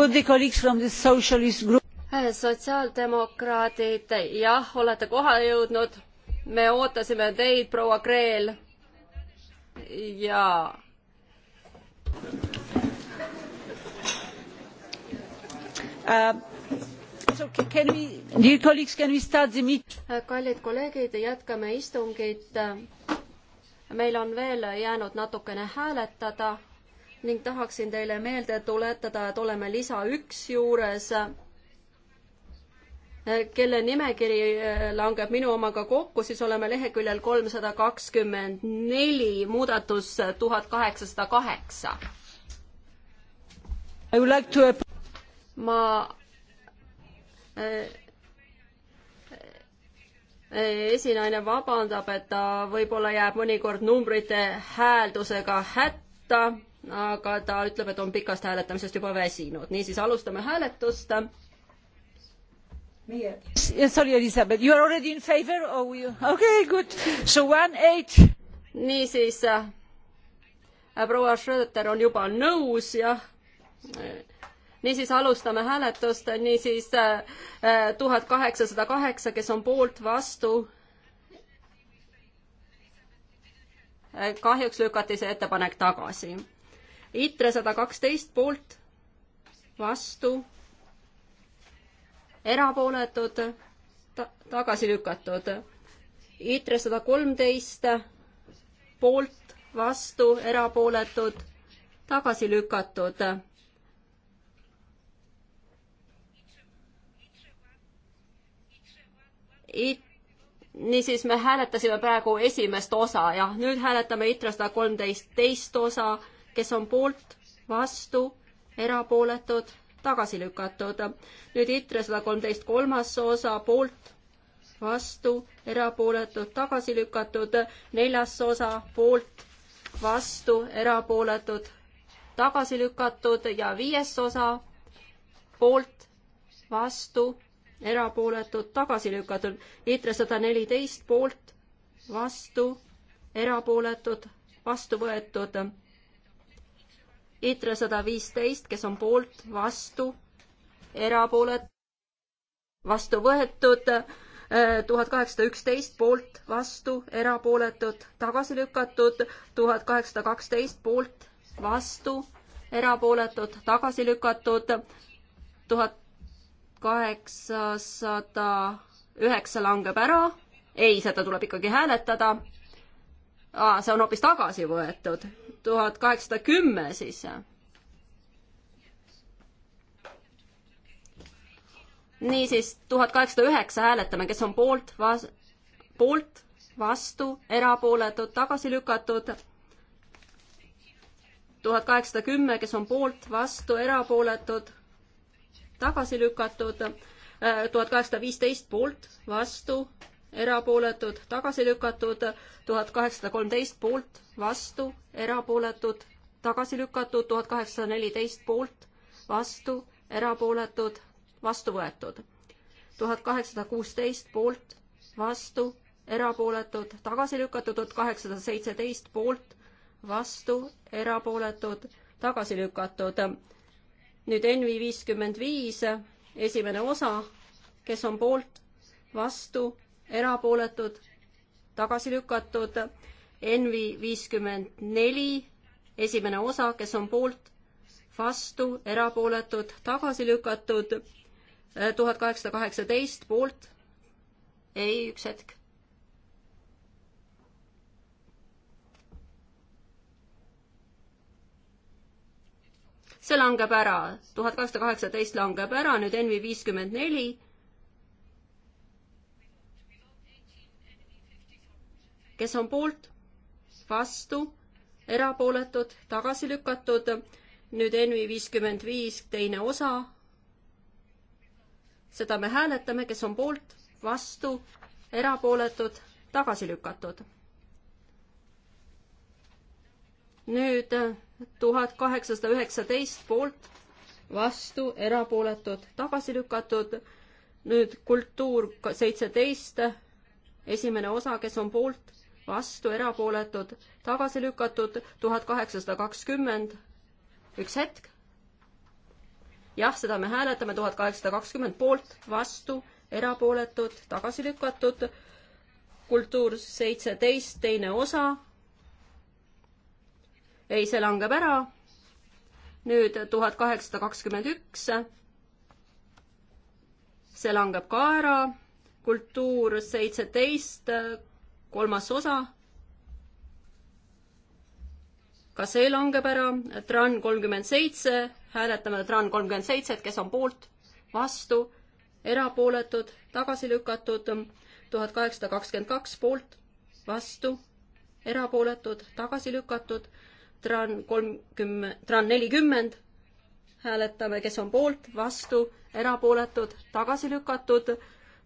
Could the colleagues from the socialist group äh, sotsiaaldemokraadid, jah, olete kohale jõudnud. me ootasime teid, proua Kreel. ja. Uh, äh, kallid kolleegid, jätkame istungit. meil on veel jäänud natukene hääletada ning tahaksin teile meelde tuletada, et oleme lisa üks juures, kelle nimekiri eh, langeb minu omaga kokku, siis oleme leheküljel kolmsada kakskümmend neli, muudatus tuhat kaheksasada kaheksa. ma eh, eh, esinaine vabandab, et ta võib-olla jääb mõnikord numbrite hääldusega hätta aga ta ütleb, et on pikast hääletamisest juba väsinud, niisiis alustame hääletust. Sorry, Elizabeth, you are already in favor or you, okay, good, so one eight. niisiis äh,, proua Schröder on juba nõus, jah niisiis alustame hääletust, niisiis äh, äh, tuhat kaheksasada kaheksa, kes on poolt, vastu. Äh, kahjuks lükati see ettepanek tagasi ITRE sada kaksteist poolt, vastu, erapooletud ta, tagasi lükatud. ITRE sada kolmteist poolt, vastu, erapooletud, tagasi lükatud It... niisiis me hääletasime praegu esimest osa ja nüüd hääletame ITRE sada kolmteist teist osa kes on poolt, vastu, erapooletud, tagasi lükatud. nüüd ITRE sada kolmteist kolmas osa poolt, vastu, erapooletud, tagasi lükatud, neljas osa poolt, vastu, erapooletud, tagasi lükatud ja viies osa poolt, vastu, erapooletud, tagasi lükatud. ITRE sada neliteist poolt, vastu, erapooletud, vastu võetud ITRE sada viisteist, kes on poolt, vastu, erapoolet, vastu võetud, tuhat kaheksasada üksteist poolt, vastu, erapooletud, tagasi lükatud, tuhat kaheksasada kaksteist poolt, vastu, erapooletud, tagasi lükatud, tuhat kaheksasada üheksa langeb ära, ei, seda tuleb ikkagi hääletada ah,, see on hoopis tagasi võetud, tuhat kaheksasada kümme siis. niisiis, tuhat kaheksasada üheksa hääletame, kes on poolt, vas-, poolt, vastu, erapooletud, tagasi lükatud. tuhat kaheksasada kümme, kes on poolt, vastu, erapooletud, tagasi lükatud. Äh, tuhat kaheksasada viisteist poolt, vastu, erapooletud, tagasi lükatud, tuhat kaheksasada kolmteist poolt, vastu, erapooletud, tagasi lükatud, tuhat kaheksasada neliteist poolt, vastu, erapooletud, vastu võetud. tuhat kaheksasada kuusteist poolt, vastu, erapooletud, tagasi lükatud, tuhat kaheksasada seitseteist poolt, vastu, erapooletud, tagasi lükatud. nüüd NV viiskümmend viis, esimene osa, kes on poolt, vastu, erapooletud, tagasi lükatud. Envi viiskümmend neli, esimene osa, kes on poolt, vastu, erapooletud, tagasi lükatud. tuhat kaheksasada kaheksateist poolt. ei, üks hetk. see langeb ära, tuhat kaheksasada kaheksateist langeb ära, nüüd Envi viiskümmend neli kes on poolt, vastu, erapooletud, tagasi lükatud. nüüd NV viiskümmend viis, teine osa. seda me hääletame, kes on poolt, vastu, erapooletud, tagasi lükatud. nüüd tuhat kaheksasada üheksateist poolt, vastu, erapooletud, tagasi lükatud. nüüd kultuur seitseteist, esimene osa, kes on poolt, vastu, erapooletud, tagasi lükatud, tuhat kaheksasada kakskümmend. üks hetk. jah, seda me hääletame, tuhat kaheksasada kakskümmend poolt, vastu, erapooletud, tagasi lükatud. kultuur seitseteist, teine osa. ei, see langeb ära. nüüd tuhat kaheksasada kakskümmend üks. see langeb ka ära kultuur seitseteist kolmas osa. ka see langeb ära, TRAN kolmkümmend seitse, hääletame TRAN kolmkümmend seitse, et kes on poolt, vastu, erapooletud, tagasi lükatud, tuhat kaheksasada kakskümmend kaks poolt, vastu, erapooletud, tagasi lükatud, TRAN kolmkümmend, TRAN nelikümmend, hääletame, kes on poolt, vastu, erapooletud, tagasi lükatud,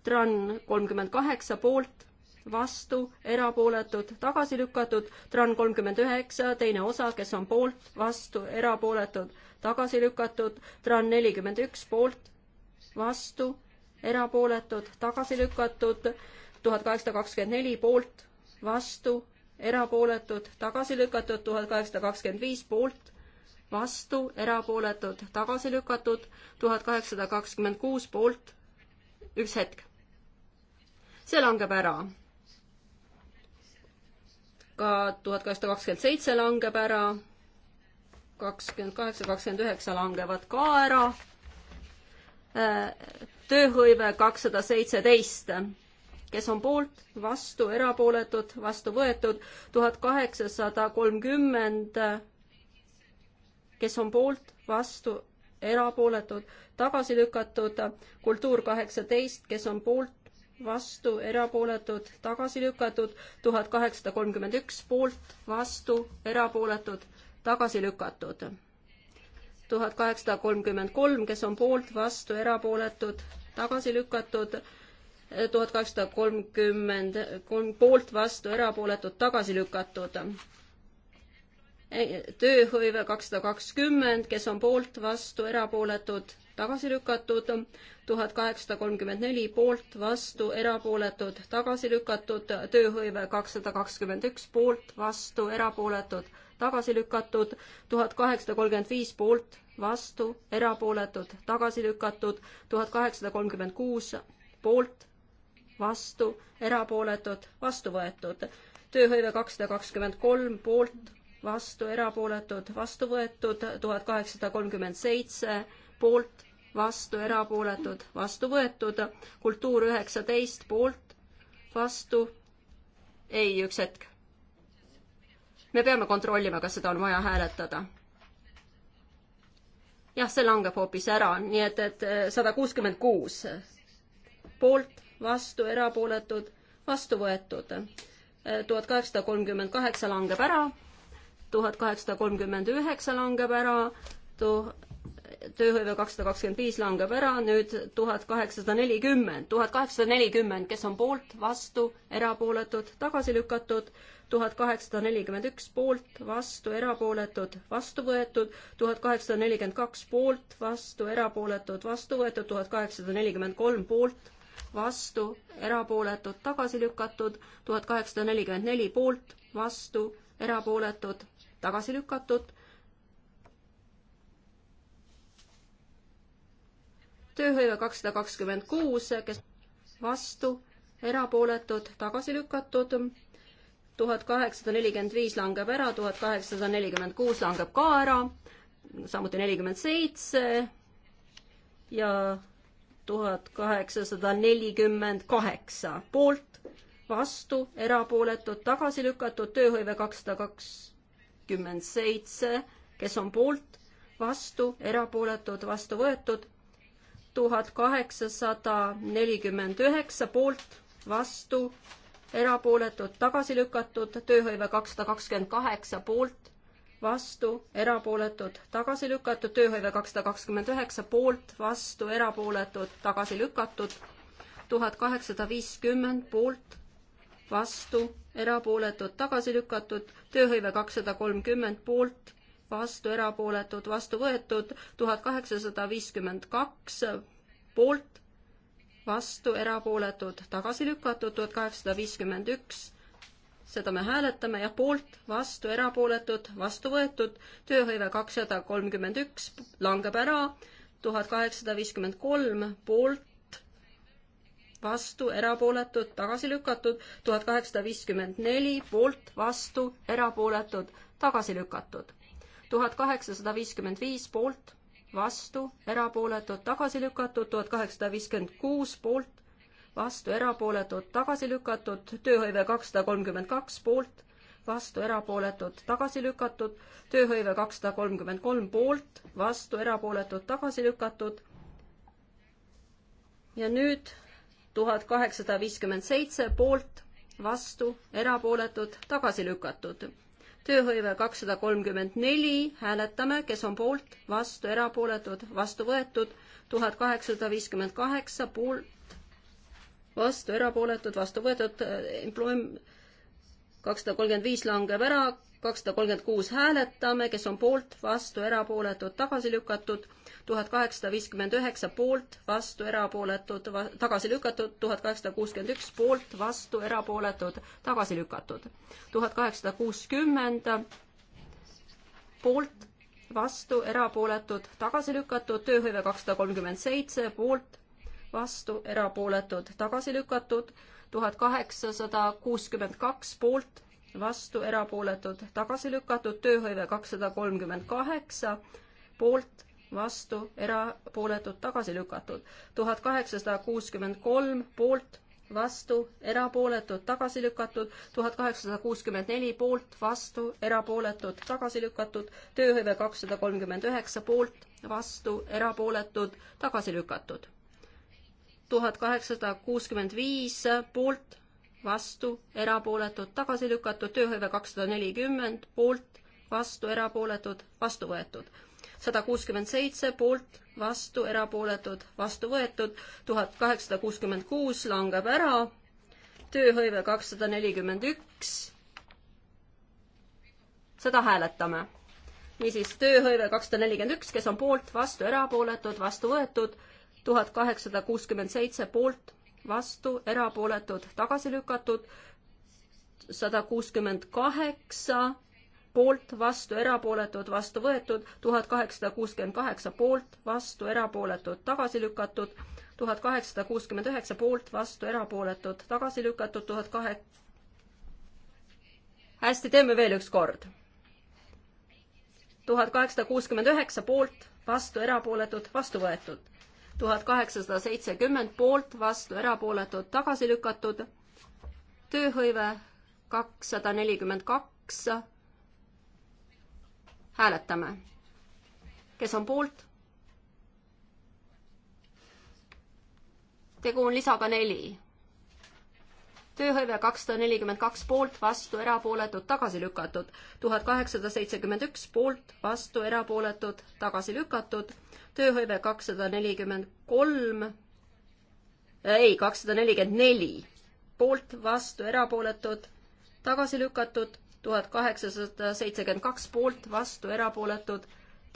TRAN kolmkümmend kaheksa poolt, vastu, erapooletud, tagasi lükatud, tran kolmkümmend üheksa, teine osa, kes on poolt, vastu, erapooletud, tagasi lükatud, tran nelikümmend üks, poolt, vastu, erapooletud, tagasi lükatud, tuhat kaheksasada kakskümmend neli, poolt, vastu, erapooletud, tagasi lükatud, tuhat kaheksasada kakskümmend viis, poolt, vastu, erapooletud, tagasi lükatud, tuhat kaheksasada kakskümmend kuus, poolt, üks hetk. see langeb ära ka tuhat kaheksasada kakskümmend seitse langeb ära, kakskümmend kaheksa, kakskümmend üheksa langevad ka ära, äh, tööhõive kakssada seitseteist, kes on poolt, vastu, erapooletud, vastu võetud, tuhat kaheksasada kolmkümmend, kes on poolt, vastu, erapooletud, tagasi lükatud, kultuur kaheksateist, kes on poolt, vastu, erapooletud, tagasi lükatud, tuhat kaheksasada kolmkümmend üks poolt, vastu, erapooletud, tagasi lükatud. tuhat kaheksasada kolmkümmend kolm, kes on poolt, vastu, erapooletud, tagasi lükatud, tuhat kaheksasada kolmkümmend kolm poolt, vastu, erapooletud, tagasi lükatud. tööhõive kakssada kakskümmend, kes on poolt, vastu, erapooletud, tagasi lükatud, tuhat kaheksasada kolmkümmend neli poolt, vastu, erapooletud, tagasi lükatud, tööhõive kakssada kakskümmend üks poolt, vastu, erapooletud, tagasi lükatud, tuhat kaheksasada kolmkümmend viis poolt, vastu, erapooletud, tagasi lükatud, tuhat kaheksasada kolmkümmend kuus poolt, vastu, erapooletud, vastu võetud, tööhõive kakssada kakskümmend kolm poolt, vastu, erapooletud, vastu võetud, tuhat kaheksasada kolmkümmend seitse poolt, vastu, erapooletud, vastu võetud. kultuur üheksateist poolt, vastu, ei, üks hetk. me peame kontrollima, kas seda on vaja hääletada. jah, see langeb hoopis ära, nii et, et eh, sada kuuskümmend kuus poolt, vastu, erapooletud, vastu võetud. Eh, tuhat kaheksasada kolmkümmend kaheksa langeb ära, tuhat kaheksasada kolmkümmend üheksa langeb ära, tu-, tööhõive kakssada kakskümmend viis langeb ära, nüüd tuhat kaheksasada nelikümmend, tuhat kaheksasada nelikümmend, kes on poolt, vastu, erapooletud, tagasi lükatud, tuhat kaheksasada nelikümmend üks poolt, vastu, erapooletud, vastu võetud, tuhat kaheksasada nelikümmend kaks poolt, vastu, erapooletud, vastu võetud, tuhat kaheksasada nelikümmend kolm poolt, vastu, erapooletud, tagasi lükatud, tuhat kaheksasada nelikümmend neli poolt, vastu, erapooletud, tagasi lükatud tööhõive kakssada kakskümmend kuus, kes vastu, erapooletud, tagasi lükatud. tuhat kaheksasada nelikümmend viis langeb ära, tuhat kaheksasada nelikümmend kuus langeb ka ära, samuti nelikümmend seitse ja tuhat kaheksasada nelikümmend kaheksa poolt, vastu, erapooletud, tagasi lükatud, tööhõive kakssada kakskümmend seitse, kes on poolt, vastu, erapooletud, vastu võetud tuhat kaheksasada nelikümmend üheksa poolt, vastu, erapooletud, tagasi lükatud, tööhõive kakssada kakskümmend kaheksa poolt, vastu, erapooletud, tagasi lükatud, tööhõive kakssada kakskümmend üheksa poolt, vastu, erapooletud, tagasi lükatud, tuhat kaheksasada viiskümmend poolt, vastu, erapooletud, tagasi lükatud, tööhõive kakssada kolmkümmend poolt, vastu, erapooletud, vastu võetud, tuhat kaheksasada viiskümmend kaks poolt, vastu, erapooletud, tagasi lükatud, tuhat kaheksasada viiskümmend üks, seda me hääletame, jah, poolt, vastu, erapooletud, vastu võetud, tööhõive kakssada kolmkümmend üks langeb ära, tuhat kaheksasada viiskümmend kolm poolt, vastu, erapooletud, tagasi lükatud, tuhat kaheksasada viiskümmend neli poolt, vastu, erapooletud, tagasi lükatud tuhat kaheksasada viiskümmend viis poolt, vastu, erapooletud, tagasi lükatud, tuhat kaheksasada viiskümmend kuus poolt, vastu, erapooletud, tagasi lükatud, tööhõive kakssada kolmkümmend kaks poolt, vastu, erapooletud, tagasi lükatud, tööhõive kakssada kolmkümmend kolm poolt, vastu, erapooletud, tagasi lükatud. ja nüüd tuhat kaheksasada viiskümmend seitse poolt, vastu, erapooletud, tagasi lükatud tööhõive kakssada kolmkümmend neli, hääletame, kes on poolt, vastu, erapooletud, vastu võetud, tuhat kaheksasada viiskümmend kaheksa, poolt, vastu, erapooletud, vastu võetud, employment kakssada kolmkümmend viis langeb ära, kakssada kolmkümmend kuus hääletame, kes on poolt, vastu, erapooletud, tagasi lükatud tuhat kaheksasada viiskümmend üheksa poolt, vastu, erapooletud, tagasi lükatud, tuhat kaheksasada kuuskümmend üks poolt, vastu, erapooletud, tagasi lükatud. tuhat kaheksasada kuuskümmend poolt, vastu, erapooletud, tagasi lükatud, tööhõive kakssada kolmkümmend seitse poolt, vastu, erapooletud, tagasi lükatud, tuhat kaheksasada kuuskümmend kaks poolt, vastu, erapooletud, tagasi lükatud, tööhõive kakssada kolmkümmend kaheksa, poolt, vastu, erapooletud, tagasi lükatud. tuhat kaheksasada kuuskümmend kolm poolt, vastu, erapooletud, tagasi lükatud, tuhat kaheksasada kuuskümmend neli poolt, vastu, erapooletud, tagasi lükatud, tööhõive kakssada kolmkümmend üheksa poolt, vastu, erapooletud, tagasi lükatud. tuhat kaheksasada kuuskümmend viis poolt, vastu, erapooletud, tagasi lükatud, tööhõive kakssada nelikümmend poolt, vastu, erapooletud, vastu võetud sada kuuskümmend seitse poolt, vastu, erapooletud, vastu võetud, tuhat kaheksasada kuuskümmend kuus langeb ära, tööhõive kakssada nelikümmend üks, seda hääletame. niisiis, tööhõive kakssada nelikümmend üks, kes on poolt, vastu, erapooletud, vastu võetud, tuhat kaheksasada kuuskümmend seitse poolt, vastu, erapooletud, tagasi lükatud, sada kuuskümmend kaheksa poolt, vastu, erapooletud, vastu võetud, tuhat kaheksasada kuuskümmend kaheksa poolt, vastu, erapooletud, tagasi lükatud, tuhat kaheksasada kuuskümmend üheksa poolt, vastu, erapooletud, tagasi lükatud, tuhat kahe-. hästi, teeme veel üks kord. tuhat kaheksasada kuuskümmend üheksa poolt, vastu, erapooletud, vastu võetud. tuhat kaheksasada seitsekümmend poolt, vastu, erapooletud, tagasi lükatud, tööhõive kakssada nelikümmend kaks hääletame. kes on poolt? tegu on lisaga neli. tööhõive kakssada nelikümmend kaks poolt, vastu, erapooletud, tagasi lükatud. tuhat kaheksasada seitsekümmend üks poolt, vastu, erapooletud, tagasi lükatud. tööhõive kakssada nelikümmend kolm, ei, kakssada nelikümmend neli poolt, vastu, erapooletud, tagasi lükatud tuhat kaheksasada seitsekümmend kaks poolt, vastu, erapooletud,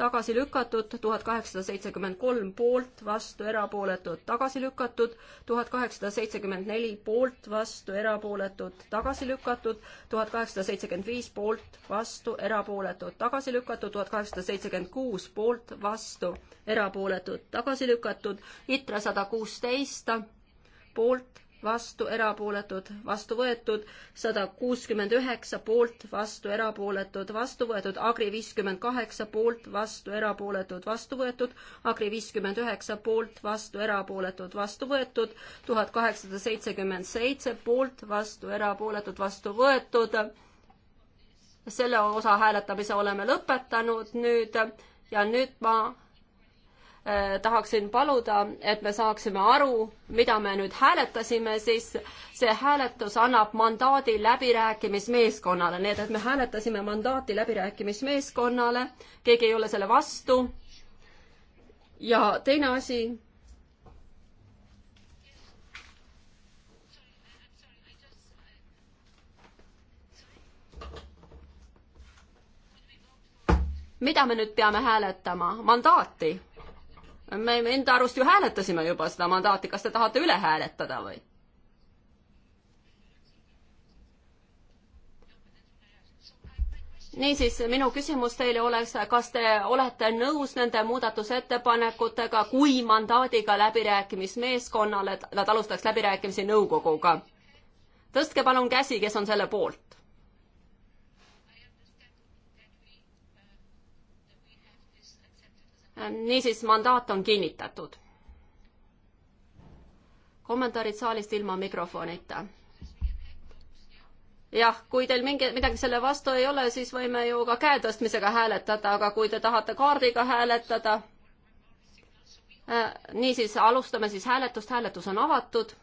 tagasi lükatud, tuhat kaheksasada seitsekümmend kolm poolt, vastu, erapooletud, tagasi lükatud, tuhat kaheksasada seitsekümmend neli poolt, vastu, erapooletud, tagasi lükatud, tuhat kaheksasada seitsekümmend viis poolt, vastu, erapooletud, tagasi lükatud, tuhat kaheksasada seitsekümmend kuus poolt, vastu, erapooletud, tagasi lükatud, ITRE sada kuusteist poolt, vastu, erapooletud, vastu võetud, sada kuuskümmend üheksa poolt, vastu, erapooletud, vastu võetud, Agri viiskümmend kaheksa poolt, vastu, erapooletud, vastu võetud, Agri viiskümmend üheksa poolt, vastu, erapooletud, vastu võetud, tuhat kaheksasada seitsekümmend seitse poolt, vastu, erapooletud, vastu võetud. selle osa hääletamise oleme lõpetanud nüüd ja nüüd ma Äh, tahaksin paluda, et me saaksime aru, mida me nüüd hääletasime, siis see hääletus annab mandaadi läbirääkimismeeskonnale, nii et, et me hääletasime mandaati läbirääkimismeeskonnale, keegi ei ole selle vastu. ja teine asi. mida me nüüd peame hääletama? mandaati me enda arust ju hääletasime juba seda mandaati, kas te tahate üle hääletada või? niisiis, minu küsimus teile oleks, kas te olete nõus nende muudatusettepanekutega kui mandaadiga läbirääkimismeeskonnale, et nad alustaks läbirääkimisi nõukoguga? tõstke palun käsi, kes on selle poolt. niisiis, mandaat on kinnitatud. kommentaarid saalist ilma mikrofonita. jah, kui teil mingi, midagi selle vastu ei ole, siis võime ju ka käe tõstmisega hääletada, aga kui te tahate kaardiga hääletada, äh, niisiis, alustame siis hääletust, hääletus on avatud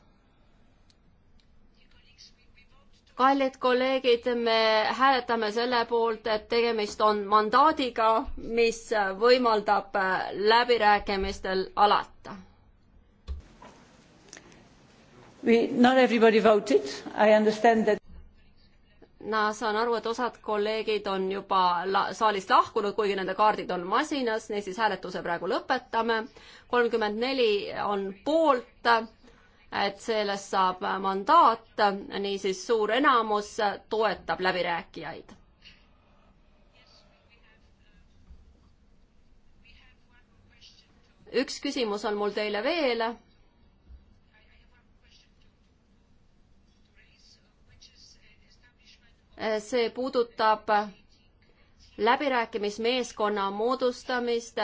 kallid kolleegid, me hääletame selle poolt, et tegemist on mandaadiga, mis võimaldab äh, läbirääkimistel alata. We, not everybody voted, I understand that ma saan aru, et osad kolleegid on juba la saalist lahkunud, kuigi nende kaardid on masinas, niisiis hääletuse praegu lõpetame. kolmkümmend neli on poolt, et sellest saab mandaat, niisiis suur enamus toetab läbirääkijaid. üks küsimus on mul teile veel. see puudutab läbirääkimismeeskonna moodustamist.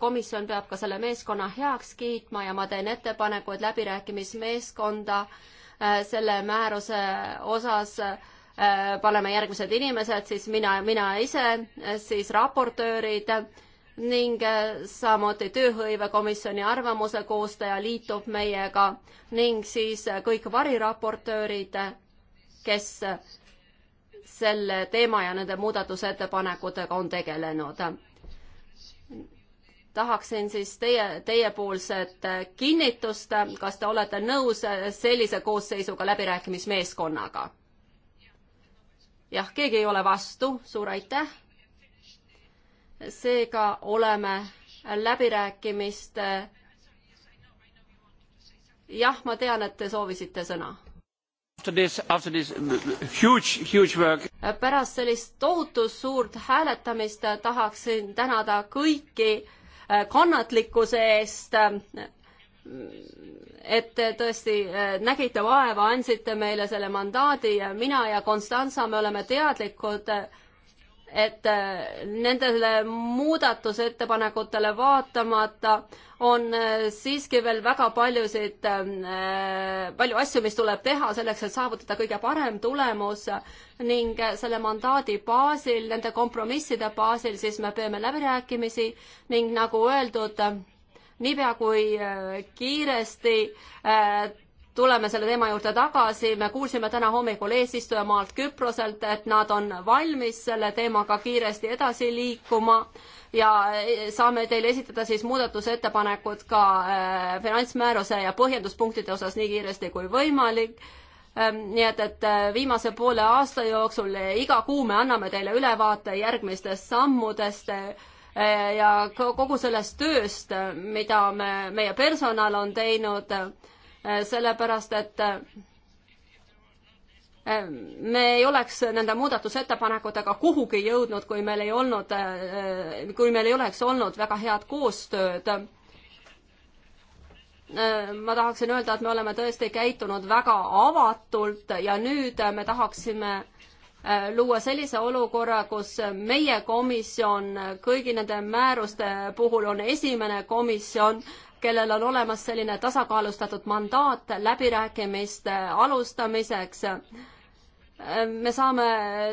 komisjon peab ka selle meeskonna heaks kiitma ja ma teen ettepaneku, et läbirääkimismeeskonda äh, selle määruse osas äh, paneme järgmised inimesed, siis mina, mina ise, siis raportöörid ning äh, samuti Tööhõivekomisjoni arvamuse koostaja liitub meiega ning siis kõik variraportöörid, kes selle teema ja nende muudatusettepanekutega on tegelenud. tahaksin siis teie, teiepoolset kinnitust, kas te olete nõus sellise koosseisuga läbirääkimismeeskonnaga? jah, keegi ei ole vastu, suur aitäh. seega oleme läbirääkimiste jah, ma tean, et te soovisite sõna Uh, pärast sellist tohutu suurt hääletamist tahaksin tänada kõiki äh, kannatlikkuse eest, et te tõesti äh, nägite vaeva, andsite meile selle mandaadi ja mina ja Konstanza, me oleme teadlikud, äh, et äh, nendele muudatusettepanekutele vaatamata on äh, siiski veel väga paljusid, ähm, äh, palju asju, mis tuleb teha selleks, et saavutada kõige parem tulemus ning selle mandaadi baasil, nende kompromisside baasil, siis me peame läbirääkimisi ning nagu öeldud, niipea kui kiiresti tuleme selle teema juurde tagasi, me kuulsime täna hommikul eesistujamaalt Küproselt, et nad on valmis selle teemaga kiiresti edasi liikuma ja e, saame teile esitada siis muudatusettepanekud ka e, finantsmääruse ja põhjenduspunktide osas nii kiiresti kui võimalik e, nii et, et viimase poole aasta jooksul iga kuu me anname teile ülevaate järgmistest sammudest ja kogu sellest tööst, mida me, meie personal on teinud Äh, sellepärast et äh, me ei oleks nende muudatusettepanekutega kuhugi jõudnud, kui meil ei olnud, äh, kui meil ei oleks olnud väga head koostööd. ma tahaksin öelda, et me oleme tõesti käitunud väga avatult ja nüüd me tahaksime luua sellise olukorra, kus meie komisjon kõigi nende määruste puhul on esimene komisjon, kellel on olemas selline tasakaalustatud mandaat läbirääkimiste alustamiseks. me saame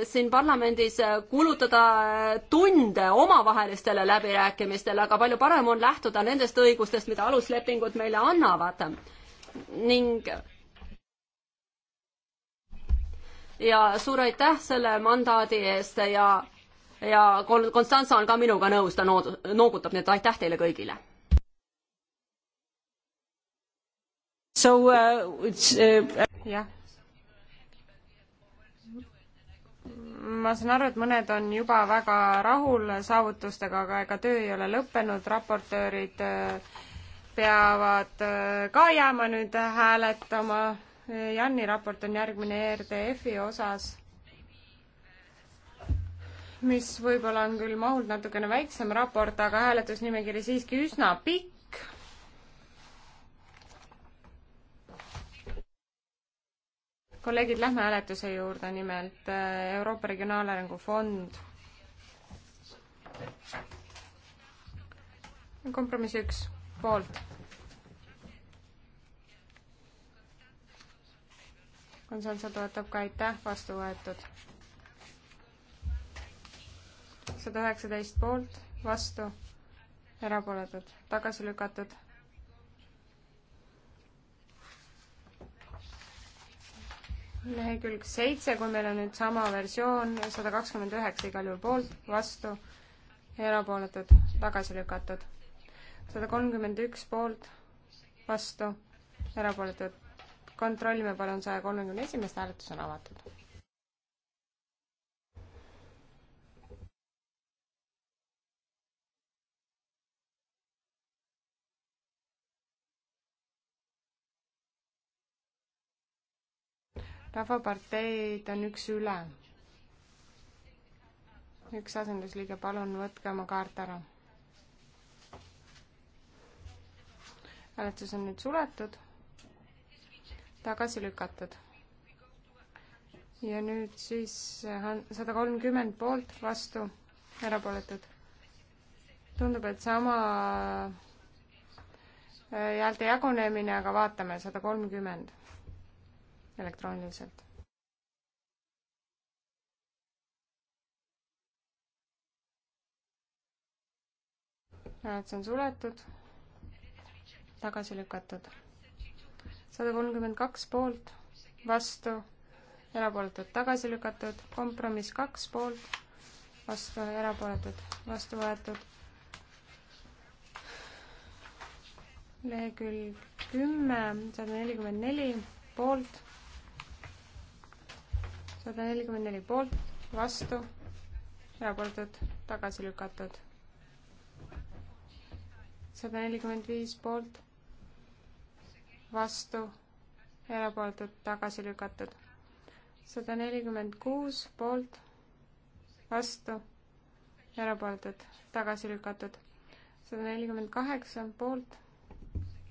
siin parlamendis kulutada tunde omavahelistele läbirääkimistele, aga palju parem on lähtuda nendest õigustest, mida aluslepingud meile annavad. ning ja suur aitäh selle mandaadi eest ja ja Konstantsa on ka minuga nõus, ta noogutab, nii et aitäh teile kõigile So uh, it's uh, jah. ma saan aru, et mõned on juba väga rahul saavutustega, aga ega töö ei ole lõppenud, raportöörid äh, peavad äh, ka jääma nüüd hääletama. Janni raport on järgmine ERDF-i osas, mis võib-olla on küll mahult natukene väiksem raport, aga hääletusnimekiri siiski üsna pikk kolleegid, lähme hääletuse juurde, nimelt äh, Euroopa Regionaalarengu Fond. kompromiss üks, poolt. konsensus toetab ka aitäh, vastu võetud. sada üheksateist poolt, vastu, erapooletud, tagasi lükatud lehekülg seitse, kui meil on nüüd sama versioon, sada kakskümmend üheksa igal juhul poolt, vastu, erapooletud, tagasi lükatud. sada kolmkümmend üks poolt, vastu, erapooletud. kontrollime palun saja kolmekümne esimest, hääletus on avatud rahvaparteid on üks üle. üks asendusliige, palun võtke oma kaart ära. hääletus on nüüd suletud, tagasi lükatud. ja nüüd siis äh, sada kolmkümmend poolt, vastu, erapooletud. tundub, et sama äh, häälte jagunemine, aga vaatame, sada kolmkümmend elektrooniliselt. hääletus on suletud, tagasi lükatud. sada kolmkümmend kaks poolt, vastu, erapooletud, tagasi lükatud, kompromiss kaks poolt, vastu, erapooletud, vastu võetud. lehekülg kümme, sada nelikümmend neli poolt sada nelikümmend neli poolt, vastu, erapooletud, tagasi lükatud. sada nelikümmend viis poolt, vastu, erapooletud, tagasi lükatud. sada nelikümmend kuus poolt, vastu, erapooletud, tagasi lükatud. sada nelikümmend kaheksa poolt,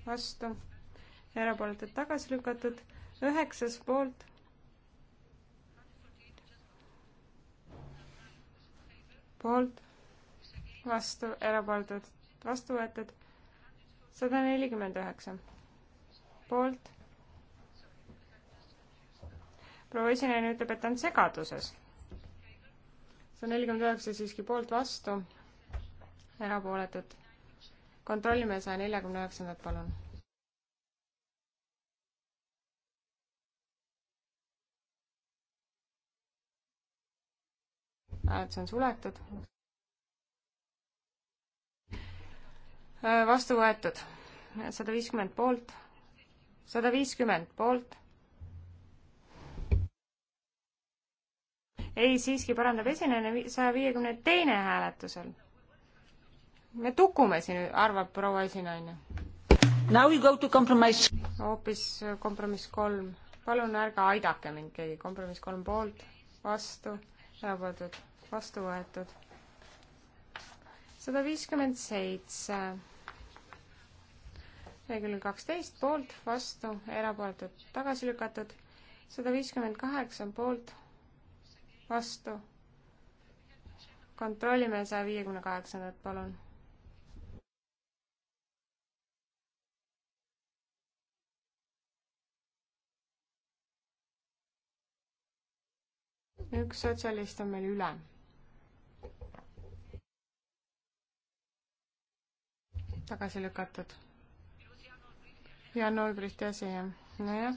vastu, erapooletud, tagasi lükatud. üheksas poolt poolt, vastu, erapooletud, vastu võetud. sada nelikümmend üheksa, poolt. proua esineja ütleb, et ta on segaduses. sada nelikümmend üheksa siiski poolt, vastu, erapooletud. kontrollime saja neljakümne üheksandat, palun hääletus on suletud. Äh, vastu võetud sada viiskümmend poolt, sada viiskümmend poolt. ei, siiski parandab esinejana saja viiekümne teine hääletusel. me tukume siin, arvab proua esinaine. hoopis äh, kompromiss kolm palun ärge aidake mind keegi, kompromiss kolm poolt, vastu, erapooletud, vastu võetud. sada viiskümmend seitse, lehekülg kaksteist, poolt, vastu, erapooletud, tagasi lükatud, sada viiskümmend kaheksa, poolt, vastu, kontrollime saja viiekümne kaheksandat, palun üks sotsialist on meil üle. tagasi lükatud. Jan Olbrichti asi, jah. nojah,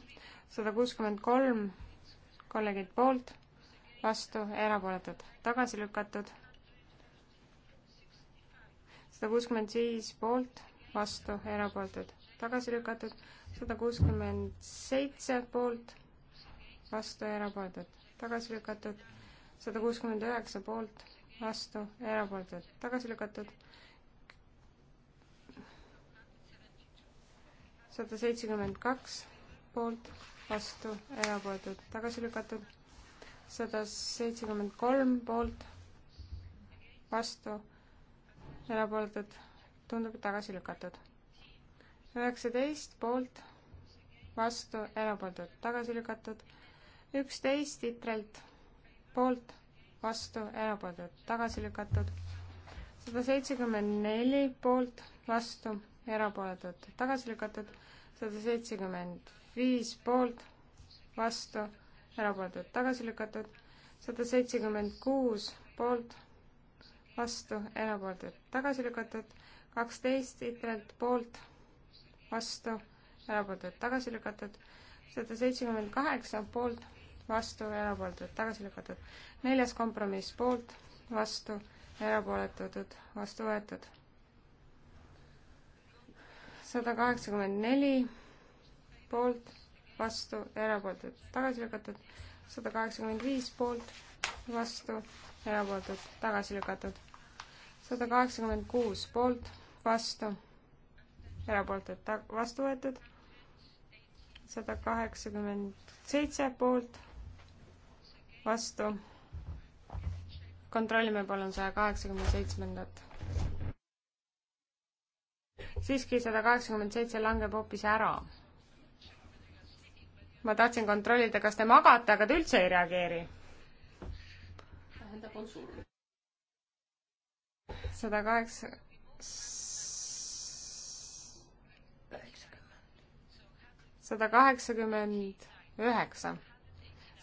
sada kuuskümmend kolm kolleegid poolt, vastu, erapooletud, tagasi lükatud. sada kuuskümmend viis poolt, vastu, erapooletud, tagasi lükatud. sada kuuskümmend seitse poolt, vastu, erapooletud, tagasi lükatud. sada kuuskümmend üheksa poolt, vastu, erapooletud, tagasi lükatud sada seitsekümmend kaks poolt, vastu, erapooletud, tagasi lükatud. sada seitsekümmend kolm poolt, vastu, erapooletud, tundub, et tagasi lükatud. üheksateist poolt, vastu, erapooletud, tagasi lükatud. üksteist Itrelt poolt, vastu, erapooletud, tagasi lükatud. sada seitsekümmend neli poolt, vastu, erapooletud, tagasi lükatud sada seitsekümmend viis poolt, vastu, erapooletud tagasi lükatud, sada seitsekümmend kuus poolt, vastu, erapooletud tagasi lükatud, kaksteist Itrelt poolt, vastu, erapooletud tagasi lükatud, sada seitsekümmend kaheksa poolt, vastu, erapooletud tagasi lükatud, neljas kompromiss poolt, vastu, erapooletud, vastu võetud sada kaheksakümmend neli poolt, vastu, erapooletud, tagasi lükatud, sada kaheksakümmend viis poolt, vastu, erapooletud, tagasi lükatud, sada kaheksakümmend kuus poolt, vastu, erapooletud, ta-, vastu võetud, sada kaheksakümmend seitse poolt, vastu, kontrollime palun saja kaheksakümne seitsmendat siiski sada kaheksakümmend seitse langeb hoopis ära. ma tahtsin kontrollida, kas te magate, aga te üldse ei reageeri. tähendab, on surnud. sada kaheksa. sada kaheksakümmend üheksa,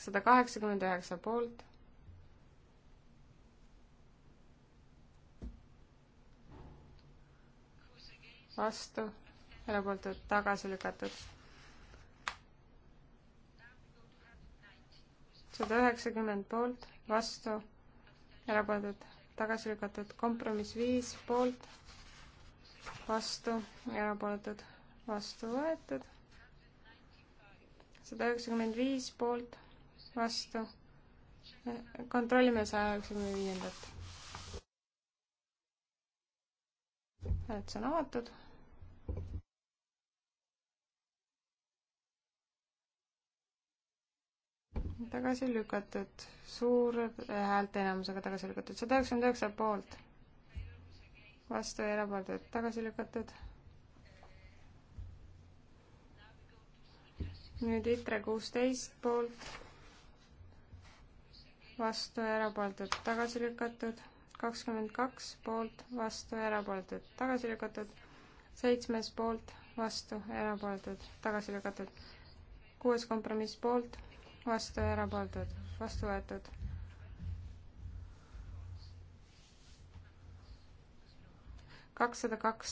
sada kaheksakümmend üheksa poolt vastu, erapooletud, tagasi lükatud. sada üheksakümmend poolt, vastu, erapooletud, tagasi lükatud, kompromiss viis poolt, vastu, erapooletud, vastu võetud. sada üheksakümmend viis poolt, vastu, kontrollime saja üheksakümne viiendat. hääletus on avatud tagasi lükatud, suure häälteenamusega tagasi lükatud, sada üheksakümmend üheksa poolt, vastu ja erapooletud tagasi lükatud. nüüd ITRE kuusteist poolt, vastu ja erapooletud tagasi lükatud, kakskümmend kaks poolt, vastu ja erapooletud tagasi lükatud, seitsmes poolt, vastu ja erapooletud tagasi lükatud, kuues kompromiss poolt vastu ja erapooletud, vastu võetud. kakssada kaks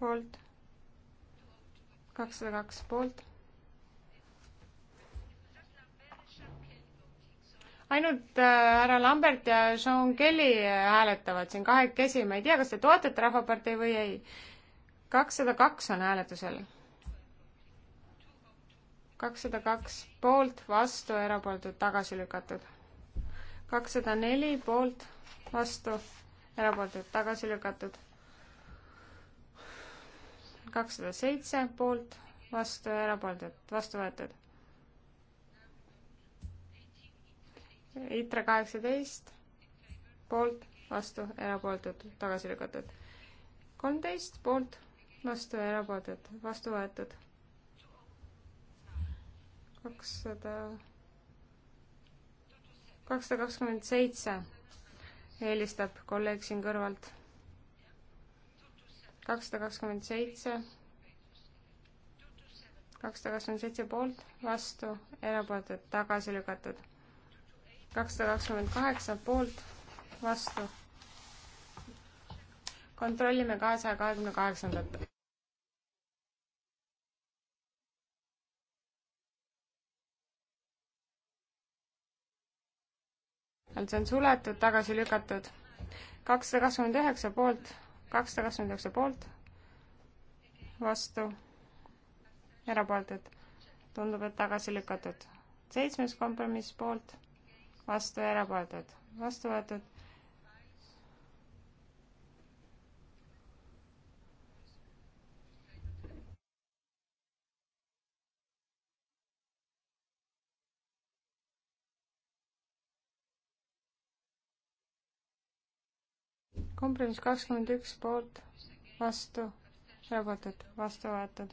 poolt, kakssada kaks poolt. ainult äh, härra äh, Lambert ja Sean Kelly äh, hääletavad siin kahekesi, ma ei tea, kas te toetate Rahvapartei või ei. kakssada kaks on hääletusel kakssada kaks poolt, vastu, erapooletud, tagasi lükatud. kakssada neli poolt, vastu, erapooletud, tagasi lükatud. kakssada seitse poolt, vastu, erapooletud, vastu võetud. ITRE kaheksateist poolt, vastu, erapooletud, tagasi lükatud. kolmteist poolt, vastu, erapooletud, vastu võetud kakssada, kakssada kakskümmend seitse eelistab kolleeg siin kõrvalt. kakssada kakskümmend seitse, kakssada kakskümmend seitse poolt, vastu, erapooletud, tagasi lükatud. kakssada kakskümmend kaheksa poolt, vastu. kontrollime kahesaja kahekümne kaheksandat. see on suletud, tagasi lükatud. kakssada kakskümmend üheksa poolt, kakssada kakskümmend üheksa poolt, vastu, erapooletud. tundub, et tagasi lükatud. seitsmes kompromiss poolt, vastu, erapooletud, vastu võetud. kompromiss kakskümmend üks poolt, vastu, erapooletud, vastu võetud.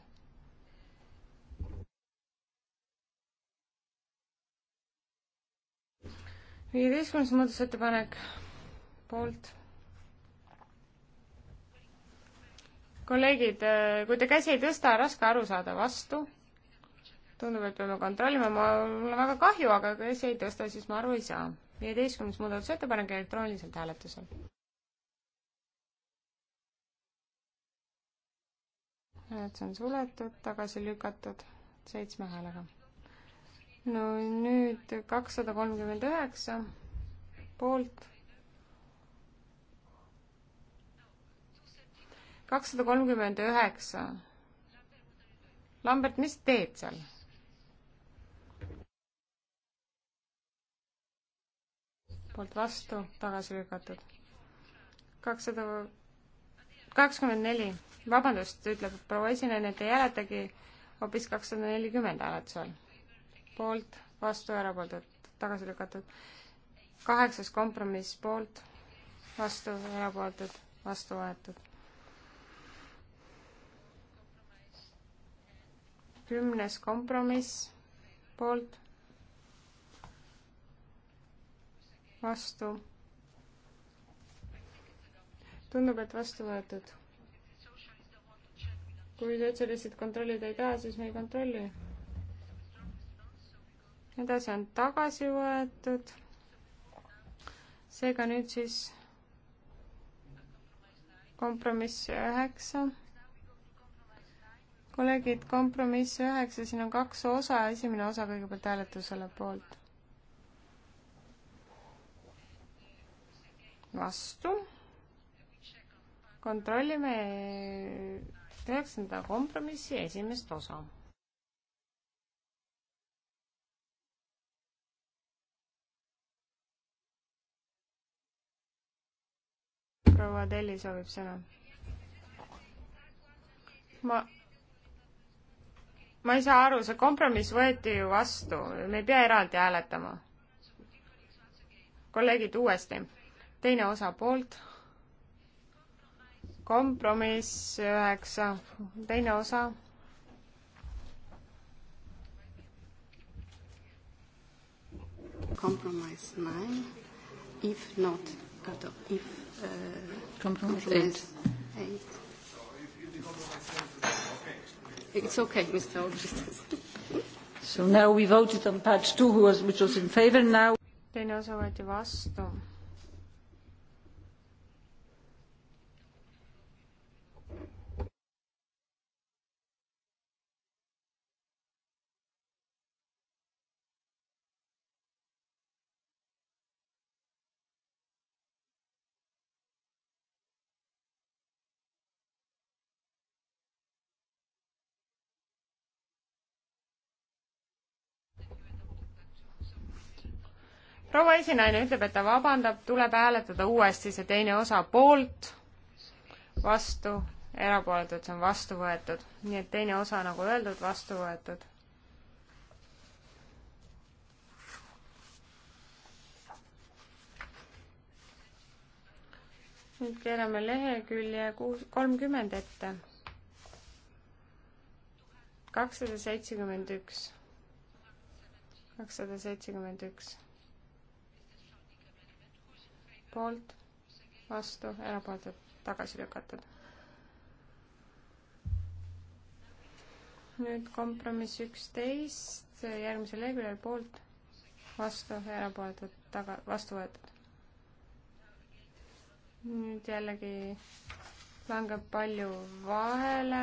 viieteistkümnes muudatusettepanek poolt. kolleegid, kui te käsi ei tõsta, raske aru saada, vastu. tundub, et peame kontrollima, mul on väga kahju, aga kui käsi ei tõsta, siis ma aru ei saa. viieteistkümnes muudatusettepanek elektrooniliselt hääletusel. nüüd see on suletud, tagasi lükatud seitsme häälega. no nüüd kakssada kolmkümmend üheksa poolt. kakssada kolmkümmend üheksa. Lambert, mis teed seal? poolt vastu, tagasi lükatud. kakssada kaheksakümmend neli vabandust, ütleb proua esinaine, te hääletagi hoopis kakssada nelikümmend hääletusel. poolt, vastu, erapooletud, tagasi lükatud. kaheksas kompromiss poolt, vastu, erapooletud, vastu võetud. kümnes kompromiss poolt, vastu. tundub, et vastu võetud kui sotsialistid kontrollida ei taha, siis me ei kontrolli. edasi on tagasi võetud. seega nüüd siis kompromiss üheksa. kolleegid, kompromiss üheksa, siin on kaks osa, esimene osa kõigepealt hääletusele poolt. vastu. kontrollime kaheksateist üheksanda kompromissi esimest osa. proua Telli soovib sõna. ma, ma ei saa aru, see kompromiss võeti ju vastu, me ei pea eraldi hääletama. kolleegid, uuesti. teine osa poolt kompromiss üheksa, teine osa. Compromise nine, if not, uh, if uh, compromise eight. eight. It's okay, Mr. Augustus. so now we voted on part two, who was, which was in favor now. teine osa võeti vastu proua esinaine ütleb, et ta vabandab, tuleb hääletada uuesti see teine osa poolt, vastu, erapooletud, see on vastu võetud. nii et teine osa, nagu öeldud, vastu võetud. nüüd keerame lehekülje kuus, kolmkümmend ette. kakssada seitsekümmend üks. kakssada seitsekümmend üks poolt, vastu, erapooletud, tagasi lükatud. nüüd kompromiss üksteist, järgmisel leheküljel poolt, vastu, erapooletud, taga, vastu võetud. nüüd jällegi langeb palju vahele,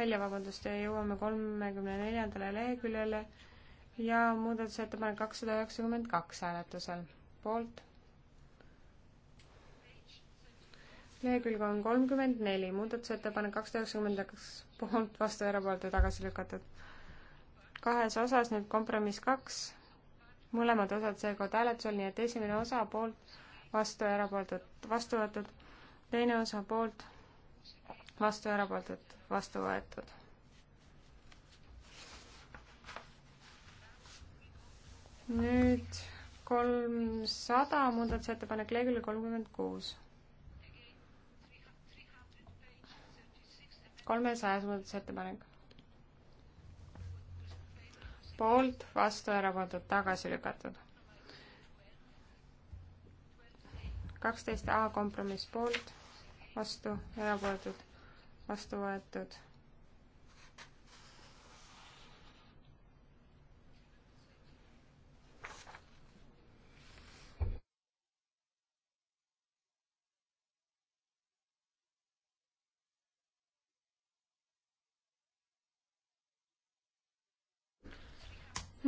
välja vabandust, ja jõuame kolmekümne neljandale leheküljele ja muudatusettepanek kakssada üheksakümmend kaks hääletusel, poolt lehekülg on kolmkümmend neli, muudatusettepanek kakssada üheksakümmend kaks, poolt, vastu, erapooletu, tagasi lükatud. kahes osas nüüd kompromiss kaks, mõlemad osad seekord hääletusel, nii et esimene osa poolt, vastu, erapooletud, vastu võetud, teine osa poolt, vastu, erapooletud, vastu võetud. nüüd kolmsada muudatusettepanek lehekülg kolmkümmend kuus kolmesajas muudatusettepanek. poolt, vastu, erapooletud, tagasi lükatud. kaksteist A kompromiss poolt, vastu, erapooletud, vastu võetud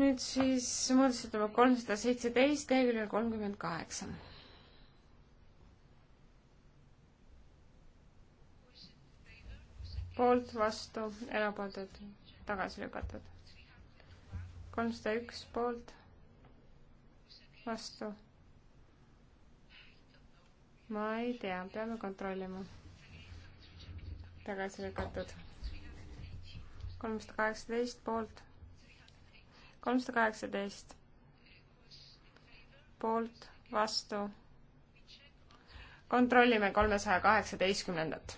nüüd siis muudatusettepanek kolmsada seitseteist, leheküljel kolmkümmend kaheksa. poolt, vastu, erapooletud, tagasi lükatud. kolmsada üks poolt, vastu. ma ei tea, peame kontrollima. tagasi lükatud. kolmsada kaheksateist poolt kolmsada kaheksateist poolt, vastu. kontrollime kolmesaja kaheksateistkümnendat.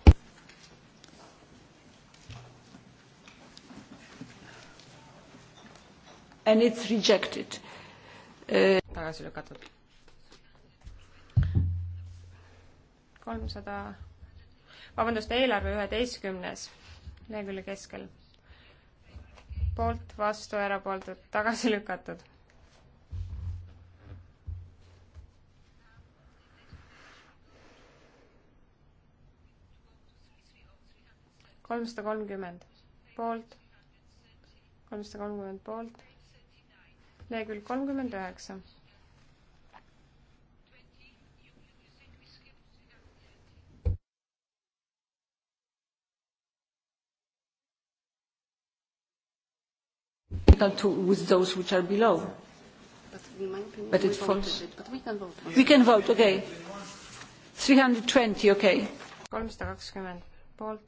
And it's rejected uh.... tagasi lükatud. kolmsada, vabandust, eelarve üheteistkümnes lehekülje keskel poolt, vastu, erapooletud, tagasi lükatud. kolmsada kolmkümmend poolt, kolmsada kolmkümmend poolt, lehekülg kolmkümmend üheksa to, with those which are below. But, in my opinion, but it falls. It, but we can vote. We can vote, okay. 320, okay. 320 poolt,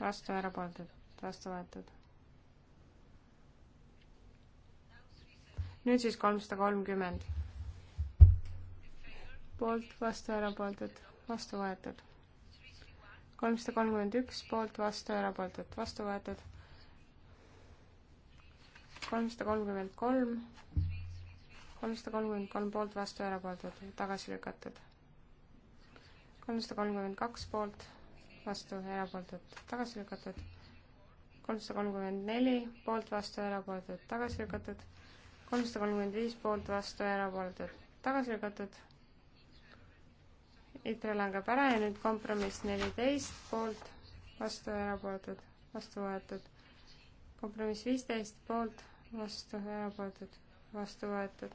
vastu ära pooldud, vastu võetud. nüüd siis kolmsada kolmkümmend. poolt, vastu, erapooletud, vastu võetud. kolmsada kolmkümmend üks, poolt, vastu, erapooletud, vastu võetud kolmsada kolmkümmend kolm, kolmsada kolmkümmend kolm poolt, vastu, erapooletud, tagasi lükatud. kolmsada kolmkümmend kaks poolt, vastu, erapooletud, tagasi lükatud. kolmsada kolmkümmend neli poolt, vastu, erapooletud, tagasi lükatud. kolmsada kolmkümmend viis poolt, vastu, erapooletud, tagasi lükatud. ITRE langeb ära ja nüüd kompromiss neliteist poolt, vastu, erapooletud, vastu võetud kompromiss viisteist poolt, vastu, erapooletud, vastu võetud.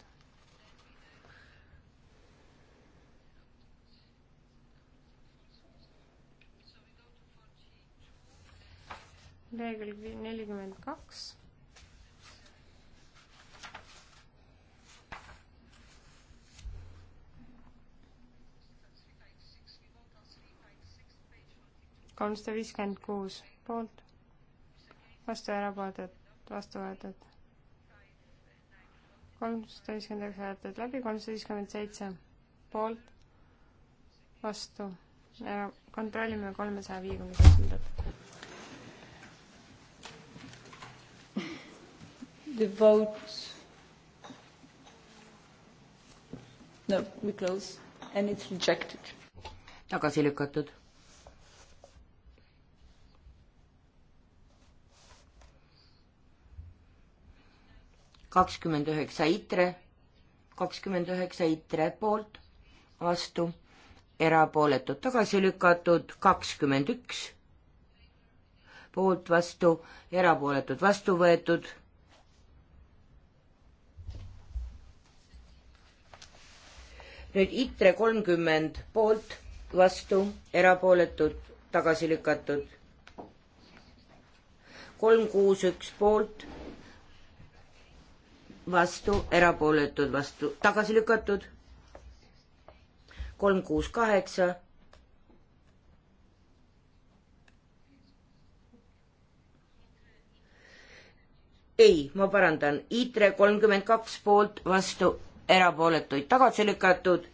reegel nelikümmend kaks. kolmsada viiskümmend kuus poolt, vastu erapooletud, vastu võetud kolmsada viiskümmend üheksa hääletajat läbi, kolmsada viiskümmend seitse poolt, vastu ja kontrollime kolmesaja viiekümne seitsmendat. The vote. No, we close and it's rejected. tagasi lükatud kakskümmend üheksa ITRE, kakskümmend üheksa ITRE poolt, vastu, erapooletud tagasi lükatud, kakskümmend üks poolt, vastu, erapooletud vastu võetud. nüüd ITRE kolmkümmend poolt, vastu, erapooletud tagasi lükatud, kolm kuus üks poolt vastu, erapooletud vastu, tagasi lükatud. kolm, kuus, kaheksa. ei, ma parandan, ITRE kolmkümmend kaks poolt, vastu, erapooletuid tagasi lükatud.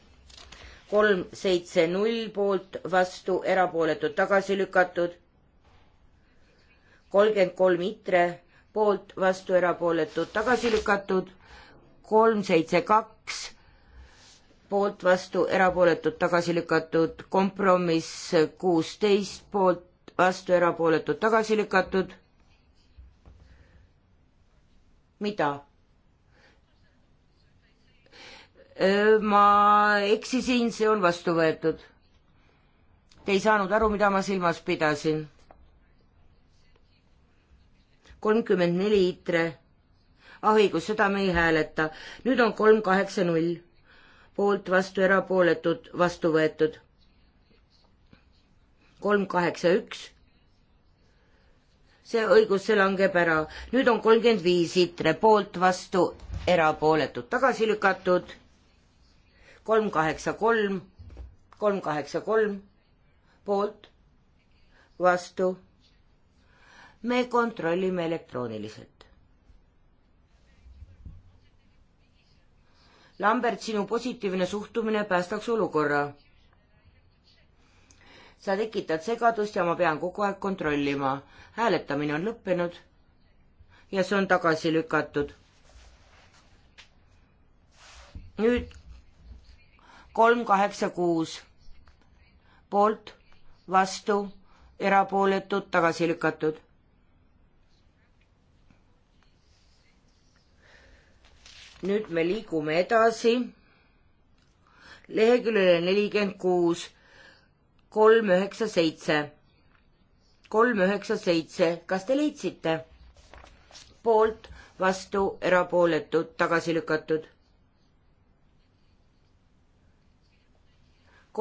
kolm, seitse, null poolt, vastu, erapooletud tagasi lükatud. kolmkümmend kolm ITRE poolt, vastu, erapooletud, tagasi lükatud, kolm, seitse, kaks, poolt, vastu, erapooletud, tagasi lükatud, kompromiss kuusteist, poolt, vastu, erapooletud, tagasi lükatud. mida? ma eksisin, see on vastu võetud. Te ei saanud aru, mida ma silmas pidasin kolmkümmend neli ITRE. ah õigus, seda me ei hääleta. nüüd on kolm kaheksa null. poolt, vastu, erapooletud, vastu võetud. kolm kaheksa üks. see õigus, see langeb ära. nüüd on kolmkümmend viis ITRE, poolt, vastu, erapooletud, tagasi lükatud. kolm kaheksa kolm, kolm kaheksa kolm, poolt, vastu me kontrollime elektrooniliselt. Lambert, sinu positiivne suhtumine päästaks olukorra. sa tekitad segadust ja ma pean kogu aeg kontrollima. hääletamine on lõppenud ja see on tagasi lükatud. nüüd kolm kaheksa kuus poolt, vastu, erapooletud, tagasi lükatud nüüd me liigume edasi. leheküljele nelikümmend kuus, kolm üheksa seitse, kolm üheksa seitse, kas te leidsite? poolt, vastu, erapooletud, tagasi lükatud.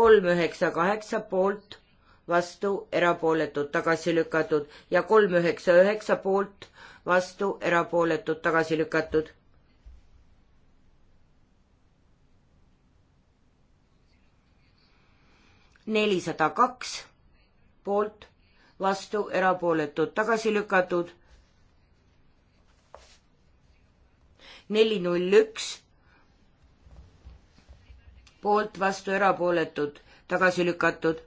kolm üheksa kaheksa poolt, vastu, erapooletud, tagasi lükatud ja kolm üheksa üheksa poolt, vastu, erapooletud, tagasi lükatud nelisada kaks poolt, vastu, erapooletud, tagasi lükatud. neli, null, üks poolt, vastu, erapooletud, tagasi lükatud.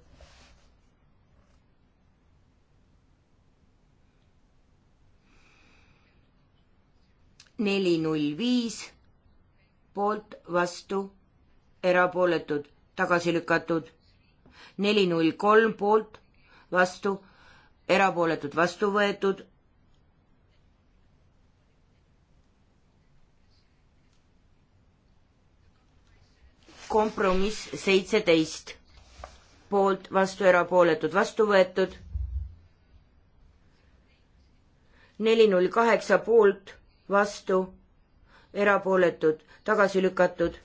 neli, null, viis poolt, vastu, erapooletud, tagasi lükatud neli null kolm poolt, vastu, erapooletud, vastu võetud. kompromiss seitseteist, poolt, vastu, erapooletud, vastu võetud. neli null kaheksa poolt, vastu, erapooletud, tagasi lükatud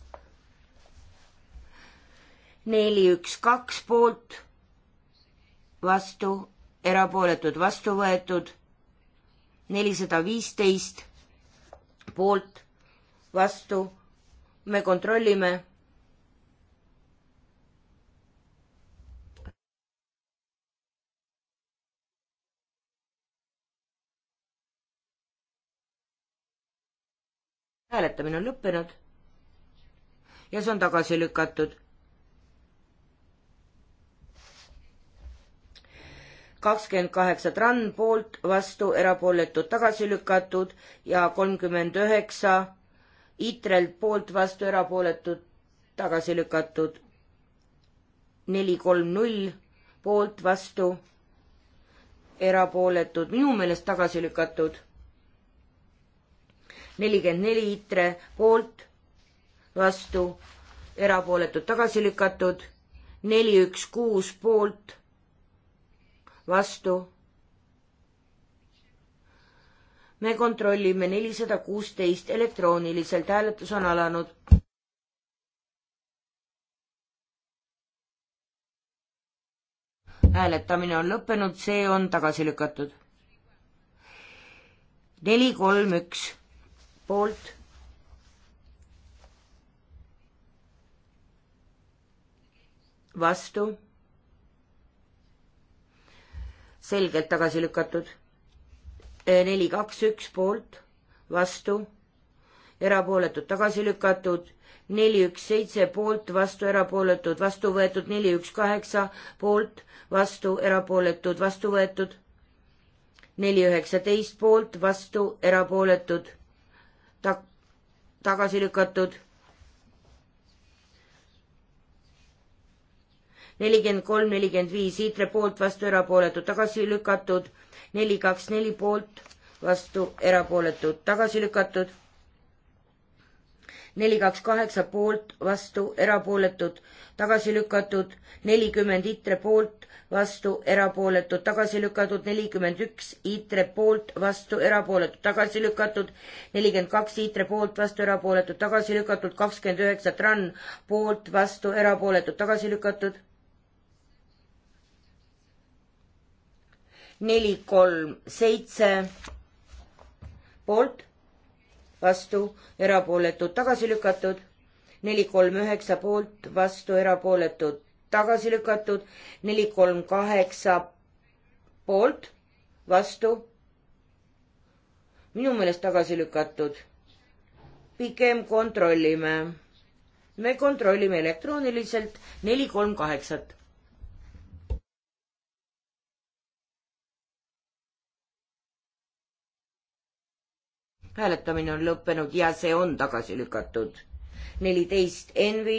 neli, üks, kaks poolt, vastu, erapooletud, vastu võetud, nelisada viisteist poolt, vastu, me kontrollime. hääletamine on lõppenud ja see on tagasi lükatud kakskümmend kaheksa Tran poolt, vastu, erapooletud, tagasi lükatud ja kolmkümmend üheksa Itrelt poolt, vastu, erapooletud, tagasi lükatud. neli, kolm, null poolt, vastu, erapooletud, minu meelest tagasi lükatud. nelikümmend neli Itre poolt, vastu, erapooletud, tagasi lükatud. neli, üks, kuus poolt vastu. me kontrollime nelisada kuusteist elektrooniliselt, hääletus on alanud. hääletamine on lõppenud, see on tagasi lükatud. neli, kolm, üks poolt vastu, selgelt tagasi lükatud. neli, kaks, üks poolt, vastu, erapooletud, tagasi lükatud. neli, üks, seitse poolt, vastu, erapooletud, vastu võetud. neli, üks, kaheksa poolt, vastu, erapooletud, vastu võetud. neli, üheksateist poolt, vastu, erapooletud, ta-, tagasi lükatud nelikümmend kolm, nelikümmend viis Iitre poolt, vastu erapooletud, tagasi lükatud, neli, kaks, neli poolt, vastu erapooletud, tagasi lükatud, neli, kaks, kaheksa poolt, vastu erapooletud, tagasi lükatud, nelikümmend Iitre poolt, vastu erapooletud, tagasi lükatud, nelikümmend üks Iitre poolt, vastu erapooletud, tagasi lükatud, nelikümmend kaks Iitre poolt, vastu erapooletud, tagasi lükatud, kakskümmend üheksa Trann poolt, vastu erapooletud, tagasi lükatud neli, kolm, seitse poolt, vastu, erapooletud, tagasi lükatud, neli, kolm, üheksa poolt, vastu, erapooletud, tagasi lükatud, neli, kolm, kaheksa poolt, vastu, minu meelest tagasi lükatud. pigem kontrollime. me kontrollime elektrooniliselt neli, kolm, kaheksat hääletamine on lõppenud ja see on tagasi lükatud. neliteist Envi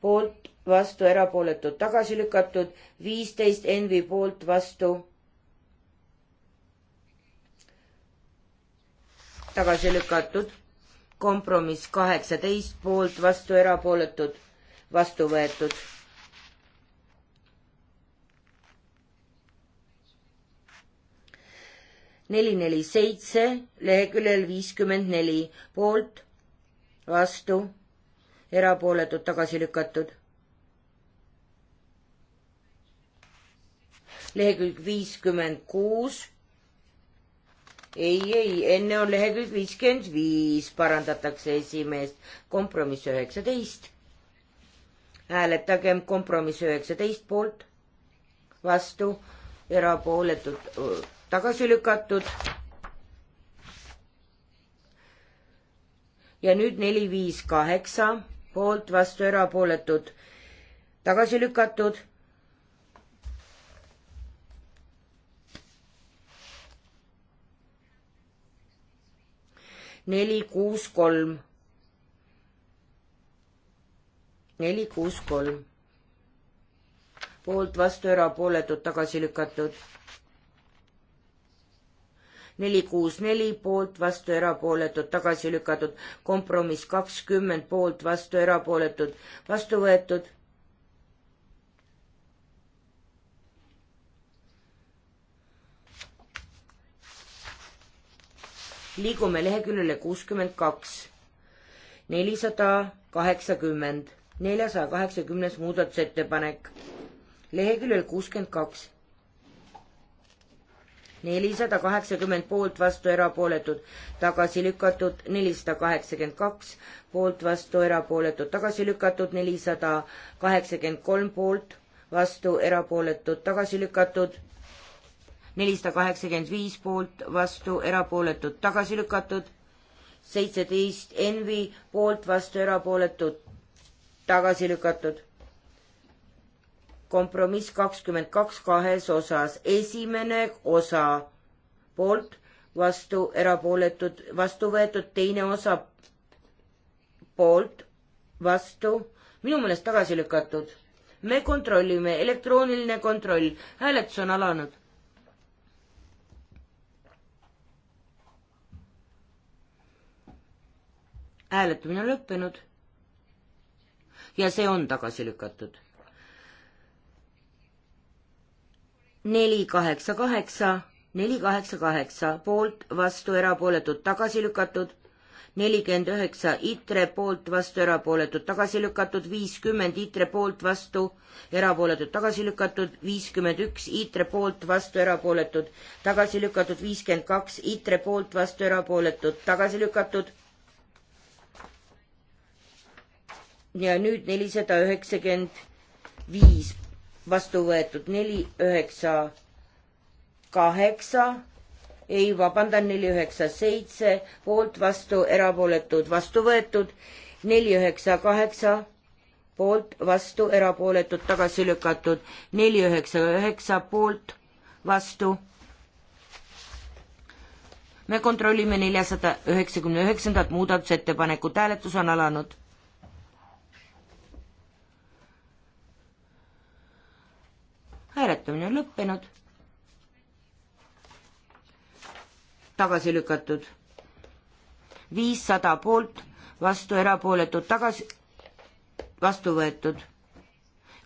poolt, vastu, erapooletud, tagasi lükatud, viisteist Envi poolt, vastu. tagasi lükatud, kompromiss kaheksateist poolt, vastu, erapooletud, vastu võetud neli, neli, seitse, leheküljel viiskümmend neli, poolt, vastu, erapooletud, tagasi lükatud. lehekülg viiskümmend kuus. ei, ei, enne on lehekülg viiskümmend viis, parandatakse esimeest, kompromiss üheksateist. hääletagem kompromiss üheksateist poolt, vastu, erapooletud tagasi lükatud. ja nüüd neli, viis, kaheksa poolt, vastu, erapooletud, tagasi lükatud. neli, kuus, kolm. neli, kuus, kolm poolt, vastu, erapooletud, tagasi lükatud neli, kuus, neli poolt, vastu, erapooletud, tagasi lükatud, kompromiss kakskümmend poolt, vastu, erapooletud, vastu võetud. liigume leheküljele kuuskümmend kaks, nelisada kaheksakümmend, neljasaja kaheksakümnes muudatusettepanek, leheküljel kuuskümmend kaks nelisada kaheksakümmend poolt, vastu, erapooletud, tagasi lükatud, nelisada kaheksakümmend kaks poolt, vastu, erapooletud, tagasi lükatud, nelisada kaheksakümmend kolm poolt, vastu, erapooletud, tagasi lükatud, nelisada kaheksakümmend viis poolt, vastu, erapooletud, tagasi lükatud, seitseteist Envi poolt, vastu, erapooletud, tagasi lükatud kompromiss kakskümmend kaks kahes osas, esimene osa poolt, vastu, erapooletud, vastu võetud, teine osa poolt, vastu, minu meelest tagasi lükatud. me kontrollime, elektrooniline kontroll, hääletus on alanud. hääletamine on lõppenud ja see on tagasi lükatud neli kaheksa kaheksa, neli kaheksa kaheksa poolt, vastu, erapooletud, tagasi lükatud, nelikümmend üheksa ITRE poolt, vastu, erapooletud, tagasi lükatud, viiskümmend ITRE poolt, vastu, erapooletud, tagasi lükatud, viiskümmend üks ITRE poolt, vastu, erapooletud, tagasi lükatud, viiskümmend kaks ITRE poolt, vastu, erapooletud, tagasi lükatud. ja nüüd nelisada üheksakümmend viis vastu võetud neli, üheksa, kaheksa, ei, vabandan, neli, üheksa, seitse, poolt, vastu, erapooletud, vastu võetud, neli, üheksa, kaheksa, poolt, vastu, erapooletud, tagasi lükatud, neli, üheksa, üheksa, poolt, vastu. me kontrollime neljasada üheksakümne üheksandat muudatusettepanekut, hääletus on alanud hääletamine on lõppenud. tagasi lükatud. viissada poolt, vastu erapooletud, tagasi, vastu võetud.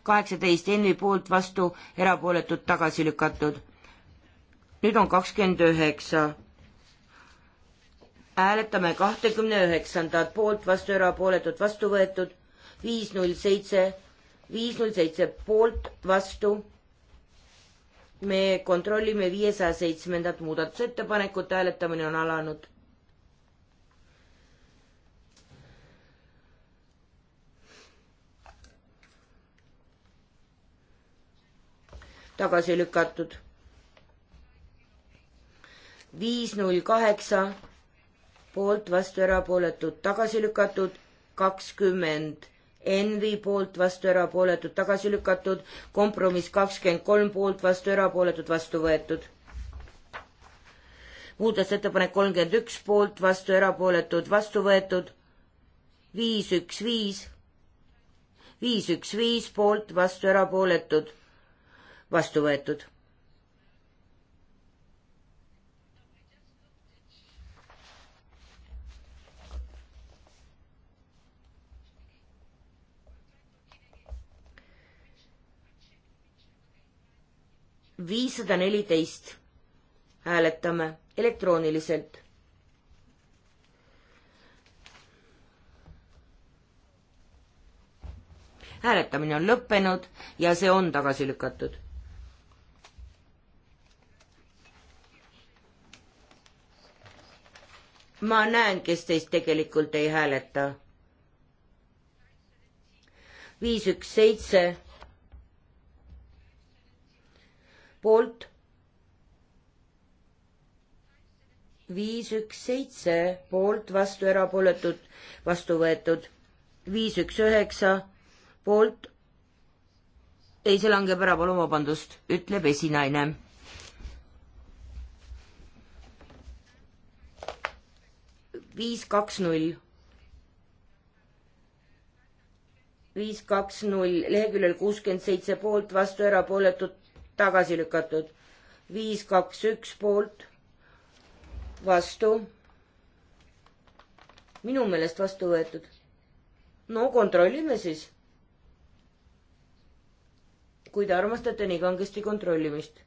kaheksateist Envi poolt, vastu erapooletud, tagasi lükatud. nüüd on kakskümmend üheksa hääletame kahtekümne üheksandat poolt, vastu erapooletud, vastu võetud viis null seitse, viis null seitse poolt, vastu me kontrollime viiesaja seitsmendat muudatusettepanekut, hääletamine on alanud. tagasi lükatud. viis null kaheksa poolt, vastu erapooletud, tagasi lükatud kakskümmend Envi poolt vastu erapooletud tagasi lükatud, kompromiss kakskümmend kolm poolt vastu erapooletud vastu võetud. muudatusettepanek kolmkümmend üks poolt vastu erapooletud vastu võetud, viis üks viis, viis üks viis poolt vastu erapooletud vastu võetud viissada neliteist. hääletame elektrooniliselt. hääletamine on lõppenud ja see on tagasi lükatud. ma näen, kes teist tegelikult ei hääleta. viis, üks, seitse poolt. viis, üks, seitse poolt, vastu, erapooletud, vastu võetud. viis, üks, üheksa poolt. ei, see langeb ära, palun vabandust, ütleb esinaine. viis, kaks, null viis, kaks, null, leheküljel kuuskümmend seitse poolt, vastu erapooletud, tagasi lükatud. viis, kaks, üks poolt, vastu. minu meelest vastu võetud. no kontrollime siis. kui te armastate nii kangesti kontrollimist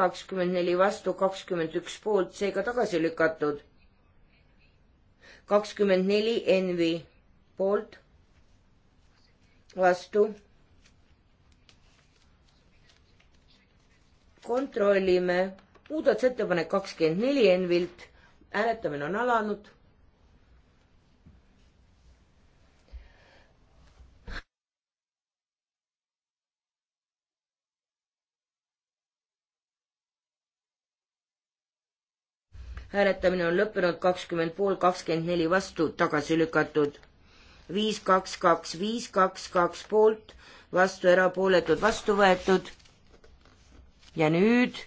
kakskümmend neli vastu, kakskümmend üks poolt, seega tagasi lükatud kakskümmend neli Envi poolt, vastu. kontrollime muudatusettepanek kakskümmend neli Envilt, hääletamine on alanud hääletamine on lõppenud kakskümmend pool, kakskümmend neli vastu, tagasi lükatud. viis, kaks, kaks, viis, kaks, kaks poolt, vastu erapooletud, vastu võetud. ja nüüd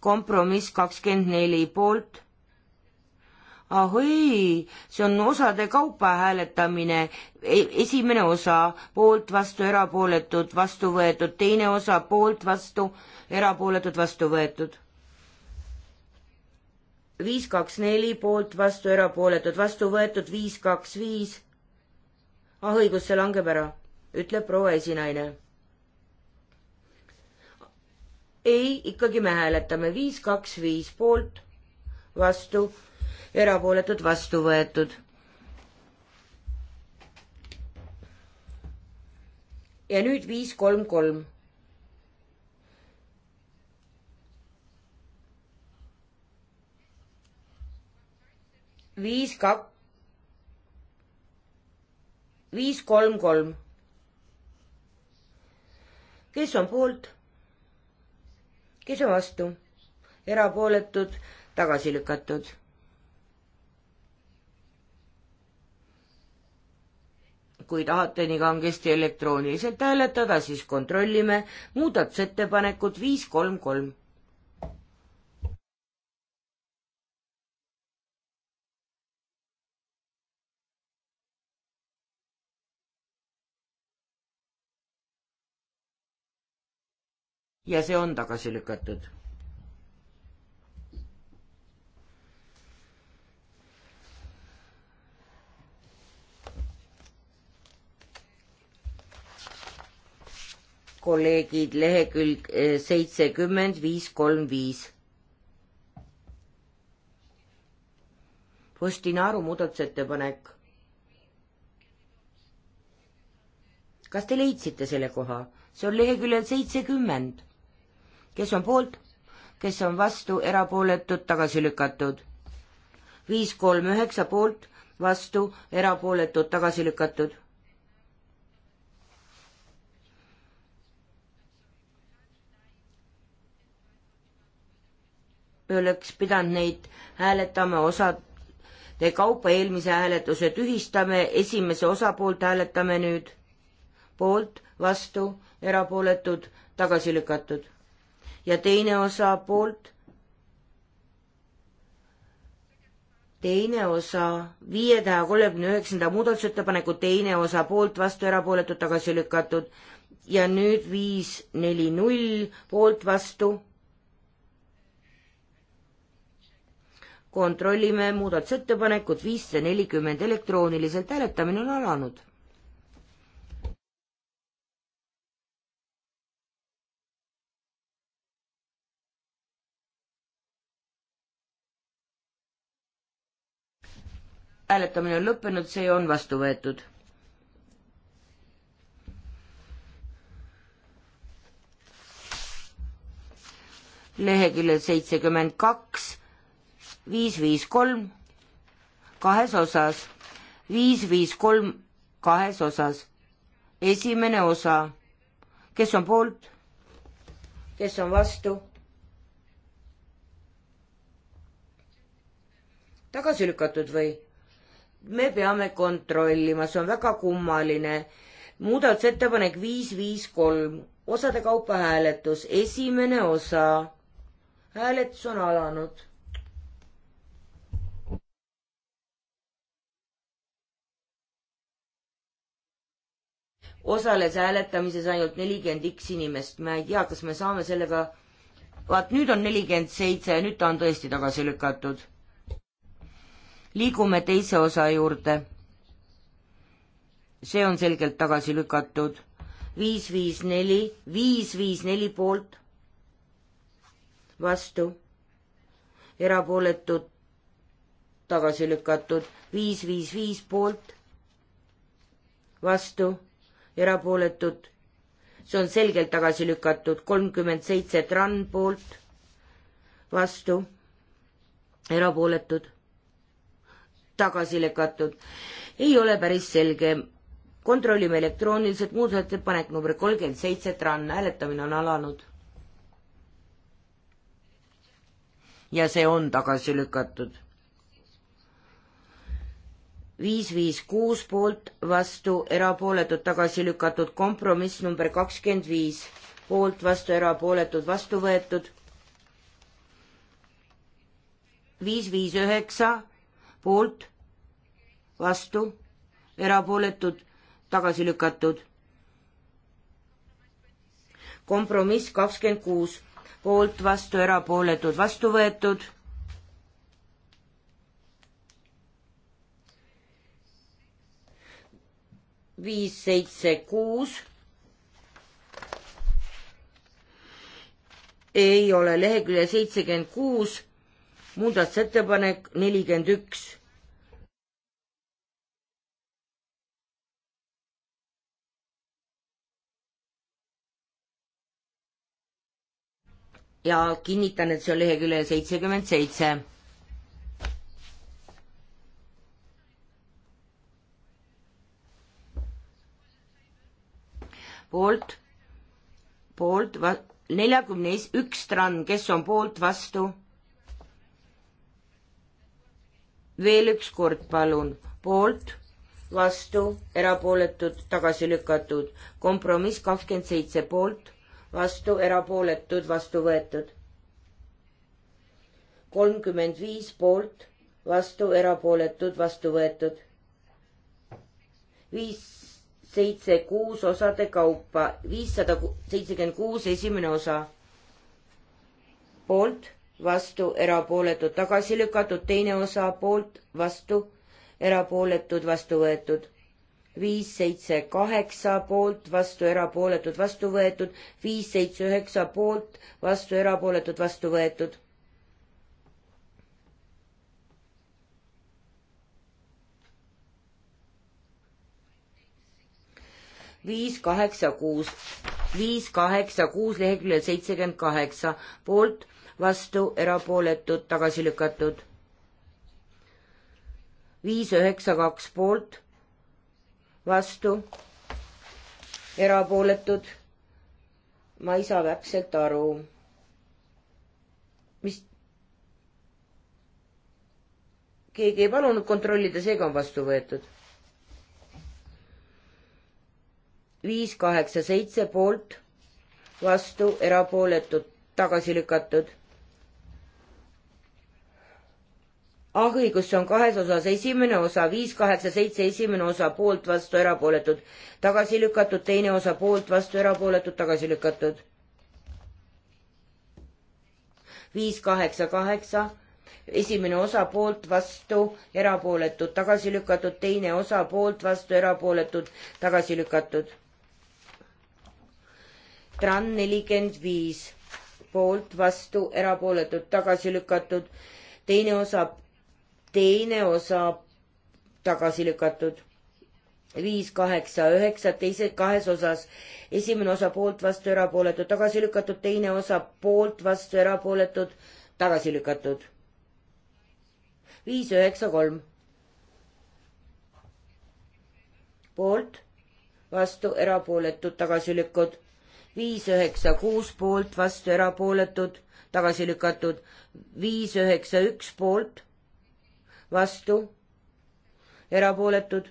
kompromiss kakskümmend neli poolt. ahoi, see on osade kaupa hääletamine, e, esimene osa poolt, vastu, erapooletud, vastu võetud, teine osa poolt, vastu, erapooletud, vastu võetud viis, kaks, neli poolt, vastu, erapooletud, vastu võetud, viis, kaks, viis. ah, õigus, see langeb ära, ütleb proua esinaine. ei, ikkagi me hääletame viis, kaks, viis poolt, vastu, erapooletud, vastu võetud. ja nüüd viis, kolm, kolm viis kak-, viis kolm kolm. kes on poolt? kes on vastu? erapooletud, tagasi lükatud. kui tahate nii kangesti elektrooniliselt hääletada, siis kontrollime muudatusettepanekut viis kolm kolm ja see on tagasi lükatud. kolleegid, lehekülg eh, seitsekümmend viis kolm viis. Postinaaru muudatusettepanek. kas te leidsite selle koha? see on leheküljel seitsekümmend kes on poolt, kes on vastu, erapooletud, tagasi lükatud. viis, kolm, üheksa poolt, vastu, erapooletud, tagasi lükatud. oleks pidanud neid hääletama osade kaupa, eelmise hääletuse tühistame, esimese osa poolt hääletame nüüd. poolt, vastu, erapooletud, tagasi lükatud ja teine osa poolt, teine osa, viiesaja kolmekümne üheksanda muudatusettepaneku teine osa poolt, vastu, erapooletud, tagasi lükatud ja nüüd viis, neli, null poolt, vastu. kontrollime muudatusettepanekut viissada nelikümmend elektrooniliselt, hääletamine on alanud hääletamine on lõppenud, see on vastu võetud. leheküljel seitsekümmend kaks, viis, viis, kolm, kahes osas, viis, viis, kolm, kahes osas. esimene osa, kes on poolt, kes on vastu tagasi lükatud või? me peame kontrollima, see on väga kummaline. muudatusettepanek viis, viis, kolm, osade kaupa hääletus, esimene osa. hääletus on alanud. osales hääletamises ainult nelikümmend üks inimest, ma ei tea, kas me saame sellega, vaat nüüd on nelikümmend seitse ja nüüd ta on tõesti tagasi lükatud liigume teise osa juurde. see on selgelt tagasi lükatud. viis, viis, neli, viis, viis, neli poolt, vastu, erapooletud, tagasi lükatud, viis, viis, viis poolt, vastu, erapooletud, see on selgelt tagasi lükatud, kolmkümmend seitse tran poolt, vastu, erapooletud tagasi lükatud. ei ole päris selge. kontrollime elektrooniliselt muudatusettepanek number kolmkümmend seitse, TRAN, hääletamine on alanud. ja see on tagasi lükatud. viis, viis, kuus poolt, vastu, erapooletud, tagasi lükatud, kompromiss number kakskümmend viis, poolt, vastu, erapooletud, vastu võetud viis, viis, üheksa poolt, vastu, erapooletud, tagasi lükatud. kompromiss kakskümmend kuus, poolt, vastu, erapooletud, vastu võetud. viis, seitse, kuus ei ole lehekülje seitsekümmend kuus, muudatusettepanek nelikümmend üks. ja kinnitan, et see on leheküljel seitsekümmend seitse. poolt, poolt, neljakümne üks trann, kes on poolt, vastu. veel üks kord, palun, poolt, vastu, erapooletud, tagasi lükatud, kompromiss kakskümmend seitse poolt vastu, erapooletud, vastu võetud. kolmkümmend viis poolt, vastu, erapooletud, vastu võetud. viis, seitse, kuus osade kaupa, viissada seitsekümmend kuus, esimene osa. poolt, vastu, erapooletud, tagasi lükatud, teine osa poolt, vastu, erapooletud, vastu võetud viis, seitse, kaheksa poolt, vastu erapooletud, vastu võetud, viis, seitse, üheksa poolt, vastu erapooletud, vastu võetud. viis, kaheksa, kuus, viis, kaheksa, kuus leheküljel seitsekümmend kaheksa poolt, vastu erapooletud, tagasi lükatud. viis, üheksa, kaks poolt vastu, erapooletud. ma ei saa täpselt aru. mis? keegi ei palunud kontrollida, seega on vastu võetud. viis, kaheksa, seitse poolt, vastu, erapooletud, tagasi lükatud ah õigus, see on kahes osas, esimene osa viis, kaheksa, seitse, esimene osa poolt, vastu, erapooletud, tagasi lükatud, teine osa poolt, vastu, erapooletud, tagasi lükatud. viis, kaheksa, kaheksa, esimene osa poolt, vastu, erapooletud, tagasi lükatud, teine osa poolt, vastu, erapooletud, tagasi lükatud. Tran nelikümmend viis, poolt, vastu, erapooletud, tagasi lükatud teine osa teine osa tagasi lükatud. viis, kaheksa, üheksa, teised kahes osas. esimene osa poolt, vastu, erapooletud, tagasi lükatud, teine osa poolt, vastu, erapooletud, tagasi lükatud. viis, üheksa, kolm. poolt, vastu, erapooletud, tagasi lükatud. viis, üheksa, kuus poolt, vastu, erapooletud, tagasi lükatud. viis, üheksa, üks poolt vastu, erapooletud.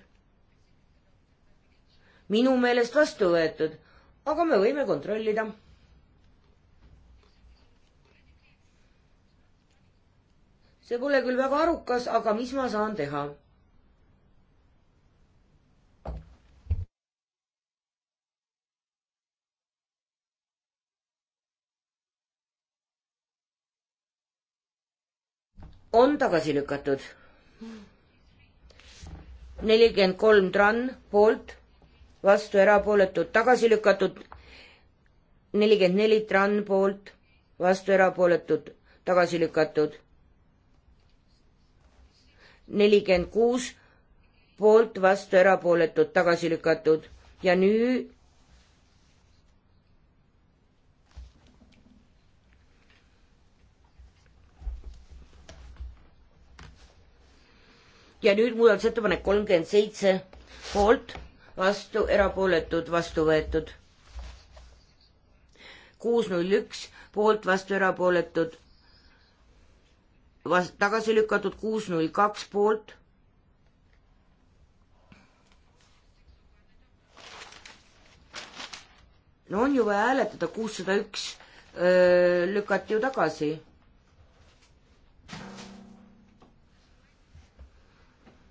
minu meelest vastu võetud, aga me võime kontrollida. see pole küll väga arukas, aga mis ma saan teha? on tagasi lükatud nelikümmend kolm tran poolt, vastu erapooletud, tagasi lükatud. nelikümmend neli tran poolt, vastu erapooletud, tagasi lükatud. nelikümmend kuus poolt, vastu erapooletud, tagasi lükatud ja nüüd ja nüüd muudatusettepanek kolmkümmend seitse poolt, vastu, erapooletud, vastu võetud. kuus null üks poolt, vastu, erapooletud, vas-, tagasi lükatud kuus null kaks poolt. no on ju vaja hääletada, kuussada üks lükati ju tagasi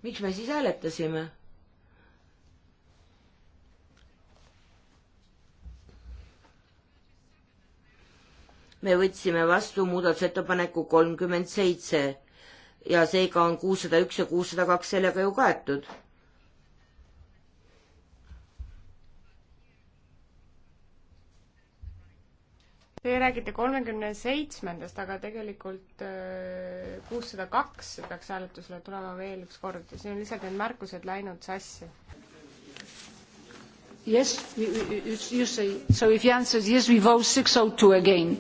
miks me siis hääletasime? me võtsime vastu muudatusettepaneku kolmkümmend seitse ja seega on kuussada üks ja kuussada kaks sellega ju kaetud Te räägite kolmekümne seitsmendast, aga tegelikult äh, kuussada kaks peaks hääletusele tulema veel üks kord ja siin on lihtsalt need märkused läinud sassi. Yes, you say, so if you answer yes, we vote six oh two again.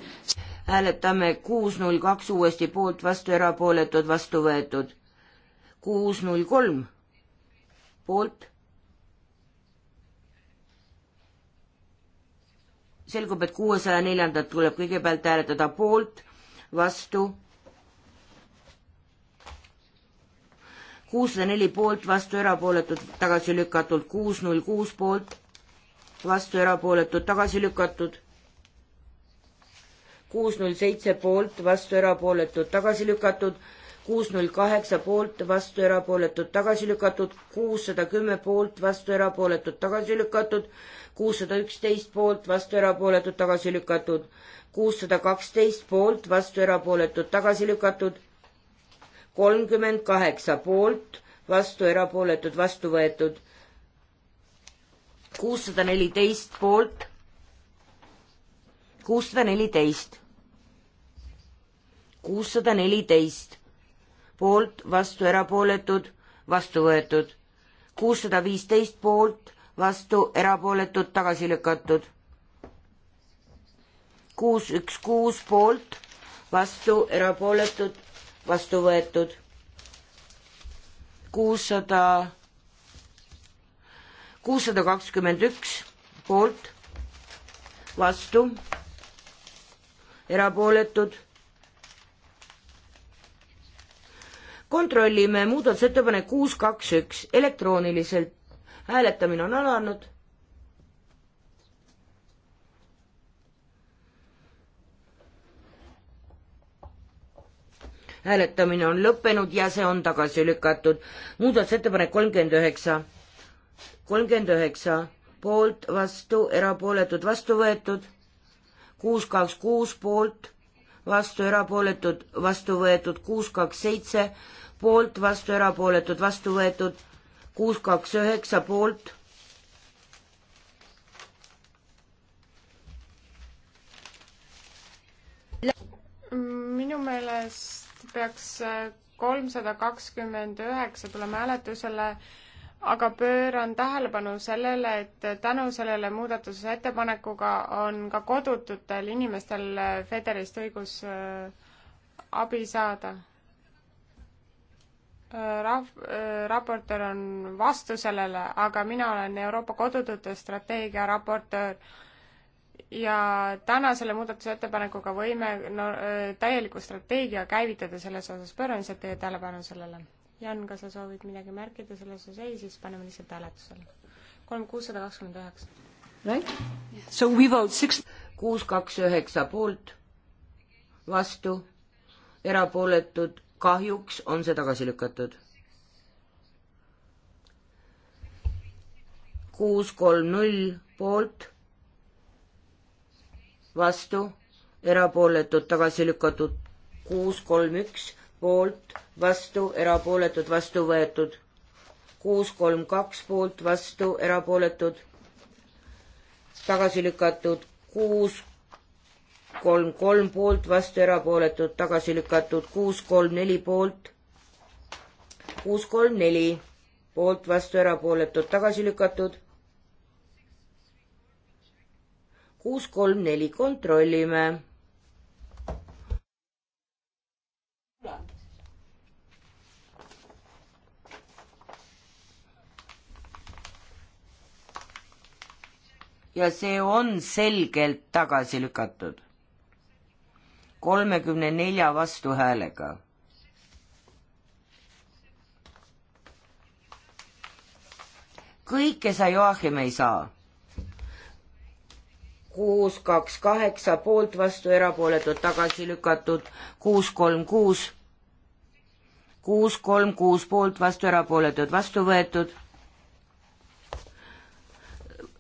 hääletame kuus null kaks uuesti poolt, vastu erapooletud, vastu võetud. kuus null kolm poolt, selgub, et kuuesaja neljandat tuleb kõigepealt hääletada poolt, vastu. kuussada neli poolt, vastu erapooletud, tagasi lükatud, kuus null kuus poolt, vastu erapooletud, tagasi lükatud. kuus null seitse poolt, vastu erapooletud, tagasi lükatud kuus null kaheksa poolt, vastu erapooletud, tagasi lükatud, kuussada kümme poolt, vastu erapooletud, tagasi lükatud, kuussada üksteist poolt, vastu erapooletud, tagasi lükatud, kuussada kaksteist poolt, vastu erapooletud, tagasi lükatud, kolmkümmend kaheksa poolt, vastu erapooletud, vastu võetud, kuussada neliteist poolt, kuussada neliteist, kuussada neliteist poolt, vastu, erapooletud, vastu võetud. kuussada viisteist poolt, vastu, erapooletud, tagasi lükatud. kuus, üks, kuus poolt, vastu, erapooletud, vastu võetud. kuussada, kuussada kakskümmend üks poolt, vastu, erapooletud kontrollime muudatusettepanek kuus, kaks, üks elektrooniliselt. hääletamine on alanud. hääletamine on lõppenud ja see on tagasi lükatud. muudatusettepanek kolmkümmend üheksa, kolmkümmend üheksa poolt, vastu, erapooletud, vastu võetud, kuus, kaks, kuus poolt vastu erapooletud, vastu võetud kuus, kaks, seitse, poolt, vastu erapooletud, vastu võetud kuus, kaks, üheksa, poolt. minu meelest peaks kolmsada kakskümmend üheksa tulema hääletusele aga pööran tähelepanu sellele, et tänu sellele muudatusettepanekuga on ka kodututel inimestel Federist õigus äh, abi saada. Äh, rahv-, äh, raportöör on vastu sellele, aga mina olen Euroopa kodutute strateegia raportöör ja täna selle muudatusettepanekuga võime no, täieliku strateegia käivitada selles osas, pööran lihtsalt teie tähelepanu sellele Jan, kas sa soovid midagi märkida selles osas? ei, siis paneme lihtsalt hääletusele. kolm, kuussada kakskümmend üheksa. Right? So we vote six. kuus, kaks, üheksa poolt, vastu, erapooletud, kahjuks on see tagasi lükatud. kuus, kolm, null poolt, vastu, erapooletud, tagasi lükatud, kuus, kolm, üks poolt, vastu, erapooletud, vastu võetud. kuus, kolm, kaks poolt, vastu, erapooletud, tagasi lükatud. kuus, kolm, kolm poolt, vastu, erapooletud, tagasi lükatud. kuus, kolm, neli poolt, kuus, kolm, neli poolt, vastu, erapooletud, tagasi lükatud. kuus, kolm, neli, kontrollime ja see on selgelt tagasi lükatud. kolmekümne nelja vastuhäälega. kõike sa, Joachim, ei saa. kuus, kaks, kaheksa poolt vastu, erapooletud tagasi lükatud, kuus, kolm, kuus, kuus, kolm, kuus poolt vastu, erapooletud vastu võetud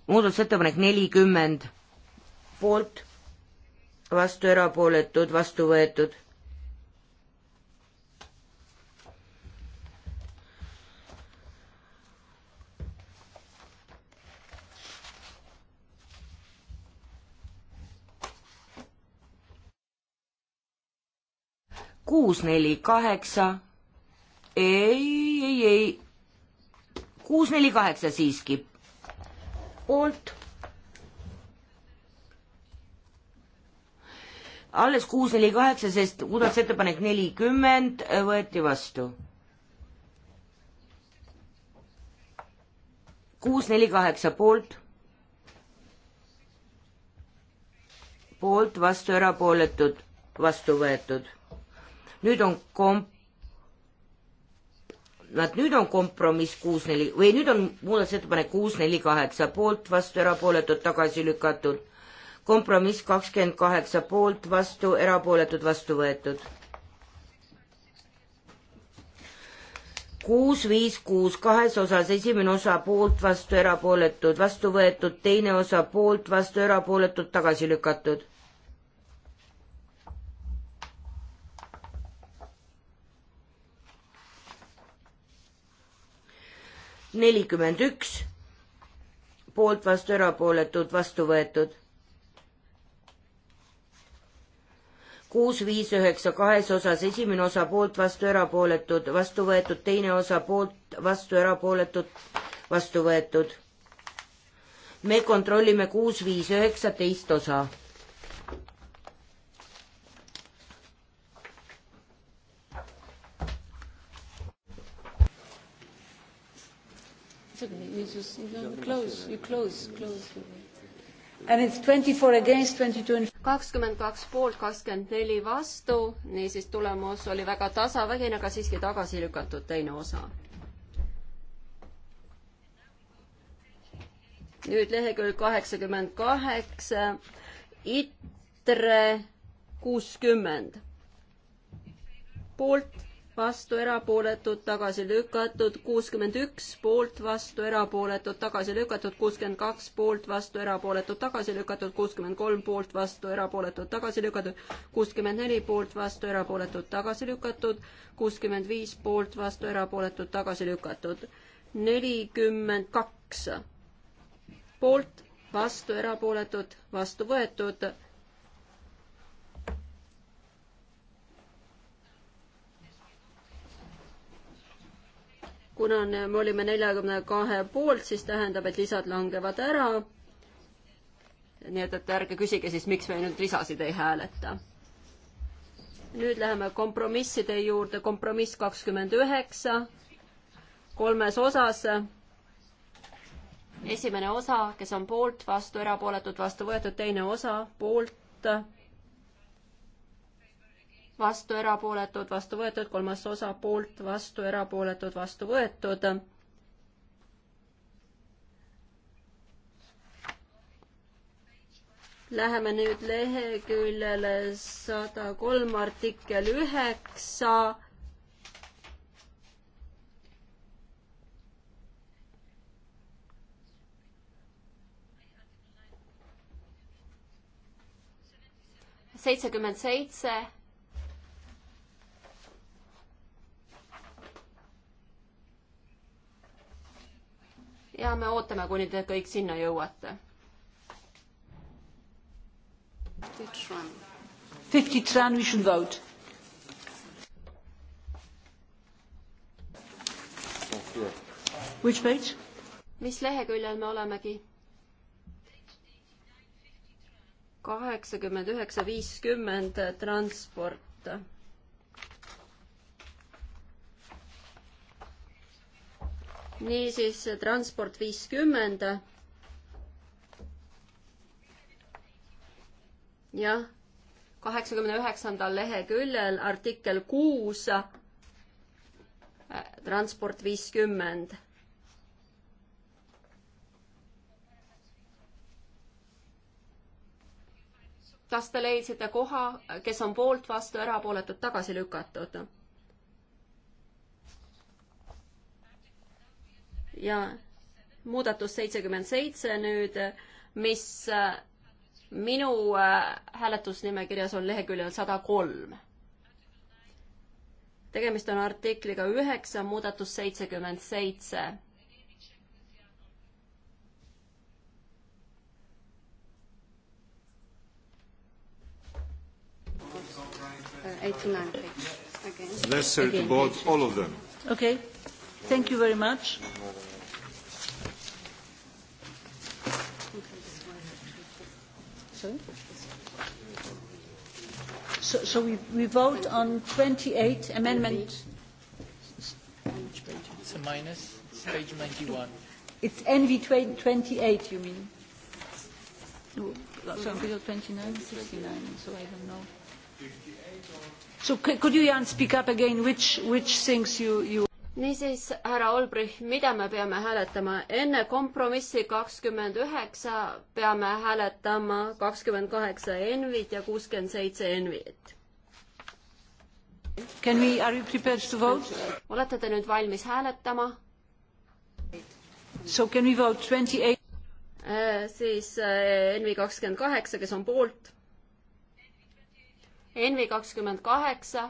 muudatusettepanek nelikümmend poolt, vastu erapooletud, vastu võetud. kuus, neli, kaheksa. ei, ei, ei. kuus, neli, kaheksa siiski poolt. alles kuus neli kaheksa, sest muudatusettepanek nelikümmend võeti vastu. kuus neli kaheksa poolt. poolt, vastu, erapooletud, vastu võetud. nüüd on komp-, vaat nüüd on kompromiss kuus neli või nüüd on muudatusettepanek kuus neli kaheksa poolt, vastu erapooletud, tagasi lükatud. kompromiss kakskümmend kaheksa poolt, vastu erapooletud, vastu võetud. kuus, viis, kuus, kahes osas, esimene osa poolt, vastu erapooletud, vastu võetud, teine osa poolt, vastu erapooletud, tagasi lükatud nelikümmend üks, poolt vastu erapooletud, vastu võetud. kuus, viis, üheksa, kahes osas, esimene osa poolt vastu erapooletud, vastu võetud, teine osa poolt vastu erapooletud, vastu võetud. me kontrollime kuus, viis, üheksa, teist osa took me. You just you don't close. You close. Close. And it's 24 against 22 in kakskümmend kaks poolt, kakskümmend neli vastu, niisiis tulemus oli väga tasavägine, aga siiski tagasi lükatud teine osa. nüüd lehekülg kaheksakümmend kaheksa, ITRE kuuskümmend poolt vastu, erapooletud, tagasi lükatud, kuuskümmend üks poolt, vastu, erapooletud, tagasi lükatud, kuuskümmend kaks poolt, vastu, erapooletud, tagasi lükatud, kuuskümmend kolm poolt, vastu, erapooletud, tagasi lükatud, kuuskümmend neli poolt, vastu, erapooletud, tagasi lükatud, kuuskümmend viis poolt, vastu, erapooletud, tagasi lükatud, nelikümmend kaks poolt, vastu, erapooletud, vastu võetud kuna me olime neljakümne kahe poolt, siis tähendab, et lisad langevad ära. nii et, et ärge küsige siis, miks me nüüd lisasid ei hääleta. nüüd läheme kompromisside juurde, kompromiss kakskümmend üheksa, kolmes osas esimene osa, kes on poolt, vastu, erapooletud, vastu võetud, teine osa, poolt, vastu erapooletud, vastu võetud, kolmas osa poolt, vastu erapooletud, vastu võetud. Läheme nüüd leheküljele sada kolm artikkel üheksa. seitsekümmend seitse ja me ootame, kuni te kõik sinna jõuate. Fifty tran, we should vote. Which page? mis leheküljel me olemegi? kaheksakümmend üheksa, viiskümmend transport niisiis transport viiskümmend. jah, kaheksakümne üheksandal leheküljel artikkel kuus, äh, transport viiskümmend kas te leidsite koha, kes on poolt, vastu, erapooletud, tagasi lükatud? ja muudatus seitsekümmend seitse nüüd, mis minu äh, hääletusnimekirjas on leheküljel sada kolm. tegemist on artikliga üheksa, muudatus seitsekümmend seitse. Necessary to board all of them. Okay, thank you very much. Sorry? So, so we, we vote on 28 amendment. It's a minus. It's page 91. It's NV 28, you mean? No, so 29, 69, so I don't know. So could you, Jan, speak up again which, which things you... you niisiis, härra Olbrich, mida me peame hääletama? enne kompromissi kakskümmend üheksa peame hääletama kakskümmend kaheksa envit ja kuuskümmend seitse envit. Can we, are you prepared to vote? olete te nüüd valmis hääletama? So can we vote twenty eight? Äh, siis Envi äh, kakskümmend kaheksa, kes on poolt. Envi kakskümmend kaheksa,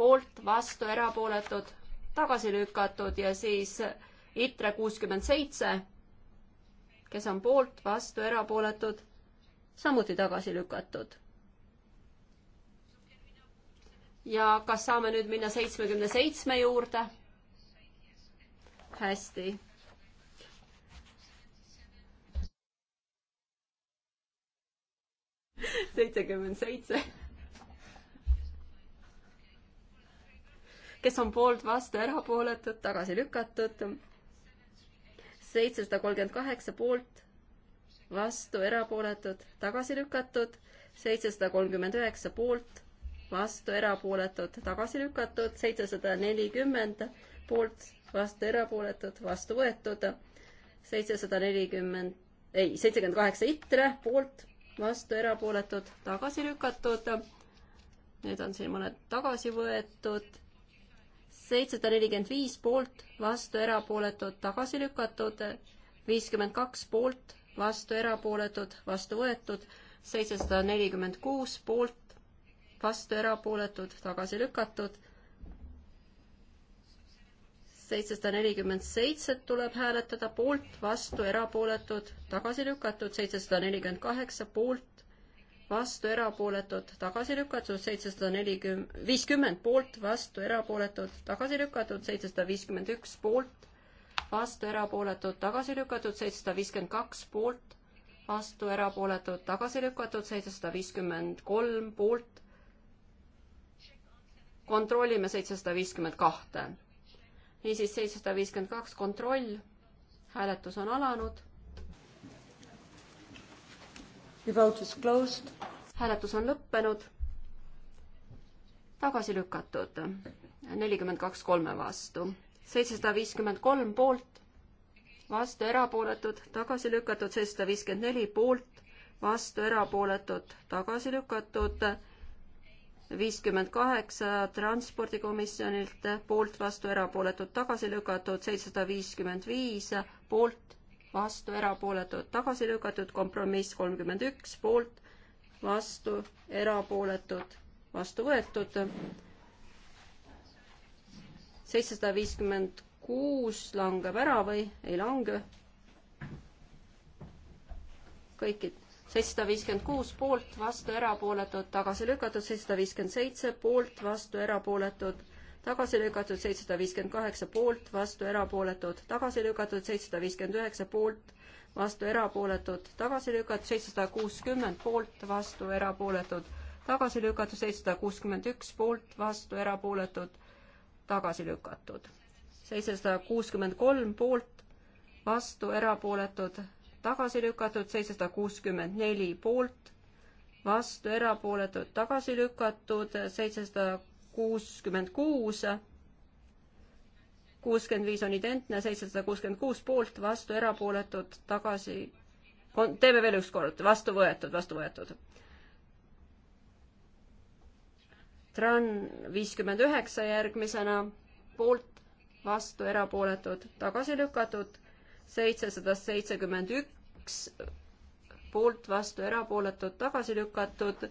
poolt, vastu, erapooletud, tagasi lükatud ja siis ITRE kuuskümmend seitse, kes on poolt, vastu, erapooletud, samuti tagasi lükatud. ja kas saame nüüd minna seitsmekümne seitsme juurde? hästi seitsekümmend seitse. kes on poolt, vastu, erapooletud, tagasi lükatud. seitsesada kolmkümmend kaheksa poolt, vastu, erapooletud, tagasi lükatud. seitsesada kolmkümmend üheksa poolt, vastu, erapooletud, tagasi lükatud. seitsesada nelikümmend poolt, vastu, erapooletud, vastu võetud. seitsesada nelikümmend, ei, seitsekümmend kaheksa ITRE poolt, vastu, erapooletud, tagasi lükatud. Need on siin mõned tagasi võetud seitsesada nelikümmend viis poolt, vastu erapooletud, tagasi lükatud, viiskümmend kaks poolt, vastu erapooletud, vastu võetud, seitsesada nelikümmend kuus poolt, vastu erapooletud, tagasi lükatud, seitsesada nelikümmend seitset tuleb hääletada, poolt, vastu, erapooletud, tagasi lükatud, seitsesada nelikümmend kaheksa, poolt, vastu, erapooletud, tagasi lükatud, seitsesada nelikümmend, viiskümmend poolt, vastu, erapooletud, tagasi lükatud, seitsesada viiskümmend üks poolt, vastu, erapooletud, tagasi lükatud, seitsesada viiskümmend kaks poolt, vastu, erapooletud, tagasi lükatud, seitsesada viiskümmend kolm poolt. kontrollime seitsesada viiskümmend kahte. niisiis, seitsesada viiskümmend kaks, kontroll, hääletus on alanud The vote is closed. hääletus on lõppenud. tagasi lükatud. nelikümmend kaks kolme vastu. seitsesada viiskümmend kolm poolt, vastu erapooletud, tagasi lükatud, seitsesada viiskümmend neli poolt, vastu erapooletud, tagasi lükatud viiskümmend kaheksa transpordikomisjonilt, poolt, vastu, erapooletud, tagasi lükatud, seitsesada viiskümmend viis, poolt, vastu, erapooletud, tagasi lükatud, kompromiss kolmkümmend üks, poolt, vastu, erapooletud, vastu võetud. seitsesada viiskümmend kuus langeb ära või ei lange? kõikid, seitsesada viiskümmend kuus poolt, vastu, erapooletud, tagasi lükatud, seitsesada viiskümmend seitse poolt, vastu, erapooletud tagasi lükatud seitsesada viiskümmend kaheksa poolt, vastu erapooletud, tagasi lükatud seitsesada viiskümmend üheksa poolt, vastu erapooletud, tagasi lükatud seitsesada kuuskümmend poolt, vastu erapooletud, tagasi lükatud seitsesada kuuskümmend üks poolt, vastu erapooletud, tagasi lükatud. seitsesada kuuskümmend kolm poolt, vastu erapooletud, tagasi lükatud, seitsesada kuuskümmend neli poolt, vastu erapooletud tagasi lükatud, seitsesada kuuskümmend kuus, kuuskümmend viis on identne, seitsesada kuuskümmend kuus poolt, vastu, erapooletud, tagasi, teeme veel ükskord, vastu võetud, vastu võetud Tran viiskümmend üheksa järgmisena poolt, vastu, erapooletud, tagasi lükatud, seitsesada seitsekümmend üks poolt, vastu, erapooletud, tagasi lükatud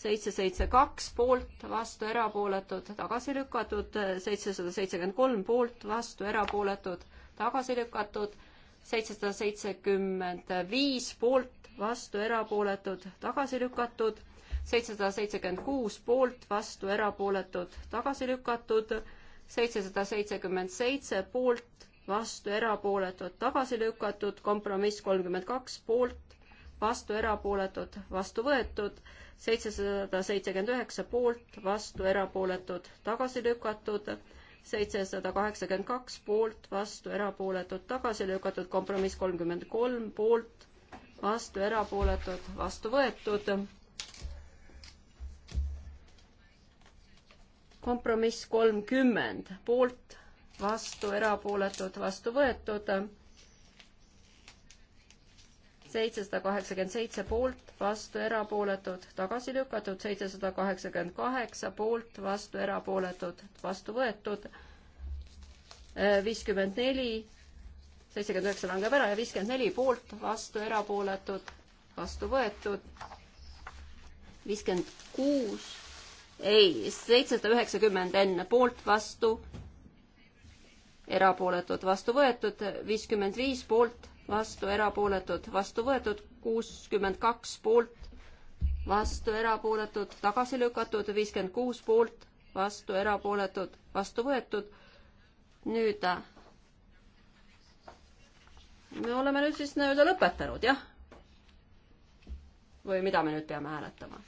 seitse, seitse, kaks poolt, vastu, erapooletud, tagasi lükatud, seitsesada seitsekümmend kolm poolt, vastu, erapooletud, tagasi lükatud, seitsesada seitsekümmend viis poolt, vastu, erapooletud, tagasi lükatud, seitsesada seitsekümmend kuus poolt, vastu, erapooletud, tagasi lükatud, seitsesada seitsekümmend seitse poolt, vastu, erapooletud, tagasi lükatud, kompromiss kolmkümmend kaks poolt, vastu, erapooletud, vastu võetud seitsesada seitsekümmend üheksa poolt, vastu, erapooletud, tagasi lükatud, seitsesada kaheksakümmend kaks poolt, vastu, erapooletud, tagasi lükatud, kompromiss kolmkümmend kolm poolt, vastu, erapooletud, vastu võetud. kompromiss kolmkümmend poolt, vastu, erapooletud, vastu võetud seitsesada kaheksakümmend seitse poolt, vastu, erapooletud, tagasi lükatud, seitsesada kaheksakümmend kaheksa poolt, vastu, erapooletud, vastu võetud, viiskümmend neli, seitsekümmend üheksa langeb ära ja viiskümmend neli poolt, vastu, erapooletud, vastu võetud, viiskümmend kuus, ei, seitsesada üheksakümmend enne poolt, vastu, erapooletud, vastu võetud, viiskümmend viis poolt vastu, erapooletud, vastu võetud, kuuskümmend kaks poolt, vastu, erapooletud, tagasi lükatud, viiskümmend kuus poolt, vastu, erapooletud, vastu võetud. nüüd. me oleme nüüd siis nii-öelda lõpetanud, jah? või mida me nüüd peame hääletama?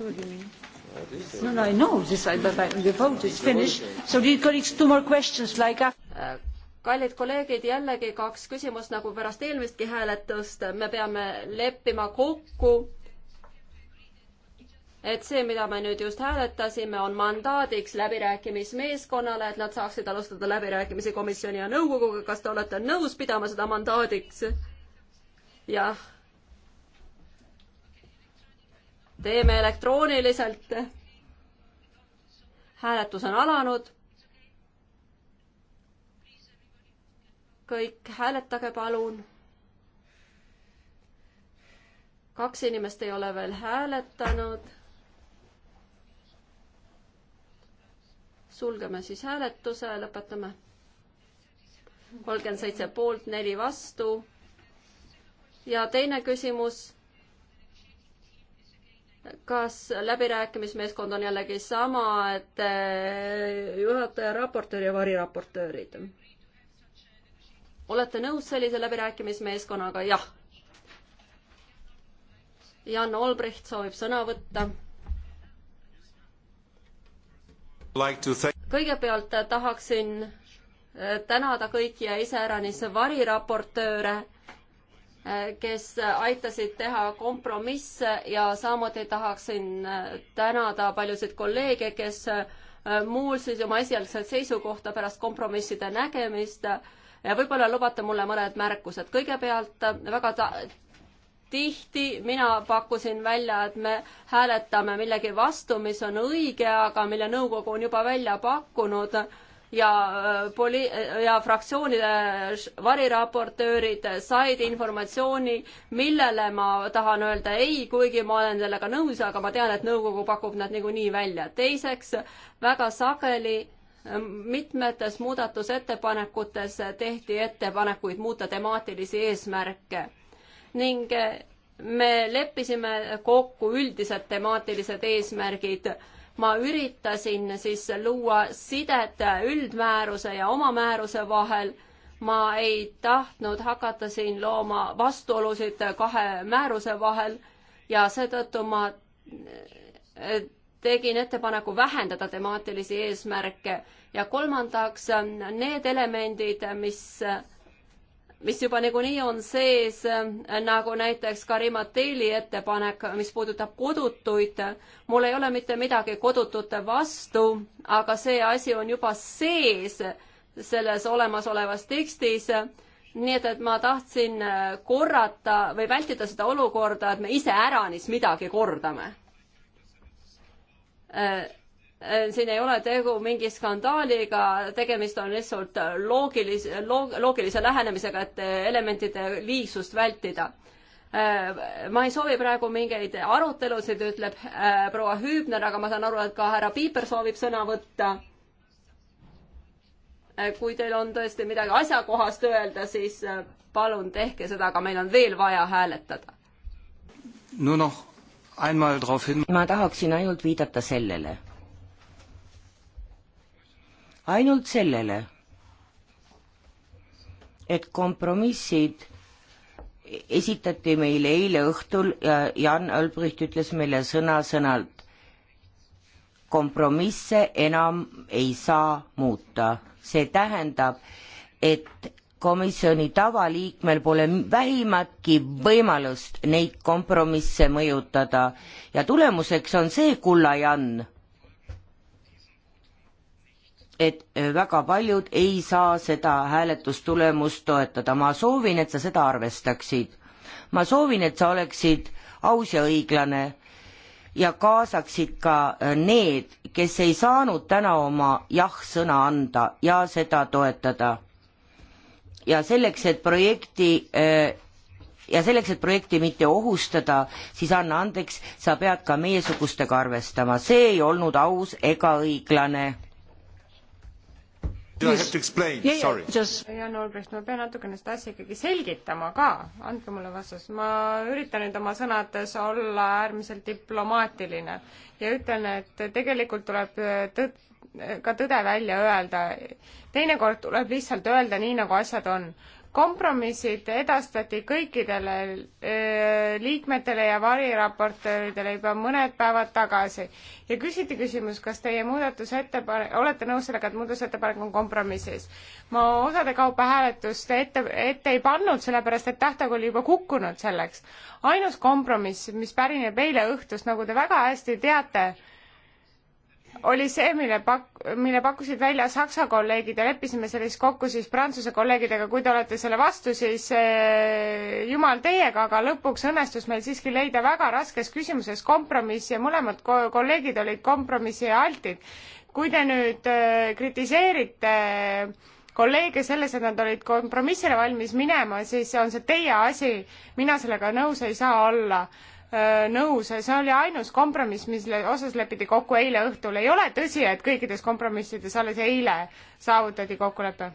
No, no, I know this, but the vote is finished. So, dear colleagues, two more questions like after äh, kallid kolleegid, jällegi kaks küsimust nagu pärast eelmistki hääletust, me peame leppima kokku, et see, mida me nüüd just hääletasime, on mandaadiks läbirääkimismeeskonnale, et nad saaksid alustada läbirääkimisi komisjoni ja nõukoguga, kas te olete nõus pidama seda mandaadiks? jah. teeme elektrooniliselt. hääletus on alanud kõik, hääletage palun. kaks inimest ei ole veel hääletanud. sulgeme siis hääletuse, lõpetame. kolmkümmend seitse poolt, neli vastu. ja teine küsimus kas läbirääkimismeeskond on jällegi sama, et eh, juhataja, raportöör ja variraportöörid? olete nõus sellise läbirääkimismeeskonnaga? jah. Jan Olbricht soovib sõna võtta like. kõigepealt tahaksin eh, tänada kõiki ja iseäranis variraportööre, eh, kes aitasid teha kompromisse ja samuti tahaksin eh, tänada paljusid kolleege, kes muulsid oma esialgset seisukohta pärast kompromisside nägemist võib-olla lubate mulle mõned märkused. kõigepealt väga ta-, tihti mina pakkusin välja, et me hääletame millegi vastu, mis on õige, aga mille nõukogu on juba välja pakkunud ja äh, poli- ja fraktsioonide variraportöörid said informatsiooni, millele ma tahan öelda ei, kuigi ma olen sellega nõus, aga ma tean, et nõukogu pakub nad niikuinii välja. teiseks, väga sageli mitmetes muudatusettepanekutes tehti ettepanekuid muuta temaatilisi eesmärke ning me leppisime kokku üldised temaatilised eesmärgid. ma üritasin siis luua sidet üldmääruse ja oma määruse vahel. ma ei tahtnud hakata siin looma vastuolusid kahe määruse vahel ja seetõttu ma tegin ettepaneku vähendada temaatilisi eesmärke ja kolmandaks need elemendid, mis, mis juba niikuinii on sees, nagu näiteks Karima Teili ettepanek, mis puudutab kodutuid. mul ei ole mitte midagi kodutute vastu, aga see asi on juba sees selles olemasolevas tekstis nii et, et ma tahtsin korrata või vältida seda olukorda, et me iseäranis midagi kordame Äh, äh, siin ei ole tegu mingi skandaaliga, tegemist on lihtsalt loogilise loog,, loogilise lähenemisega, et elementide liigsust vältida. Äh, ma ei soovi praegu mingeid arutelusid, ütleb proua Hüübner, aga ma saan aru, et ka härra Piiper soovib sõna võtta. kui teil on tõesti midagi asjakohast öelda, siis palun tehke seda, aga meil on veel vaja hääletada. no noh ma tahaksin ainult viidata sellele. ainult sellele, et kompromissid esitati meile eile õhtul ja Jan Albrecht ütles meile sõna-sõnalt, kompromisse enam ei saa muuta. see tähendab, et komisjoni tavaliikmel pole vähimatki võimalust neid kompromisse mõjutada ja tulemuseks on see kullajann, et väga paljud ei saa seda hääletustulemust toetada. ma soovin, et sa seda arvestaksid. ma soovin, et sa oleksid aus ja õiglane ja kaasaksid ka need, kes ei saanud täna oma jah-sõna anda ja seda toetada ja selleks, et projekti äh, ja selleks, et projekti mitte ohustada, siis anna andeks, sa pead ka meiesugustega arvestama, see ei olnud aus ega õiglane. Jan Olbrist, ma pean natukene seda asja ikkagi selgitama ka, andke mulle vastus. ma üritan nüüd oma sõnades olla äärmiselt diplomaatiline ja ütlen, et tegelikult tuleb tõtt ka tõde välja öelda. teinekord tuleb lihtsalt öelda nii, nagu asjad on. kompromissid edastati kõikidele eh, liikmetele ja variraportööridele juba mõned päevad tagasi ja küsiti küsimus, kas teie muudatusettepanek, olete nõus sellega, et muudatusettepanek on kompromissis? ma osade kaupa hääletust ette, ette ei pannud, sellepärast et tähtaeg oli juba kukkunud selleks. ainus kompromiss, mis pärineb eile õhtust, nagu te väga hästi teate, oli see, mille pak-, mille pakkusid välja Saksa kolleegid ja leppisime selles kokku siis Prantsuse kolleegidega, kui te olete selle vastu, siis äh, jumal teiega, aga lõpuks õnnestus meil siiski leida väga raskes küsimuses kompromissi ja mõlemad ko kolleegid olid kompromissi altid. kui te nüüd äh, kritiseerite äh, kolleege selles, et nad olid kompromissile valmis minema, siis on see teie asi, mina sellega nõus ei saa olla Äh, nõus, see oli ainus kompromiss, mille osas lepiti kokku eile õhtul. ei ole tõsi, et kõikides kompromissides alles eile saavutati kokkulepe.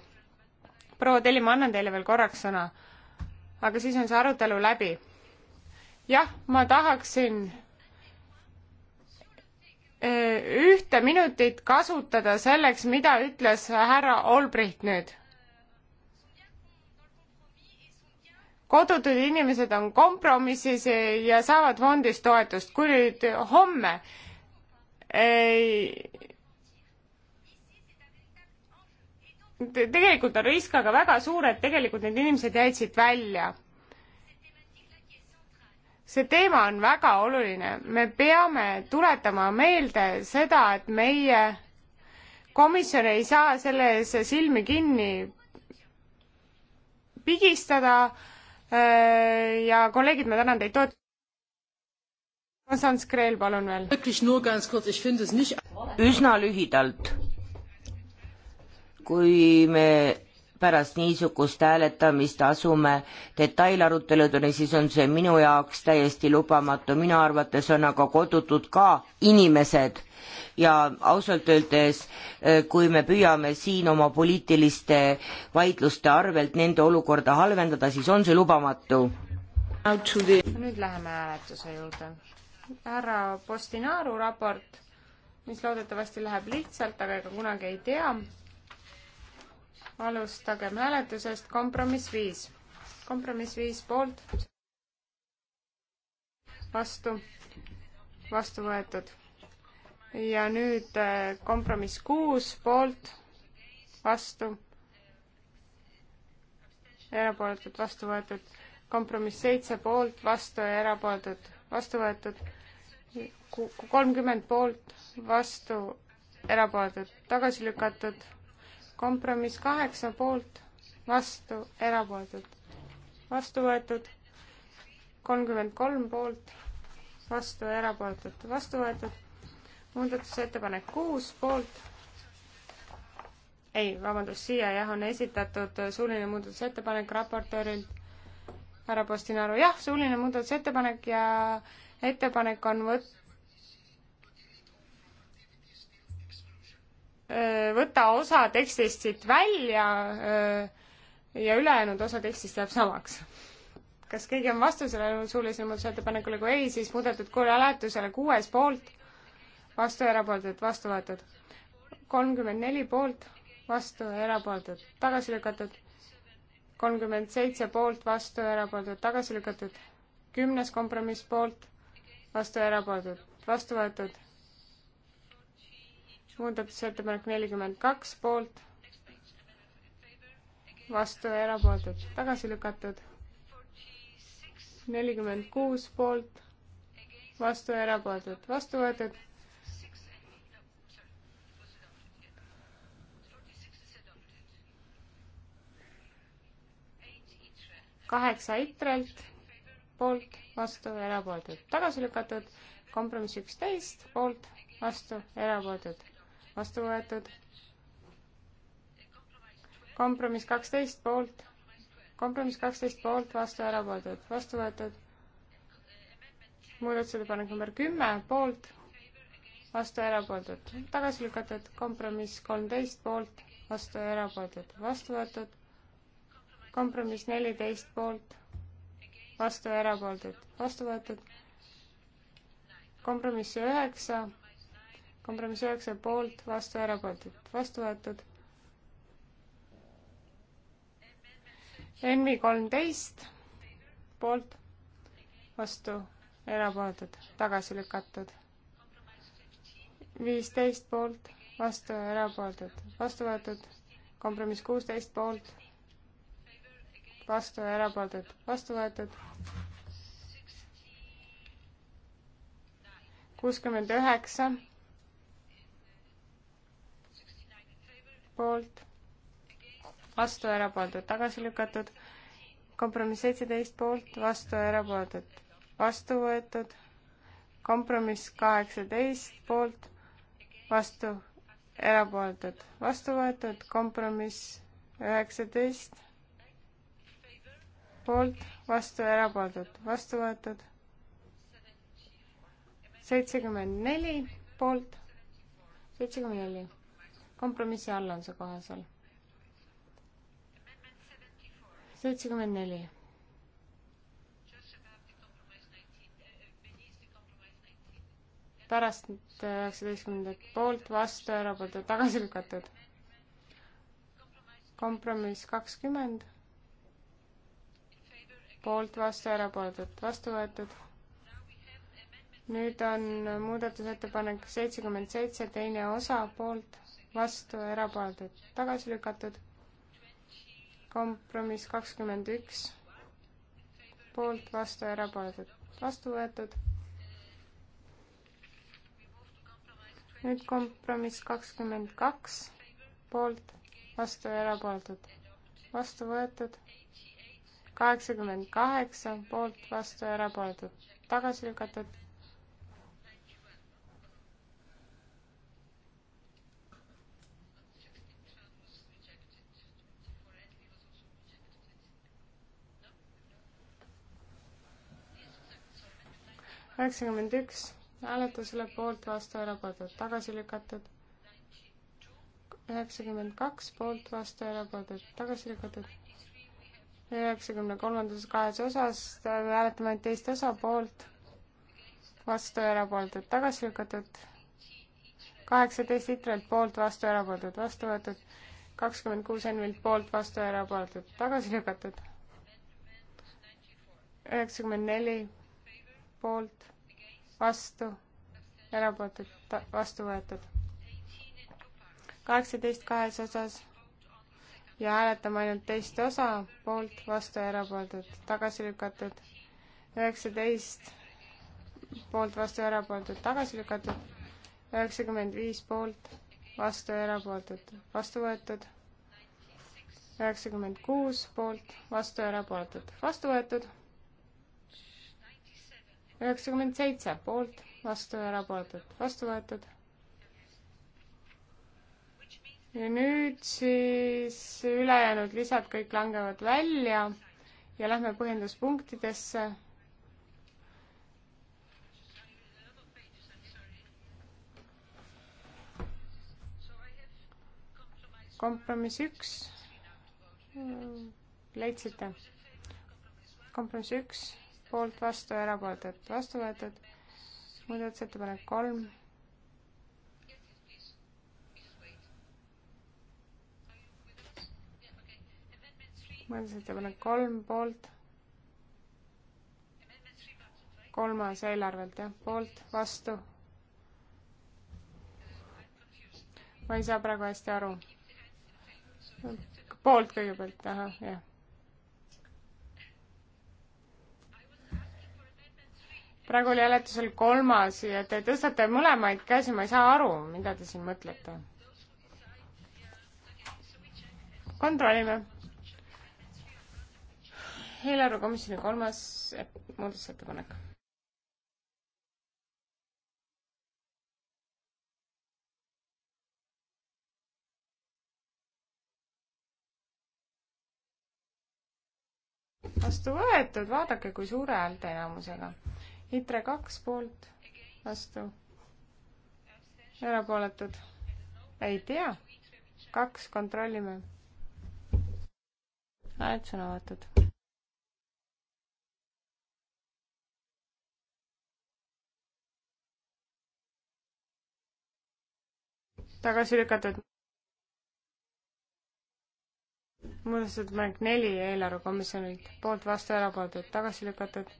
proua Teli, ma annan teile veel korraks sõna. aga siis on see arutelu läbi. jah, ma tahaksin äh, ühte minutit kasutada selleks, mida ütles härra Olbricht nüüd kodutud inimesed on kompromissis ja saavad fondist toetust. kui nüüd homme ei, tegelikult on risk aga väga suur, et tegelikult need inimesed jäid siit välja. see teema on väga oluline, me peame tuletama meelde seda, et meie komisjon ei saa selle ees silmi kinni pigistada Äh, ja kolleegid, ma tänan teid toet-. Konstantin Kreel, palun veel. üsna lühidalt. kui me pärast niisugust hääletamist asume detailaruteludeni, siis on see minu jaoks täiesti lubamatu, minu arvates on aga kodutud ka inimesed ja ausalt öeldes, eh, kui me püüame siin oma poliitiliste vaidluste arvelt nende olukorda halvendada, siis on see lubamatu. nüüd läheme hääletuse juurde. härra Postinaru raport, mis loodetavasti läheb lihtsalt, aga ega kunagi ei tea alustagem hääletusest, kompromiss viis. kompromiss viis poolt, vastu, vastu võetud. ja nüüd äh, kompromiss kuus poolt, vastu, erapooletud, vastu võetud. kompromiss seitse poolt, vastu ja erapooletud, vastu võetud. kolmkümmend poolt, vastu, erapooletud, tagasi lükatud kompromiss kaheksa poolt, vastu, erapooletud, vastu võetud, kolmkümmend kolm poolt, vastu, erapooletud, vastu võetud, muudatusettepanek kuus poolt, ei, vabandust, siia jah, on esitatud suuline muudatusettepanek raportöörilt, härra Postinaru, jah, suuline muudatusettepanek ja ettepanek on võtta Äh, võta osa tekstist siit välja äh, ja ülejäänud osa tekstist jääb samaks. kas keegi on vastu sellele suulisele muudatusettepanekule, kui ei, siis muudetud kujul hääletusele kuues poolt, vastu erapooletud, vastu võetud. kolmkümmend neli poolt, vastu erapooletud, tagasi lükatud. kolmkümmend seitse poolt, vastu erapooletud, tagasi lükatud. kümnes kompromiss poolt, vastu erapooletud, vastu võetud muudatusettepanek nelikümmend kaks poolt, vastu ja erapooletud, tagasi lükatud. nelikümmend kuus poolt, vastu ja erapooletud, vastu võetud. kaheksa ITRE-lt poolt, vastu ja erapooletud, tagasi lükatud. kompromiss üksteist poolt, vastu, erapooletud vastu võetud. kompromiss kaksteist poolt, kompromiss kaksteist poolt, vastu erapooletud, vastu võetud. muudatusettepanek number kümme poolt, vastu erapooletud, tagasi lükatud, kompromiss kolmteist poolt, vastu erapooletud, vastu võetud. kompromiss neliteist poolt, vastu erapooletud, vastu võetud kompromissi üheksa kompromiss üheksa poolt, vastu, erapooletud, vastu võetud. NV kolmteist poolt, vastu, erapooletud, tagasi lükatud. viisteist poolt, vastu, erapooletud, vastu võetud. kompromiss kuusteist poolt, vastu, erapooletud, vastu võetud. kuuskümmend üheksa poolt, vastu, erapooletud, tagasi lükatud. kompromiss seitseteist poolt, vastu, erapooletud, vastu võetud. kompromiss kaheksateist poolt, vastu, erapooletud, vastu võetud. kompromiss üheksateist poolt, vastu, erapooletud, vastu võetud. seitsekümmend neli poolt, seitsekümmend neli kompromissi all on see kohe seal. seitsekümmend neli. pärast üheksateistkümnendat poolt, vastu, erapooletud, tagasi lükatud. kompromiss kakskümmend. poolt, vastu, erapooletud, vastu võetud nüüd on muudatusettepanek seitsekümmend seitse, teine osa poolt, vastu, erapooletud, tagasi lükatud. kompromiss kakskümmend üks, poolt, vastu, erapooletud, vastu võetud. nüüd kompromiss kakskümmend kaks, poolt, vastu, erapooletud, vastu võetud. kaheksakümmend kaheksa, poolt, vastu, erapooletud, tagasi lükatud üheksakümmend üks hääletusele poolt, vastu, erapooletud, tagasi lükatud. üheksakümmend kaks poolt, vastu, erapooletud, tagasi lükatud. üheksakümne kolmandas kahes osas hääletame ainult teist osa poolt, vastu, erapooletud, tagasi lükatud. kaheksateist liitrit poolt, vastu, erapooletud, vastu võetud. kakskümmend kuus Envilt poolt, vastu, erapooletud, tagasi lükatud. üheksakümmend neli poolt, vastu, erapooletud, vastu võetud. kaheksateist kahes osas ja hääletame ainult teist osa, poolt, vastu ja erapooletud, tagasi lükatud. üheksateist poolt, vastu ja erapooletud, tagasi lükatud. üheksakümmend viis poolt, vastu ja erapooletud, vastu võetud. üheksakümmend kuus poolt, vastu ja erapooletud, vastu võetud üheksakümmend seitse poolt, vastu ja erapooletud, vastu võetud. ja nüüd siis ülejäänud lisad kõik langevad välja ja lähme põhjenduspunktidesse kompromiss üks leidsite? kompromiss üks poolt, vastu, erapooletud, vastu võetud. muudatusettepanek kolm. muudatusettepanek kolm poolt. kolmas eelarvelt jah, poolt, vastu. ma ei saa praegu hästi aru. poolt kõigepealt, ahah, jah praegu oli hääletusel kolmas ja te tõstate mõlemaid käsi, ma ei saa aru, mida te siin mõtlete. kontrollime. eelarvekomisjoni kolmas muudatusettepanek. vastu võetud, vaadake, kui suure häälteenamusega ITRE kaks poolt, vastu, erapooletud. ei tea, kaks kontrollime. hääled on avatud. tagasi lükatud. muudatusettepanek neli eelarvekomisjonilt, poolt, vastu, erapooletud, tagasi lükatud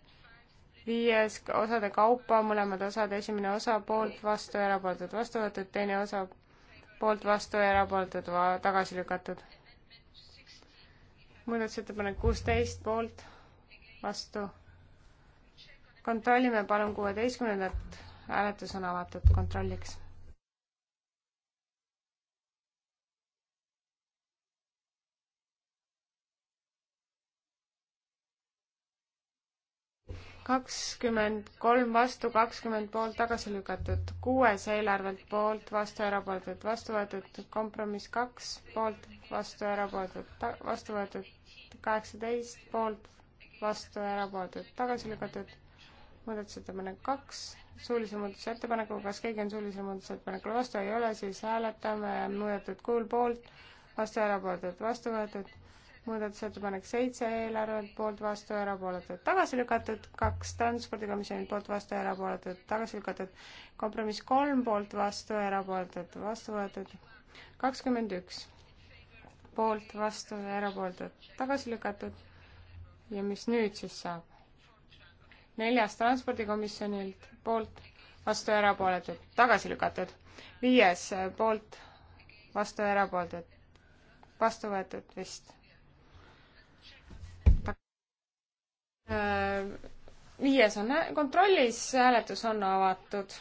viies osade kaupa, mõlemad osad, esimene osa poolt, vastu, erapooletud, vastu võetud, teine osa poolt, vastu, erapooletud, tagasi lükatud. muudatusettepanek kuusteist poolt, vastu. kontrollime palun kuueteistkümnendat, hääletus on avatud kontrolliks kakskümmend kolm vastu, kakskümmend poolt tagasi lükatud, kuues eelarvelt poolt, vastu erapooletud, vastu võetud, kompromiss kaks poolt, vastu erapooletud, vastu võetud, kaheksateist poolt, vastu erapooletud, tagasi lükatud, muudatusettepanek kaks, suulise muudatusettepanekuga, kas keegi on suulise muudatusettepanekule vastu, ei ole, siis hääletame muudetud kuul poolt, vastu erapooletud, vastu võetud muudatusettepanek seitse eelarvelt poolt vastu erapooletud tagasi lükatud, kaks transpordikomisjoni poolt vastu erapooletud tagasi lükatud, kompromiss kolm poolt vastu erapooletud vastu võetud, kakskümmend üks poolt vastu erapooletud tagasi lükatud ja mis nüüd siis saab? neljas transpordikomisjonilt poolt vastu erapooletud tagasi lükatud, viies poolt vastu erapooletud vastu võetud vist Äh, viies on kontrollis, hääletus on avatud.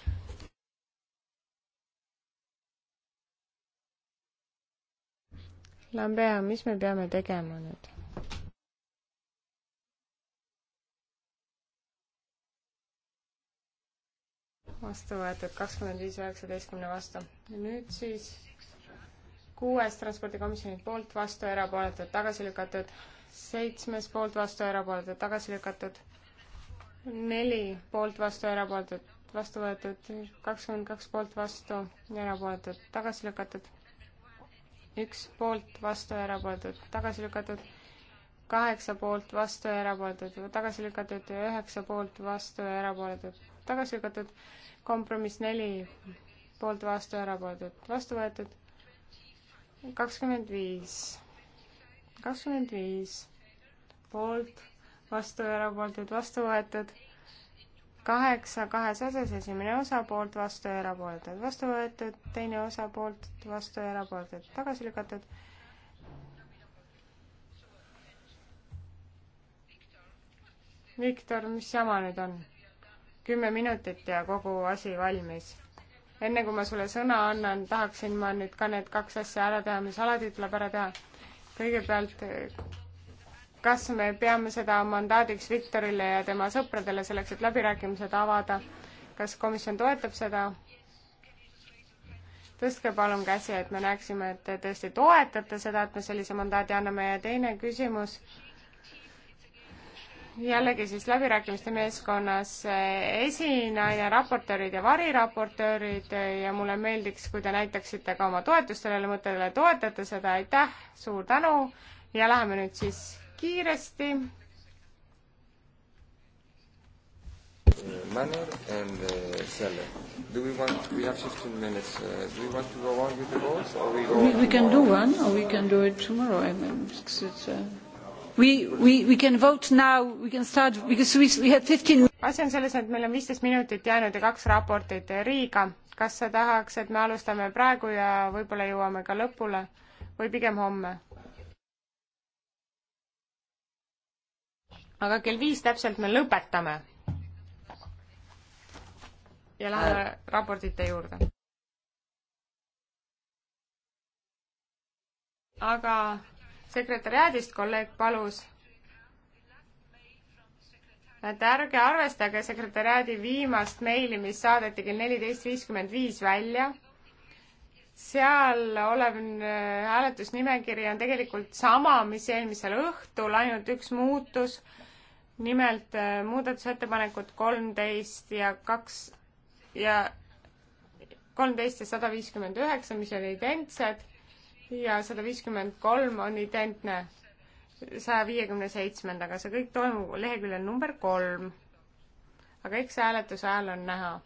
Lambea, mis me peame tegema nüüd? vastu võetud kakskümmend viis üheksateistkümne vastu. nüüd siis kuues transpordikomisjoni poolt vastu, erapooletud, tagasi lükatud seitsmes poolt vastu, erapooletud, tagasi lükatud. neli poolt vastu, erapooletud, vastu võetud, kakskümmend kaks poolt vastu, erapooletud, tagasi lükatud. üks poolt vastu, erapooletud, tagasi lükatud. kaheksa poolt vastu, erapooletud, tagasi lükatud ja üheksa poolt vastu, erapooletud, tagasi lükatud. kompromiss neli poolt vastu, erapooletud, vastu võetud. kakskümmend viis kakskümmend viis poolt, vastu, erapooletud, vastu võetud. kaheksa kahes osas, esimene osa poolt, vastu, erapooletud, vastu võetud, teine osa poolt, vastu, erapooletud, tagasi lükatud. Viktor, mis jama nüüd on? kümme minutit ja kogu asi valmis enne kui ma sulle sõna annan, tahaksin ma nüüd ka need kaks asja ära teha, mis alati tuleb ära teha kõigepealt, kas me peame seda mandaadiks Viktorile ja tema sõpradele selleks, et läbirääkimised avada? kas komisjon toetab seda? tõstke palun käsi, et me näeksime, et te tõesti toetate seda, et me sellise mandaadi anname ja teine küsimus jällegi siis läbirääkimiste meeskonnas eh, esinaine, raportöörid ja variraportöörid eh, ja mulle meeldiks, kui te näitaksite ka oma toetust sellele mõttele, toetate seda, aitäh, suur tänu ja läheme nüüd siis kiiresti. Manner and uh, Selle. Do we want, we have 15 minutes, uh, do we want to go on with the votes or we go? We, we can do one or we can do it tomorrow, I mean, it's, it's uh... We, we, we can vote now, we can start because we, we have 15 asi on selles, et meil on viisteist minutit jäänud ja kaks raportit Riiga. kas sa tahaks, et me alustame praegu ja võib-olla jõuame ka lõpule või pigem homme? aga kell viis täpselt me lõpetame. ja läheme äh. raportite juurde. aga sekretäriaadist kolleeg palus, et ärge arvestage sekretäriaadi viimast meili, mis saadeti kell neliteist viiskümmend viis välja. seal olev äh, hääletusnimekiri on tegelikult sama, mis eelmisel õhtul, ainult üks muutus. nimelt äh, muudatusettepanekud kolmteist ja kaks ja kolmteist ja sada viiskümmend üheksa, mis olid identsed ja sada viiskümmend kolm on identne saja viiekümne seitsmendaga, see kõik toimub leheküljel number kolm. aga eks hääletuse ajal on näha.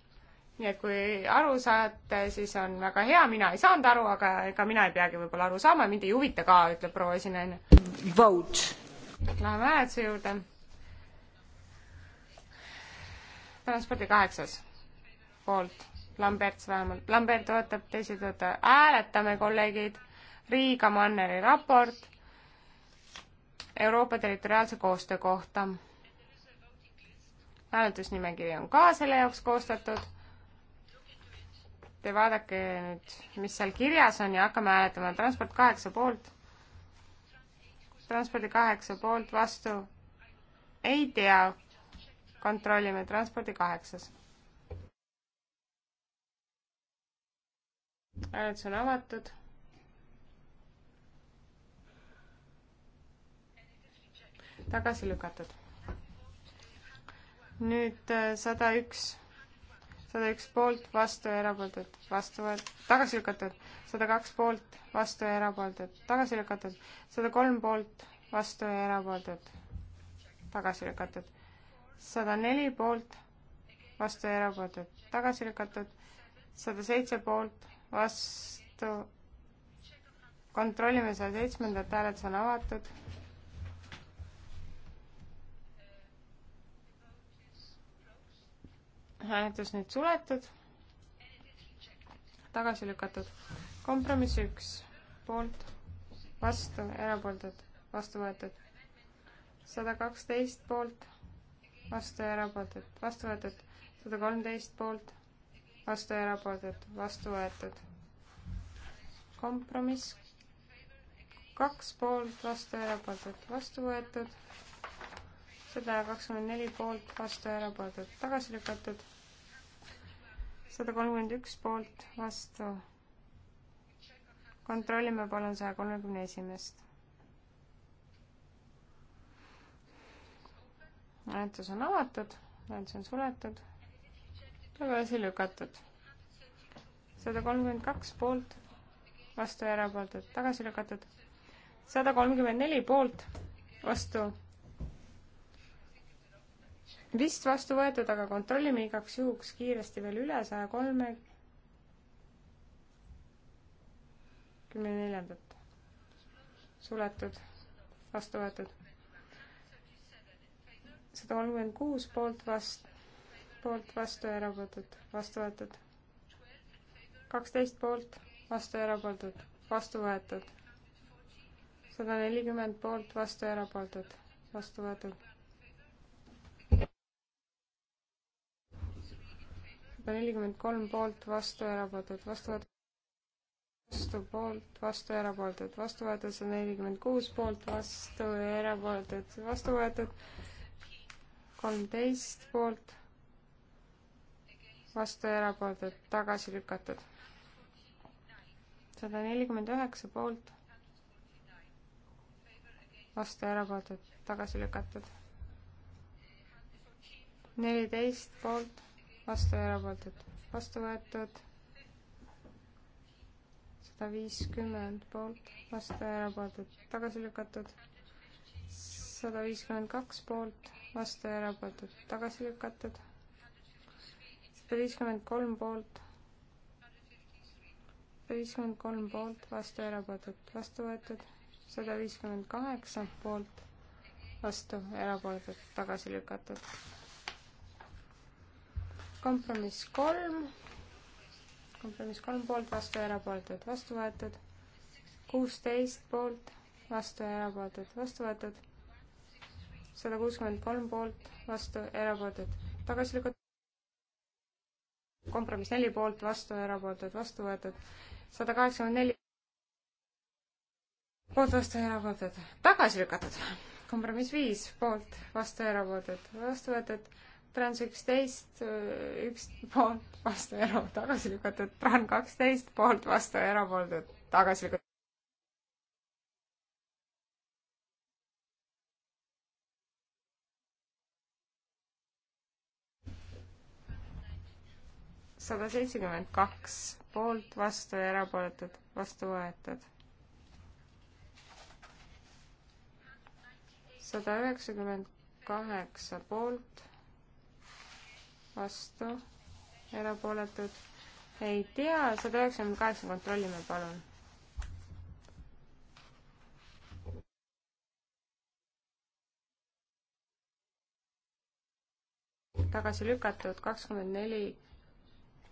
nii et kui aru saate, siis on väga hea, mina ei saanud aru, aga ega mina ei peagi võib-olla aru saama, mind ei huvita ka, ütleb proua esinaine. Vote. Läheme hääletuse juurde. transpordi kaheksas poolt Lamberts vähemalt, Lambert ootab, teised ootavad, hääletame, kolleegid Riiga Manneri raport Euroopa territoriaalse koostöö kohta. hääletusnimekiri on ka selle jaoks koostatud. Te vaadake nüüd, mis seal kirjas on ja hakkame hääletama. transport kaheksa poolt. transpordi kaheksa poolt, vastu ei tea. kontrollime transpordi kaheksas. hääletus on avatud tagasi lükatud. nüüd äh, sada üks, sada üks poolt, vastu ja erapooletud, vastu võet-, tagasi lükatud, sada kaks poolt, vastu ja erapooletud, tagasi lükatud, sada kolm poolt, vastu ja erapooletud, tagasi lükatud, sada neli poolt, vastu ja erapooletud, tagasi lükatud, sada seitse poolt, vastu, kontrollime saja seitsmendat, hääletus on avatud hääletus nüüd suletud, tagasi lükatud. kompromiss üks, poolt, vastu, erapooletud, vastu võetud. sada kaksteist poolt, vastu ja erapooletud, vastu võetud. sada kolmteist poolt, vastu ja erapooletud, vastu võetud. kompromiss kaks poolt, vastu ja erapooletud, vastu võetud sada kakskümmend neli poolt, vastu ja erapooletud tagasi lükatud. sada kolmkümmend üks poolt, vastu. kontrollime palun saja kolmekümne esimest. hääletus on avatud, hääletus on suletud, tagasi lükatud. sada kolmkümmend kaks poolt, vastu ja erapooletud tagasi lükatud. sada kolmkümmend neli poolt, vastu vist vastu võetud, aga kontrollime igaks juhuks kiiresti veel üle saja kolme kümne neljandat. suletud, vastu võetud. sada kolmkümmend kuus poolt vast-, poolt vastu ja erapooletud, vastu võetud. kaksteist poolt, vastu ja erapooletud, vastu võetud. sada nelikümmend poolt, vastu ja erapooletud, vastu võetud sada nelikümmend kolm poolt, vastu, erapooletud, vastu võetud vastu poolt, vastu erapooletud, vastu võetud sada nelikümmend kuus poolt, vastu erapooletud, vastu võetud kolmteist poolt, vastu erapooletud, tagasi lükatud. sada nelikümmend üheksa poolt, vastu erapooletud, tagasi lükatud. neliteist poolt vastu ja erapooletud, vastu võetud sada viiskümmend poolt, vastu ja erapooletud, tagasi lükatud sada viiskümmend kaks poolt, vastu ja erapooletud, tagasi lükatud sada viiskümmend kolm poolt viiskümmend kolm poolt, vastu erapooletud, vastu võetud, sada viiskümmend kaheksa poolt, vastu erapooletud, tagasi lükatud kompromiss kolm, kompromiss kolm poolt, vastu ja erapooletud, vastu võetud. kuusteist poolt, vastu ja erapooletud, vastu võetud. sada kuuskümmend kolm poolt, vastu, erapooletud, tagasi lükatud. kompromiss neli poolt, vastu ja erapooletud, vastu võetud. sada kaheksakümmend neli poolt, vastu ja erapooletud, tagasi lükatud. kompromiss viis poolt, vastu ja erapooletud, vastu võetud Trans üksteist, äh, üks poolt, vastu, erapoolt, tagasi lükatud. Tran kaksteist, poolt, vastu, erapooletud, tagasi lükatud. sada seitsekümmend kaks poolt, vastu ja erapooletud, vastu võetud. sada üheksakümmend kaheksa poolt vastu, erapooletud, ei tea, sada üheksakümmend kaheksa, kontrollime palun. tagasi lükatud kakskümmend neli,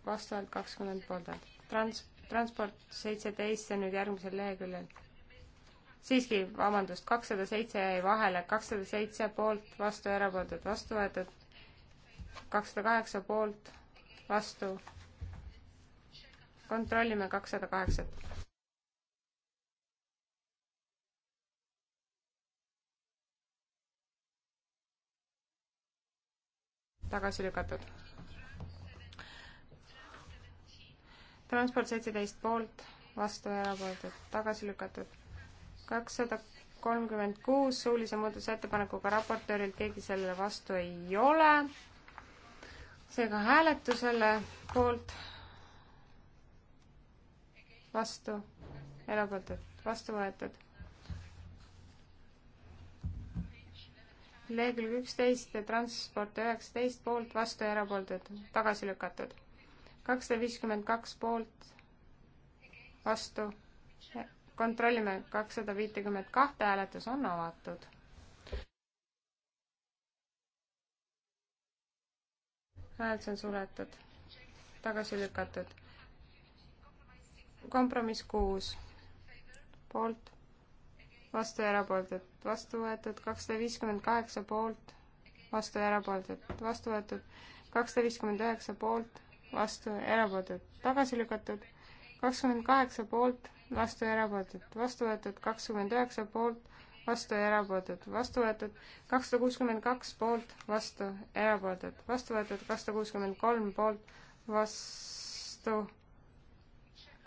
vastavalt kakskümmend pooldajat. Trans-, transport seitseteist, see on nüüd järgmisel leheküljel siiski, vabandust, kakssada seitse jäi vahele, kakssada seitse poolt, vastu, erapooletud, vastu võetud, kakssada kaheksa poolt, vastu. kontrollime kakssada kaheksat. tagasi lükatud. transport seitseteist poolt, vastu ja erapooletud, tagasi lükatud. kakssada kolmkümmend kuus suulise muudatusettepanekuga raportöörilt keegi sellele vastu ei ole seega hääletusele poolt, vastu, erapooletud, vastu võetud. lehekülg üksteist, transport üheksateist, poolt, vastu ja erapooletud, tagasi lükatud. kakssada viiskümmend kaks poolt, vastu, kontrollime kakssada viitekümmet kahte, hääletus on avatud hääletus on suletud, tagasi lükatud. kompromiss kuus, poolt, vastu ja erapooletud, vastu võetud kakssada viiskümmend kaheksa poolt, vastu ja erapooletud, vastu võetud kakssada viiskümmend üheksa poolt, vastu ja erapooletud, tagasi lükatud, kakskümmend kaheksa poolt, vastu ja erapooletud, vastu võetud kakskümmend üheksa poolt vastu ja erapooletud, vastu võetud kakssada kuuskümmend kaks poolt, vastu, erapooletud, vastu võetud kakssada kuuskümmend kolm poolt, vastu.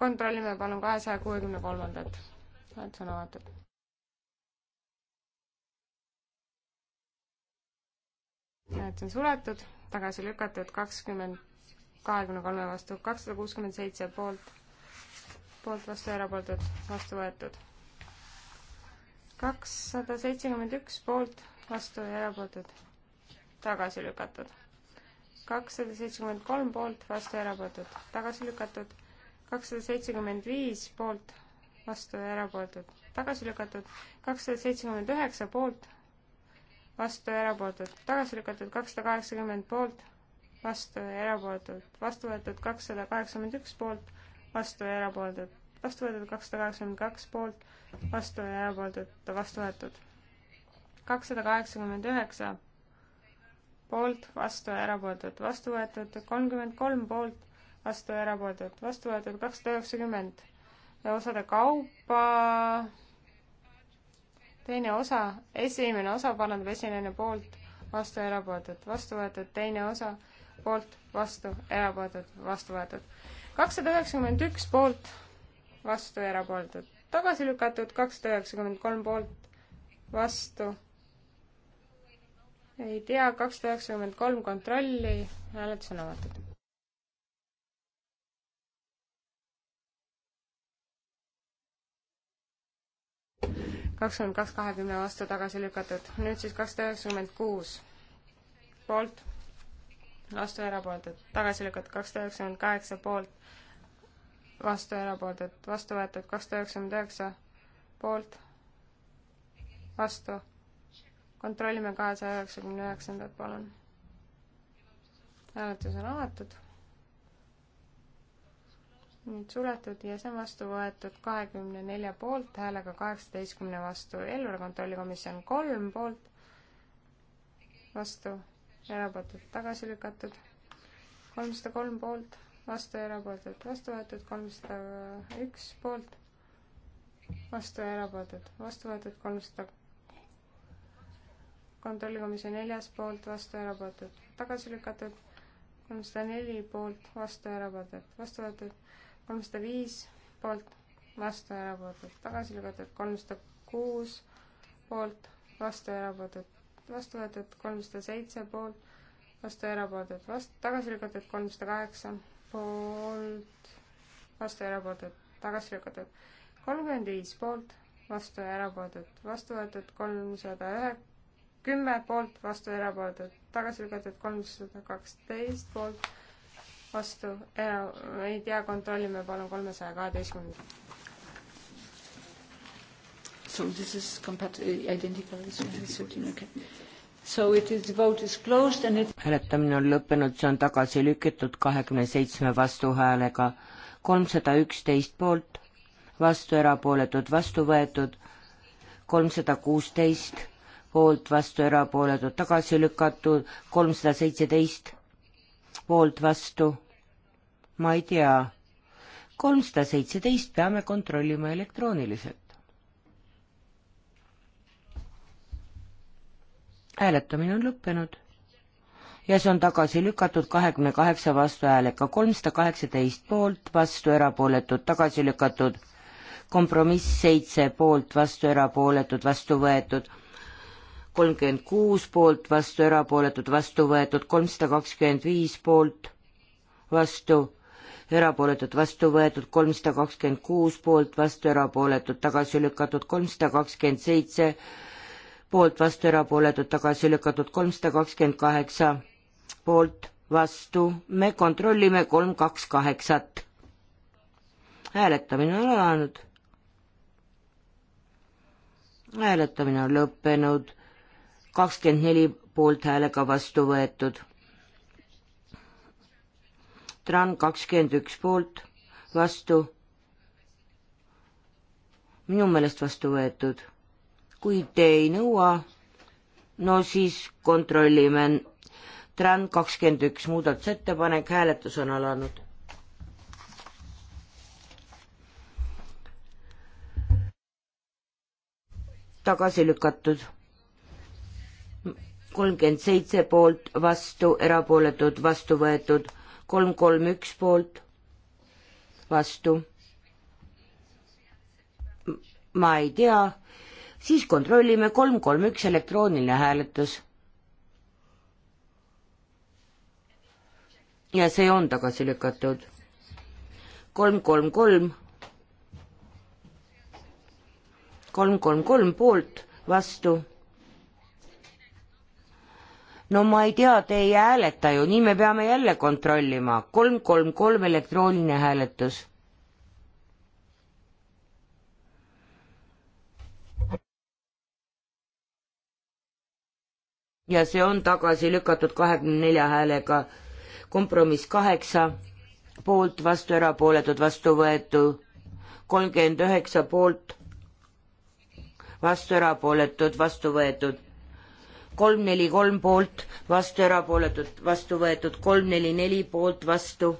kontrollime palun kahesaja kuuekümne kolmandat. oled sõna avatud. näed, see on suletud, tagasi lükatud kakskümmend, kahekümne kolme vastu, kakssada kuuskümmend seitse poolt, poolt vastu, erapooletud, vastu võetud kakssada seitsekümmend üks poolt, vastu ja erapooletud, tagasi lükatud. kakssada seitsekümmend kolm poolt, vastu ja erapooletud, tagasi lükatud. kakssada seitsekümmend viis poolt, vastu ja erapooletud, tagasi lükatud. kakssada seitsekümmend üheksa poolt, vastu ja erapooletud, tagasi lükatud. kakssada kaheksakümmend poolt, vastu ja erapooletud, vastu võetud. kakssada kaheksakümmend üks poolt, vastu ja erapooletud vastu võetud kakssada kaheksakümmend kaks poolt, vastu ja erapooletud vastu võetud. kakssada kaheksakümmend üheksa poolt, vastu ja erapooletud vastu võetud, kolmkümmend kolm poolt, vastu ja erapooletud vastu võetud, kakssada üheksakümmend. ja osade kaupa teine osa, esimene osa parandab esinejana poolt, vastu ja erapooletud vastu võetud, teine osa poolt, vastu, erapooletud, vastu võetud. kakssada üheksakümmend üks poolt, vastu ja erapooletud. tagasi lükatud kakssada üheksakümmend kolm poolt, vastu. ei tea, kakssada üheksakümmend kolm kontrolli, hääletus on avatud. kakskümmend kaks kahekümne vastu tagasi lükatud, nüüd siis kakssada üheksakümmend kuus poolt, vastu erapooletud, tagasi lükatud kakssada üheksakümmend kaheksa poolt, vastu erapooletud, vastu võetud kakssada üheksakümmend üheksa poolt, vastu. kontrollime kahesaja üheksakümne üheksandat, palun. hääletus on avatud. nüüd suletud ja see on vastu võetud kahekümne nelja poolt häälega kaheksateistkümne vastu. eelarve kontrollikomisjon kolm poolt, vastu, erapooletud tagasi lükatud, kolmsada kolm poolt vastu ja erapooletud, vastu võetud kolmsada üks poolt, vastu ja erapooletud, vastu võetud kolmsada kontrollikomisjoni neljas poolt, vastu ja erapooletud, tagasi lükatud kolmsada neli poolt, vastu ja erapooletud, vastu võetud kolmsada viis poolt, vastu ja erapooletud, tagasi lükatud kolmsada kuus poolt, vastu ja erapooletud, vastu võetud kolmsada seitse poolt vastu ja erapooletud vastu, tagasi lükatud kolmsada kaheksa, poolt, vastu ja erapooletud, tagasi lükatud. kolmkümmend viis poolt, vastu ja erapooletud, vastu võetud kolmsada ühe, kümme poolt, vastu ja erapooletud, tagasi lükatud kolmsada kaksteist poolt, vastu, era-, ei tea, kontrollime palun kolmesaja kaheteistkümnendat. So this is compat-, uh, identical with 13, okay hääletamine on lõppenud, see on tagasi lükatud kahekümne seitsme vastuhäälega, kolmsada üksteist poolt, vastu erapooletud, vastu võetud, kolmsada kuusteist poolt, vastu erapooletud, tagasi lükatud, kolmsada seitseteist poolt, vastu, ma ei tea, kolmsada seitseteist peame kontrollima elektrooniliselt. hääletamine on lõppenud ja see on tagasi lükatud kahekümne kaheksa vastuhäälega, kolmsada kaheksateist poolt, vastu erapooletud, tagasi lükatud. kompromiss seitse poolt, vastu erapooletud, vastu võetud. kolmkümmend kuus poolt, vastu erapooletud, vastu võetud, kolmsada kakskümmend viis poolt, vastu erapooletud, vastu võetud, kolmsada kakskümmend kuus poolt, vastu erapooletud, tagasi lükatud, kolmsada kakskümmend seitse poolt, vastu, erapooletud, tagasi lükatud, kolmsada kakskümmend kaheksa poolt, vastu, me kontrollime kolm, kaks, kaheksat. hääletamine on alanud. hääletamine on lõppenud, kakskümmend neli poolthäälega vastu võetud. Tran kakskümmend üks poolt, vastu, minu meelest vastu võetud kui te ei nõua, no siis kontrollime. TRAN kakskümmend üks muudatusettepanek, hääletus on alanud. tagasi lükatud kolmkümmend seitse poolt, vastu, erapooletud, vastu võetud, kolm, kolm, üks poolt, vastu. ma ei tea, siis kontrollime kolm, kolm, üks elektrooniline hääletus. ja see on tagasi lükatud. kolm, kolm, kolm. kolm, kolm, kolm poolt, vastu. no ma ei tea, te ei hääleta ju, nii me peame jälle kontrollima. kolm, kolm, kolm elektrooniline hääletus ja see on tagasi lükatud kahekümne nelja häälega. kompromiss kaheksa, poolt, vastu, erapooletud, vastu võetu, kolmkümmend üheksa poolt, vastu, erapooletud, vastu võetud, kolm, neli, kolm poolt, vastu, erapooletud, vastu võetud, kolm, neli, neli poolt, vastu,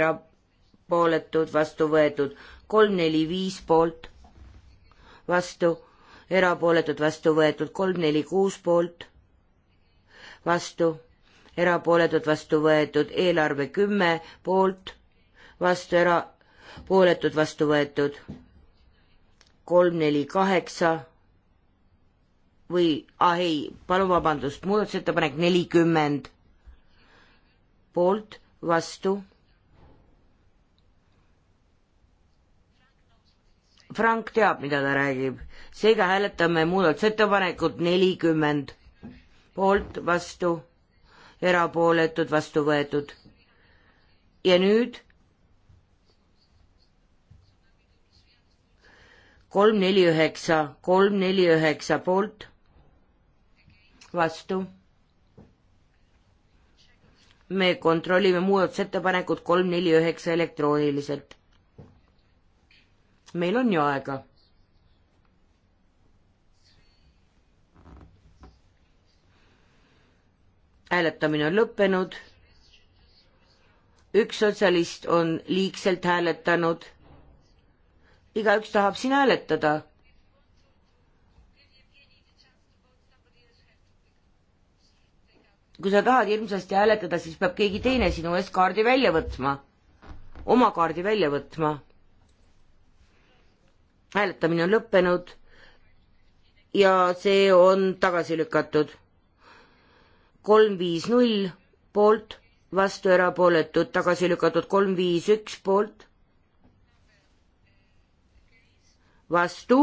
erapooletud, vastu võetud, kolm, neli, viis poolt, vastu erapooletud, vastu võetud, kolm, neli, kuus poolt, vastu, erapooletud, vastu võetud, eelarve kümme poolt, vastu, erapooletud, vastu võetud, kolm, neli, kaheksa või, ah ei, palun vabandust, muudatusettepanek nelikümmend poolt, vastu Frank teab, mida ta räägib, seega hääletame muudatusettepanekut nelikümmend. poolt, vastu, erapooletud, vastu võetud. ja nüüd kolm, neli, üheksa, kolm, neli, üheksa poolt, vastu. me kontrollime muudatusettepanekut kolm, neli, üheksa elektrooniliselt meil on ju aega. hääletamine on lõppenud. üks sotsialist on liigselt hääletanud. igaüks tahab siin hääletada kui sa tahad hirmsasti hääletada, siis peab keegi teine sinu eest kaardi välja võtma, oma kaardi välja võtma hääletamine on lõppenud ja see on tagasi lükatud. kolm, viis, null poolt, vastu erapooletud, tagasi lükatud kolm, viis, üks poolt, vastu,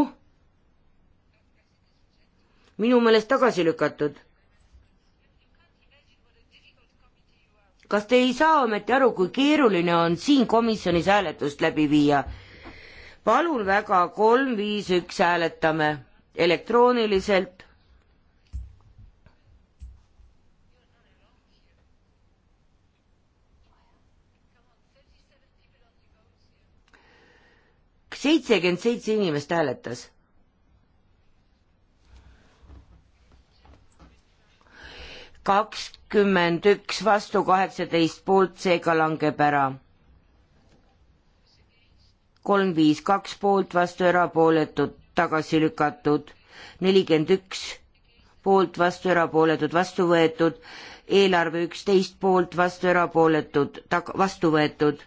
minu meelest tagasi lükatud kas te ei saa ometi aru, kui keeruline on siin komisjonis hääletust läbi viia? palun väga, kolm, viis, üks hääletame elektrooniliselt. seitsekümmend seitse inimest hääletas kakskümmend üks vastu kaheksateist poolt, seega langeb ära kolm, viis, kaks poolt, vastu erapooletud, tagasi lükatud, nelikümmend üks poolt, vastu erapooletud, vastu võetud, eelarve üksteist poolt, vastu erapooletud, tag-, vastu võetud,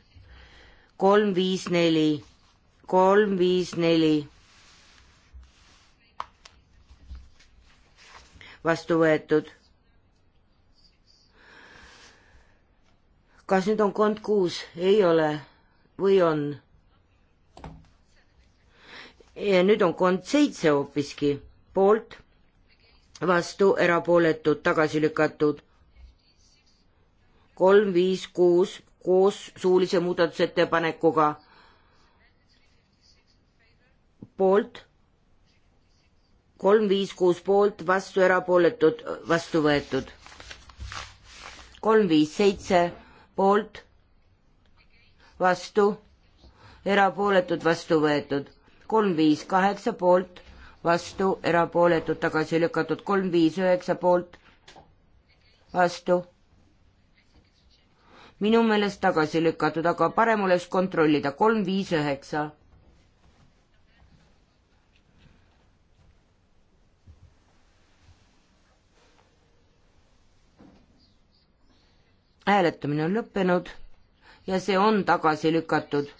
kolm, viis, neli, kolm, viis, neli, vastu võetud. kas nüüd on kond kuus, ei ole või on? nüüd on kond seitse hoopiski poolt, vastu, erapooletud, tagasi lükatud. kolm, viis, kuus koos suulise muudatusettepanekuga poolt, kolm, viis, kuus poolt, vastu, erapooletud, vastu võetud. kolm, viis, seitse poolt, vastu, erapooletud, vastu võetud kolm, viis, kaheksa poolt, vastu, erapooletud, tagasi lükatud, kolm, viis, üheksa poolt, vastu. minu meelest tagasi lükatud, aga parem oleks kontrollida, kolm, viis, üheksa. hääletamine on lõppenud ja see on tagasi lükatud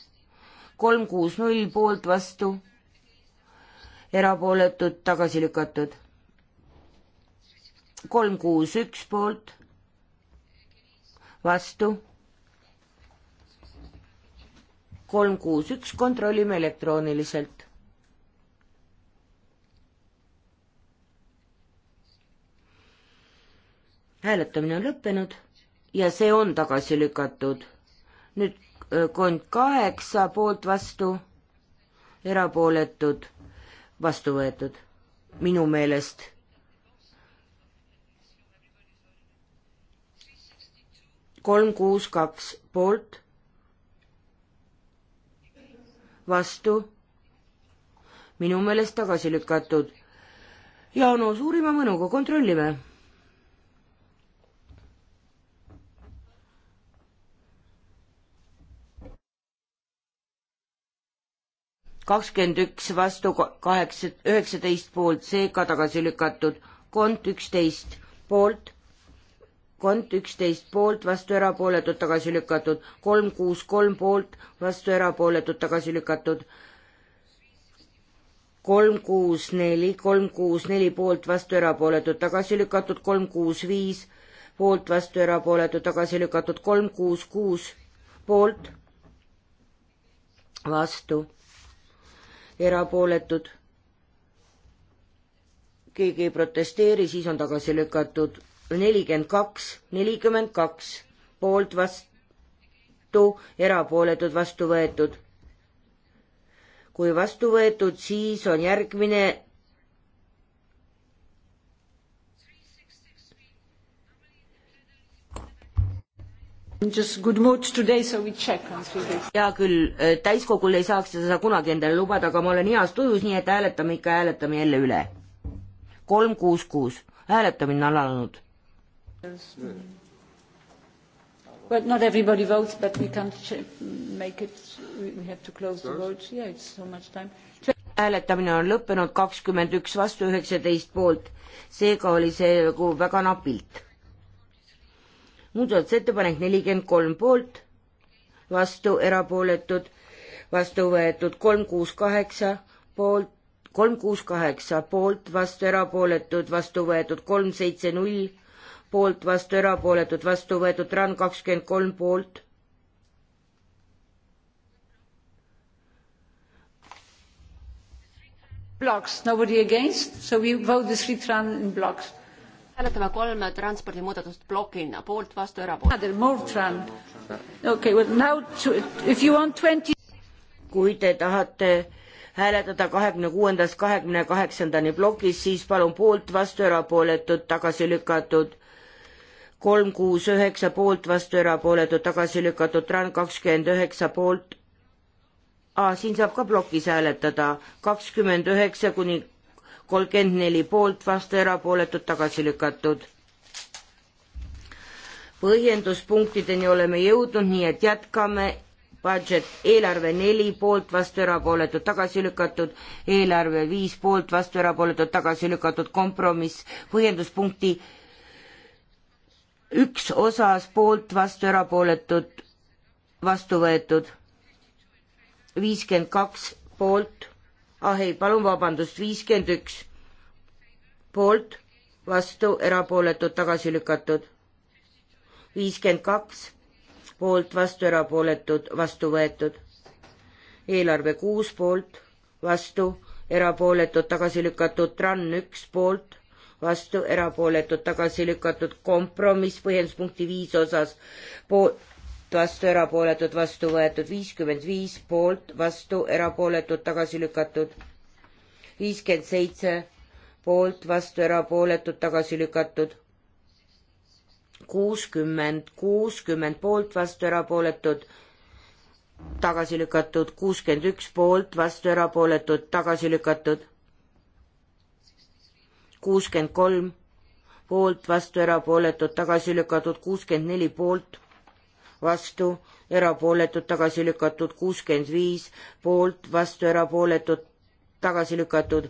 kolm kuus null poolt vastu, erapooletud tagasi lükatud. kolm kuus üks poolt vastu. kolm kuus üks kontrollime elektrooniliselt. hääletamine on lõppenud ja see on tagasi lükatud. nüüd kond kaheksa poolt vastu, erapooletud, vastu võetud. minu meelest. kolm, kuus, kaks poolt, vastu, minu meelest tagasi lükatud. Jaanus, uurime mõnuga, kontrollime kakskümmend üks vastu kaheksa, üheksateist poolt, seega tagasi lükatud. kont üksteist poolt, kont üksteist poolt, vastu erapooletud, tagasi lükatud. kolm kuus kolm poolt, vastu erapooletud, tagasi lükatud. kolm kuus neli, kolm kuus neli poolt, vastu erapooletud, tagasi lükatud. kolm kuus viis poolt, vastu erapooletud, tagasi lükatud. kolm kuus kuus poolt, vastu erapooletud. keegi ei protesteeri, siis on tagasi lükatud nelikümmend kaks, nelikümmend kaks poolt vastu, erapooletud vastu võetud. kui vastu võetud, siis on järgmine Today, check, hea küll, äh, täiskogul ei saaks seda kunagi endale lubada, aga ma olen heas tujus, nii et hääletame ikka, hääletame jälle üle. kolm, kuus, kuus, hääletamine on alanud. Well, not everybody votes, but we can't make it, we have to close the votes, yeah, it's so much time. hääletamine on lõppenud, kakskümmend üks vastu, üheksateist poolt, seega oli see nagu väga napilt muudatusettepanek nelikümmend kolm poolt, vastu erapooletud, vastu võetud kolm kuus kaheksa poolt, kolm kuus kaheksa poolt, vastu erapooletud, vastu võetud kolm seitse null, poolt, vastu erapooletud, vastu võetud RAN kakskümmend kolm poolt. Blocks, nobody against, so we vote the three RAN in blocks hääletame kolme transpordimuudatust plokina, poolt, vastu, erapooletu. kui te tahate hääletada kahekümne kuuendast kahekümne kaheksandani plokis, siis palun poolt, vastu, erapooletud, tagasi lükatud. kolm, kuus, üheksa poolt, vastu, erapooletud, tagasi lükatud, RAN kakskümmend üheksa poolt. Ah, siin saab ka plokis hääletada kakskümmend üheksa kuni kolmkümmend neli poolt, vastu erapooletud, tagasi lükatud. põhjenduspunktideni oleme jõudnud, nii et jätkame. Budget eelarve neli poolt, vastu erapooletud, tagasi lükatud, eelarve viis poolt, vastu erapooletud, tagasi lükatud, kompromiss põhjenduspunkti üks osas poolt, vastu erapooletud, vastu võetud viiskümmend kaks poolt, ah ei, palun vabandust, viiskümmend üks poolt, vastu, erapooletud, tagasi lükatud. viiskümmend kaks poolt, vastu, erapooletud, vastu võetud. eelarve kuus poolt, vastu, erapooletud, tagasi lükatud, TRAN üks poolt, vastu, erapooletud, tagasi lükatud, kompromiss põhjenduspunkti viis osas poolt vastu erapooletud, vastu võetud viiskümmend viis poolt, vastu erapooletud, tagasi lükatud viiskümmend seitse poolt, vastu erapooletud, tagasi lükatud kuuskümmend, kuuskümmend poolt, vastu erapooletud, tagasi lükatud kuuskümmend üks poolt, vastu erapooletud, tagasi lükatud kuuskümmend kolm poolt, vastu erapooletud, tagasi lükatud kuuskümmend neli poolt vastu, erapooletud, tagasi lükatud, kuuskümmend viis poolt, vastu, erapooletud, tagasi lükatud,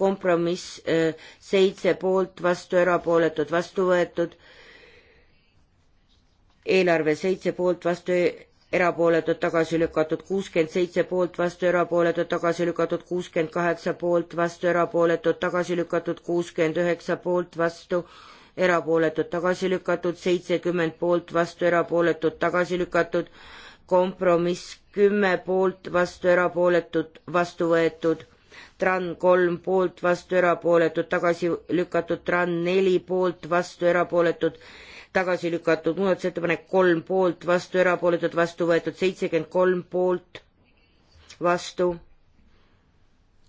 kompromiss äh, seitse poolt, vastu, erapooletud, vastu võetud, eelarve seitse poolt, vastu, erapooletud, tagasi lükatud, kuuskümmend seitse poolt, vastu, erapooletud, tagasi lükatud, kuuskümmend kaheksa poolt, vastu, erapooletud, tagasi lükatud, kuuskümmend üheksa poolt, vastu, erapooletud tagasi lükatud, seitsekümmend poolt vastu erapooletud tagasi lükatud, kompromiss kümme poolt vastu erapooletud vastu võetud, TRAN kolm poolt vastu erapooletud tagasi lükatud, TRAN neli poolt vastu erapooletud tagasi lükatud, muudatusettepanek kolm poolt vastu erapooletud vastu võetud, seitsekümmend kolm poolt vastu,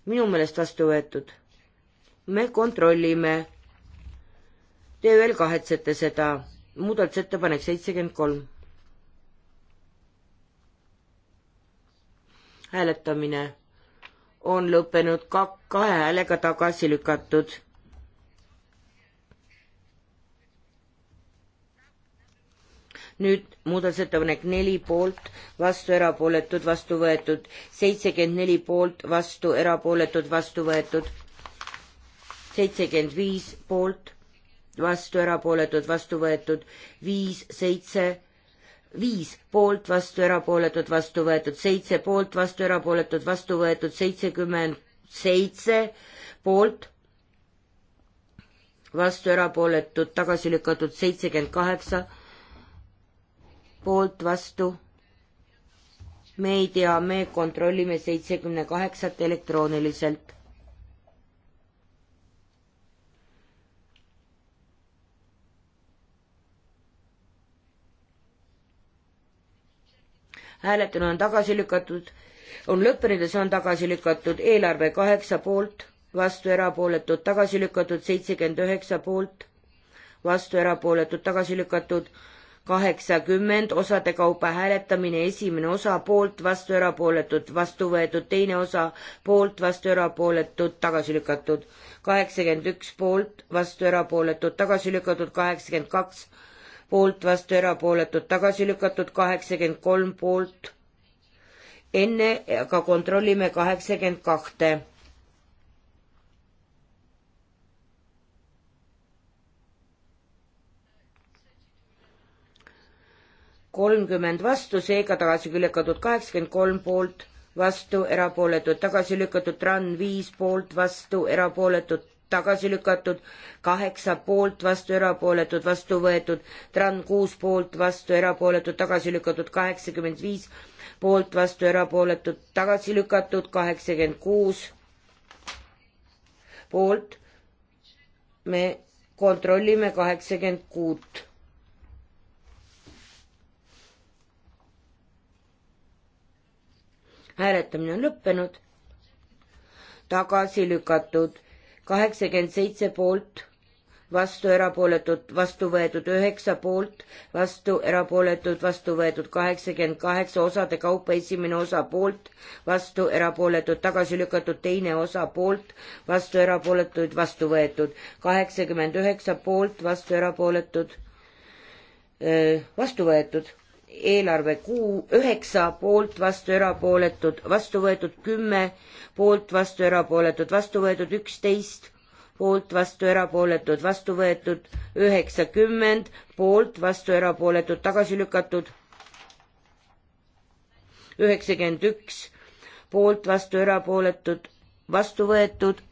minu meelest vastu võetud. me kontrollime Te veel kahetsete seda. muudatusettepanek seitsekümmend kolm. hääletamine on lõppenud ka kahe häälega tagasi lükatud. nüüd muudatusettepanek neli poolt, vastu erapooletud, vastu võetud, seitsekümmend neli poolt, vastu erapooletud, vastu võetud, seitsekümmend viis poolt vastu erapooletud, vastu võetud viis, seitse, viis poolt vastu erapooletud, vastu võetud seitse poolt vastu erapooletud, vastu võetud seitsekümmend seitse poolt vastu erapooletud, tagasi lükatud seitsekümmend kaheksa poolt vastu. me ei tea, me kontrollime seitsekümne kaheksat elektrooniliselt hääletuna on tagasi lükatud, on lõppenud ja see on tagasi lükatud, eelarve kaheksa poolt, vastu erapooletud, tagasi lükatud, seitsekümmend üheksa poolt, vastu erapooletud, tagasi lükatud, kaheksakümmend, osade kaupa hääletamine, esimene osa poolt, vastu erapooletud, vastu võetud, teine osa poolt, vastu erapooletud, tagasi lükatud, kaheksakümmend üks poolt, vastu erapooletud, tagasi lükatud, kaheksakümmend kaks poolt, vastu erapooletud, tagasi lükatud kaheksakümmend kolm poolt. enne aga kontrollime kaheksakümmend kahte. kolmkümmend vastu, seega tagasi lükatud kaheksakümmend kolm poolt, vastu erapooletud, tagasi lükatud, RAN viis poolt, vastu erapooletud tagasi lükatud, kaheksa poolt vastu, erapooletud, vastu võetud, Tran kuus poolt vastu, erapooletud, tagasi lükatud, kaheksakümmend viis poolt vastu, erapooletud, tagasi lükatud, kaheksakümmend kuus poolt. me kontrollime kaheksakümmend kuut. hääletamine on lõppenud, tagasi lükatud kaheksakümmend seitse poolt, vastu erapooletud, vastu võetud üheksa poolt, vastu erapooletud, vastu võetud kaheksakümmend kaheksa osade kaupa esimene osa poolt, vastu erapooletud, tagasi lükatud teine osa poolt, vastu erapooletud, vastu võetud kaheksakümmend üheksa poolt, vastu erapooletud, vastu võetud eelarve kuu, üheksa poolt vastu erapooletud, vastu võetud kümme, poolt vastu erapooletud, vastu võetud üksteist, poolt vastu erapooletud, vastu võetud üheksakümmend, poolt vastu erapooletud, tagasi lükatud üheksakümmend üks, poolt vastu erapooletud, vastu võetud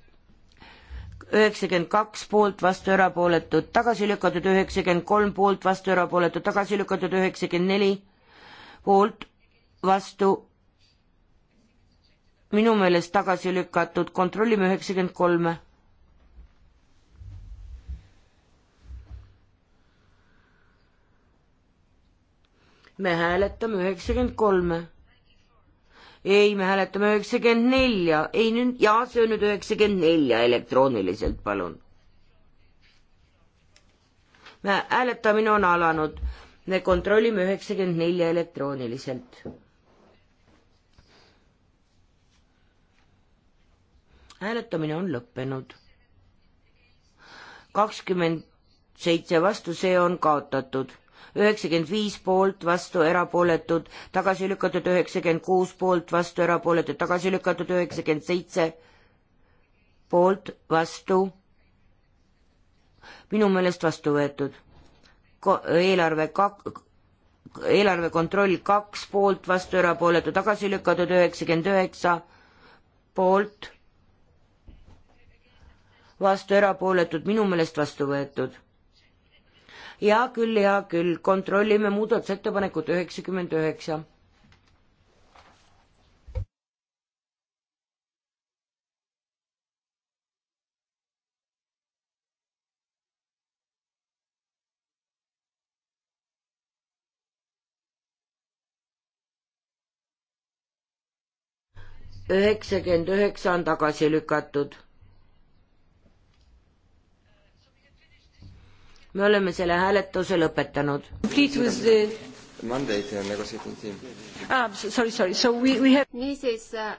üheksakümmend kaks poolt, vastu erapooletud, tagasi lükatud üheksakümmend kolm poolt, vastu erapooletud, tagasi lükatud üheksakümmend neli poolt, vastu minu meelest tagasi lükatud, kontrollime üheksakümmend kolme. me hääletame üheksakümmend kolme ei, me hääletame üheksakümmend nelja, ei nüüd, jaa, see on nüüd üheksakümmend nelja elektrooniliselt, palun. hääletamine on alanud, me kontrollime üheksakümmend nelja elektrooniliselt. hääletamine on lõppenud. kakskümmend seitse vastu, see on kaotatud üheksakümmend viis poolt, vastu erapooletud, tagasi lükatud üheksakümmend kuus poolt, vastu erapooletud, tagasi lükatud üheksakümmend seitse poolt, vastu, minu meelest vastu võetud Ko. eelarve kak-, eelarve kontroll kaks poolt, vastu erapooletu, tagasi lükatud üheksakümmend üheksa poolt, vastu erapooletud, minu meelest vastu võetud hea küll, hea küll, kontrollime muudatusettepanekut üheksakümmend üheksa. üheksakümmend üheksa on tagasi lükatud me oleme selle hääletuse lõpetanud. Ah, sorry, sorry. Have... niisiis äh,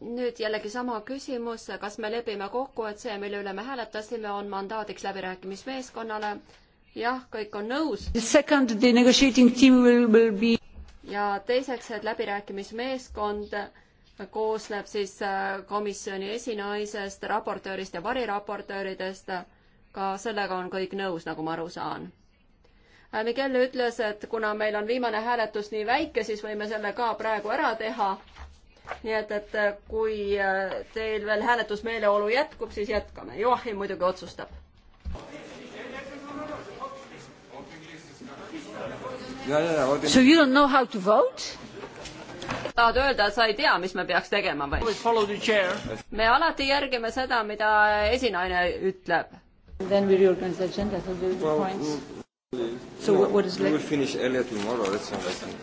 nüüd jällegi sama küsimus, kas me lepime kokku, et see, mille üle me hääletasime, on mandaadiks läbirääkimismeeskonnale? jah, kõik on nõus. Be... ja teiseks, et läbirääkimismeeskond koosneb siis äh, komisjoni esinaisest, raportöörist ja variraportööridest ka sellega on kõik nõus, nagu ma aru saan. Äh, Miguel ütles, et kuna meil on viimane hääletus nii väike, siis võime selle ka praegu ära teha. nii et, et äh, kui äh, teil veel hääletusmeeleolu jätkub, siis jätkame. Joachim muidugi otsustab. So you don't know how to vote? tahad öelda, et sa ei tea, mis me peaks tegema või? me alati järgime seda, mida esinaine ütleb Then we reorganize the agenda, so there will be well, points. We'll, so no, what, what is left? We will finish earlier tomorrow, that's all I think.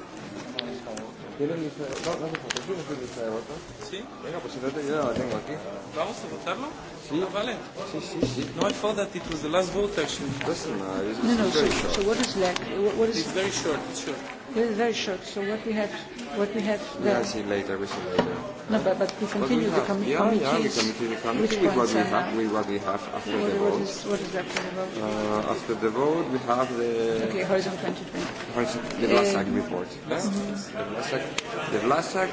¿Quieren mi No, no hace falta. ¿Quieres mi lista de votos? Sí. Venga, pues si no te yo la tengo aquí. ¿Vamos a votarlo? Sí. Ah, vale. Sí, sí, sí. No, I thought that it was the last vote, actually. Doesn't matter. It's no, no, very so, short. so what is left? What, what is it's very short, it's short. Very, very short. So what we have, what we have. Yeah, I see later. We see later. No, but, but we continue but we have, the com- yeah, committees. Yeah, we continue the committee with what we have. With what we have after what, the vote. What is, what is after the vote? Uh, after the vote, we have the. Okay, Horizon 2020. Horizon, the Vlasak um, report. Mhm. Yeah? Mm-hmm. The Vlasak. The Vlasak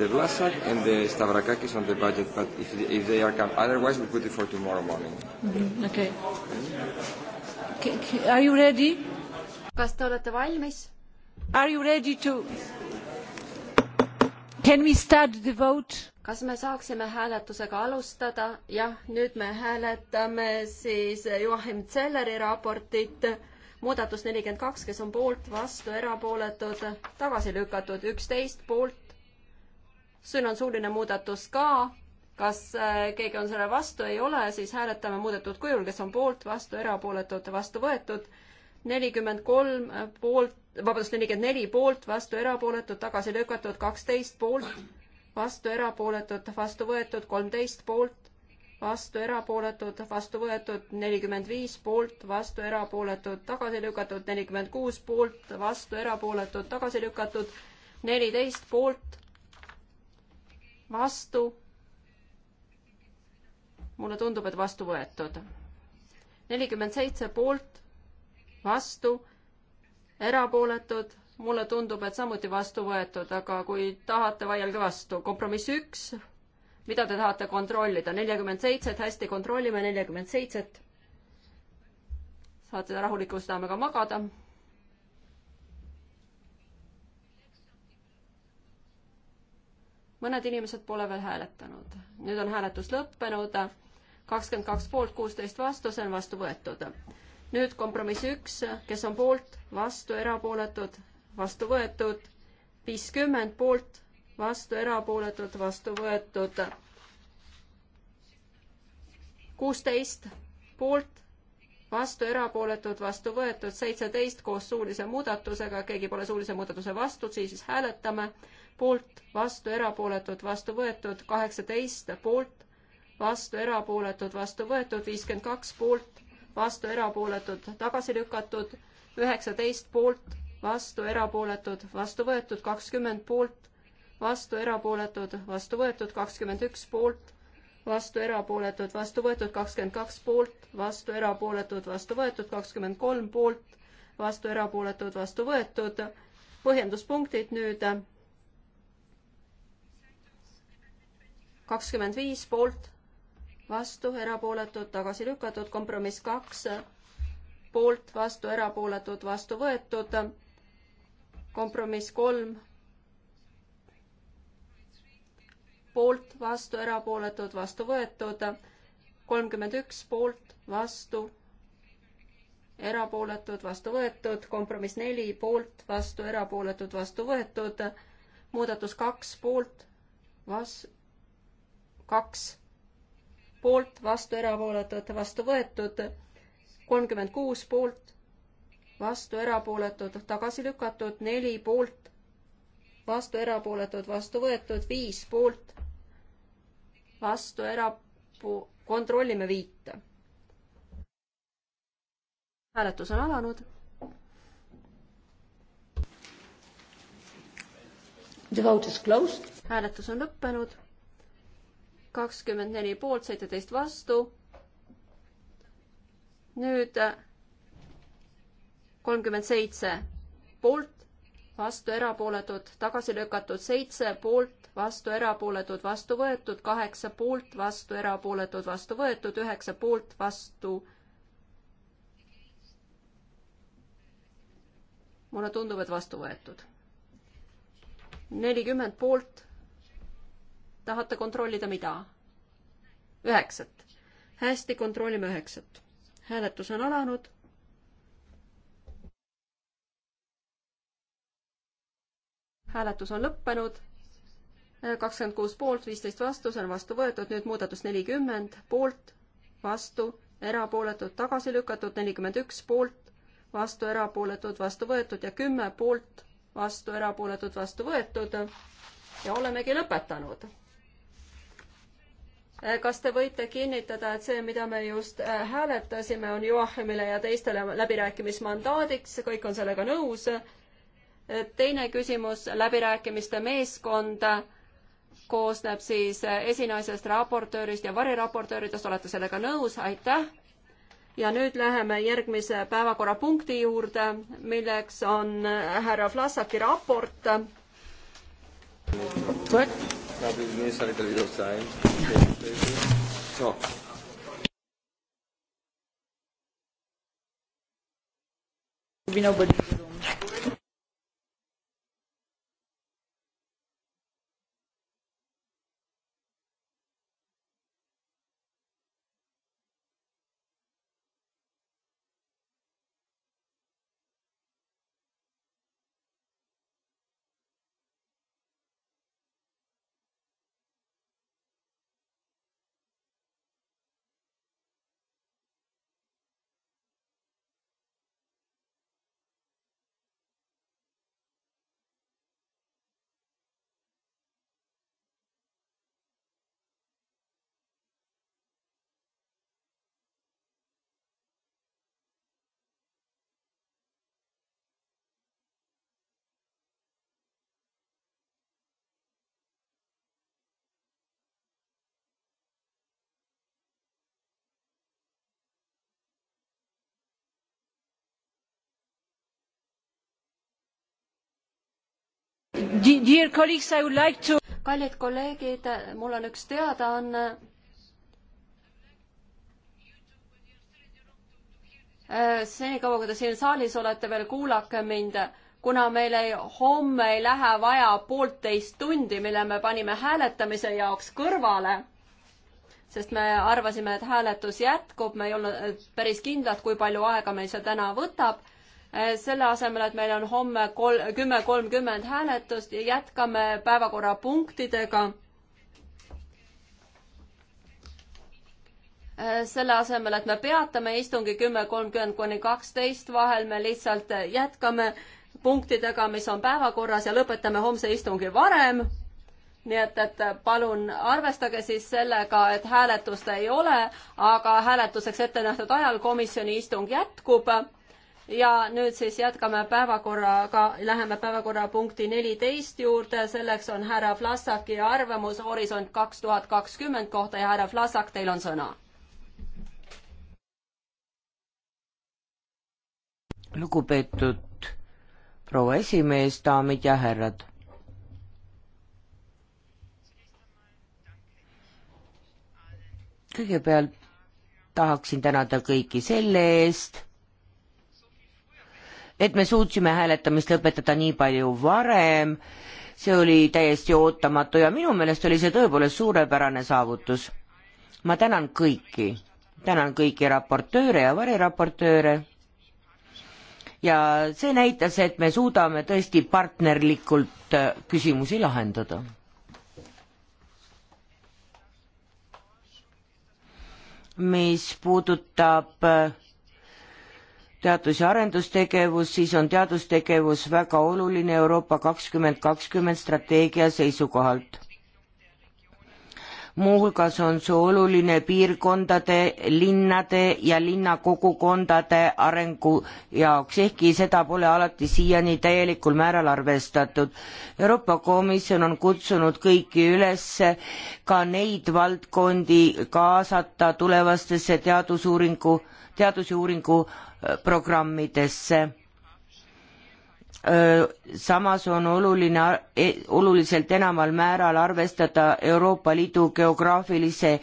the Vlasak and the Stavrakakis on the budget, but if they, if they are come, otherwise we put it for tomorrow morning. Mm-hmm. Okay. Hmm? K- are you ready? kas te olete valmis? Are you ready to? Can we start the vote? kas me saaksime hääletusega alustada? jah, nüüd me hääletame siis Joachim Zelleri raportit, muudatus nelikümmend kaks, kes on poolt, vastu, erapooletud, tagasi lükatud, üksteist poolt. siin on suuline muudatus ka. kas äh, keegi on selle vastu? ei ole, siis hääletame muudetud kujul, kes on poolt, vastu, erapooletud, vastu võetud nelikümmend kolm poolt, vabandust, nelikümmend neli poolt, vastu erapooletud, tagasi lükatud, kaksteist poolt, vastu erapooletud, vastu võetud, kolmteist poolt, vastu erapooletud, vastu võetud, nelikümmend viis poolt, vastu erapooletud, tagasi lükatud, nelikümmend kuus poolt, vastu erapooletud, tagasi lükatud, neliteist poolt, vastu. mulle tundub, et vastu võetud. nelikümmend seitse poolt vastu, erapooletud, mulle tundub, et samuti vastu võetud, aga kui tahate, vaielge vastu. kompromiss üks, mida te tahate kontrollida, nelikümmend seitset, hästi, kontrollime neljakümmend seitset. saate rahuliku südamega magada mõned inimesed pole veel hääletanud. nüüd on hääletus lõppenud, kakskümmend kaks poolt, kuusteist vastu, see on vastu võetud nüüd kompromiss üks, kes on poolt, vastu, erapooletud, vastu võetud, viiskümmend poolt, vastu, erapooletud, vastu võetud, kuusteist poolt, vastu, erapooletud, vastu võetud, seitseteist koos suulise muudatusega, keegi pole suulise muudatuse vastu, siis hääletame, poolt, vastu, erapooletud, vastu võetud, kaheksateist poolt, vastu, erapooletud, vastu võetud, viiskümmend kaks poolt, vastu erapooletud, tagasi lükatud, üheksateist poolt, vastu erapooletud, vastu võetud, kakskümmend poolt, vastu erapooletud, vastu võetud, kakskümmend üks poolt, vastu erapooletud, vastu võetud, kakskümmend kaks poolt, vastu erapooletud, vastu võetud, kakskümmend kolm poolt, vastu erapooletud, vastu võetud. põhjenduspunktid nüüd kakskümmend viis poolt, vastu, erapooletud, tagasi lükatud, kompromiss kaks, poolt, vastu, erapooletud, vastu võetud, kompromiss kolm, poolt, vastu, erapooletud, vastu võetud, kolmkümmend üks poolt, vastu, erapooletud, vastu võetud, kompromiss neli poolt, vastu, erapooletud, vastu võetud, muudatus kaks poolt, vas-, kaks poolt, vastu, erapooletud, vastu võetud. kolmkümmend kuus poolt, vastu, erapooletud, tagasi lükatud, neli poolt, vastu, erapooletud, vastu võetud, viis poolt, vastu, erapo-, kontrollime viite. hääletus on alanud. The vote is closed. hääletus on lõppenud kakskümmend neli poolt, seitseteist vastu. nüüd äh, kolmkümmend seitse poolt, vastu erapooletud, tagasi lükatud seitse poolt, vastu erapooletud, vastu võetud, kaheksa poolt, vastu erapooletud, vastu võetud, üheksa poolt, vastu. mulle tundub, et vastu võetud. nelikümmend poolt, tahate kontrollida mida? üheksat. hästi, kontrollime üheksat. hääletus on alanud. hääletus on lõppenud. kakskümmend kuus poolt, viisteist vastu, see on vastu võetud, nüüd muudatus nelikümmend, poolt, vastu, erapooletud, tagasi lükatud, nelikümmend üks, poolt, vastu, erapooletud, vastu võetud ja kümme poolt, vastu, erapooletud, vastu võetud. ja olemegi lõpetanud Äh, kas te võite kinnitada, et see, mida me just äh, hääletasime, on Joachimile ja teistele läbirääkimismandaadiks, kõik on sellega nõus? Äh, teine küsimus, läbirääkimiste meeskond koosneb siis esinaisest, raportöörist ja variraportööridest, olete sellega nõus, aitäh. ja nüüd läheme järgmise päevakorrapunkti juurde, milleks on härra Vlasaki raport. Now please needs a little bit of time. So. Nobody. Like to... kallid kolleegid, mul on üks teadaanne äh, senikaua, kui te siin saalis olete veel, kuulake mind, kuna meil ei, homme ei lähe vaja poolteist tundi, mille me panime hääletamise jaoks kõrvale, sest me arvasime, et hääletus jätkub, me ei olnud äh, päris kindlad, kui palju aega meil see täna võtab Äh, selle asemel, et meil on homme kol-, kümme kolmkümmend hääletust ja jätkame päevakorrapunktidega. Äh, selle asemel, et me peatame istungi kümme kolmkümmend kuni kaksteist vahel, me lihtsalt jätkame punktidega, mis on päevakorras ja lõpetame homse istungi varem nii et, et palun arvestage siis sellega, et hääletust ei ole, aga hääletuseks ette nähtud ajal komisjoni istung jätkub ja nüüd siis jätkame päevakorraga, läheme päevakorrapunkti neliteist juurde, selleks on härra Vlasaki arvamus Horisont kaks tuhat kakskümmend kohta ja härra Vlasak, teil on sõna. lugupeetud proua esimees, daamid ja härrad. kõigepealt tahaksin tänada kõiki selle eest et me suutsime hääletamist lõpetada nii palju varem, see oli täiesti ootamatu ja minu meelest oli see tõepoolest suurepärane saavutus. ma tänan kõiki, tänan kõiki raportööre ja variraportööre ja see näitas, et me suudame tõesti partnerlikult äh, küsimusi lahendada. mis puudutab äh, teadus- ja arendustegevus, siis on teadustegevus väga oluline Euroopa kakskümmend kakskümmend strateegia seisukohalt. muuhulgas on see oluline piirkondade, linnade ja linnakogukondade arengu jaoks, ehkki seda pole alati siiani täielikul määral arvestatud. Euroopa Komisjon on kutsunud kõiki üles ka neid valdkondi kaasata tulevastesse teadusuuringu, teadusuuringu programmidesse. samas on oluline, e, oluliselt enamal määral arvestada Euroopa Liidu geograafilise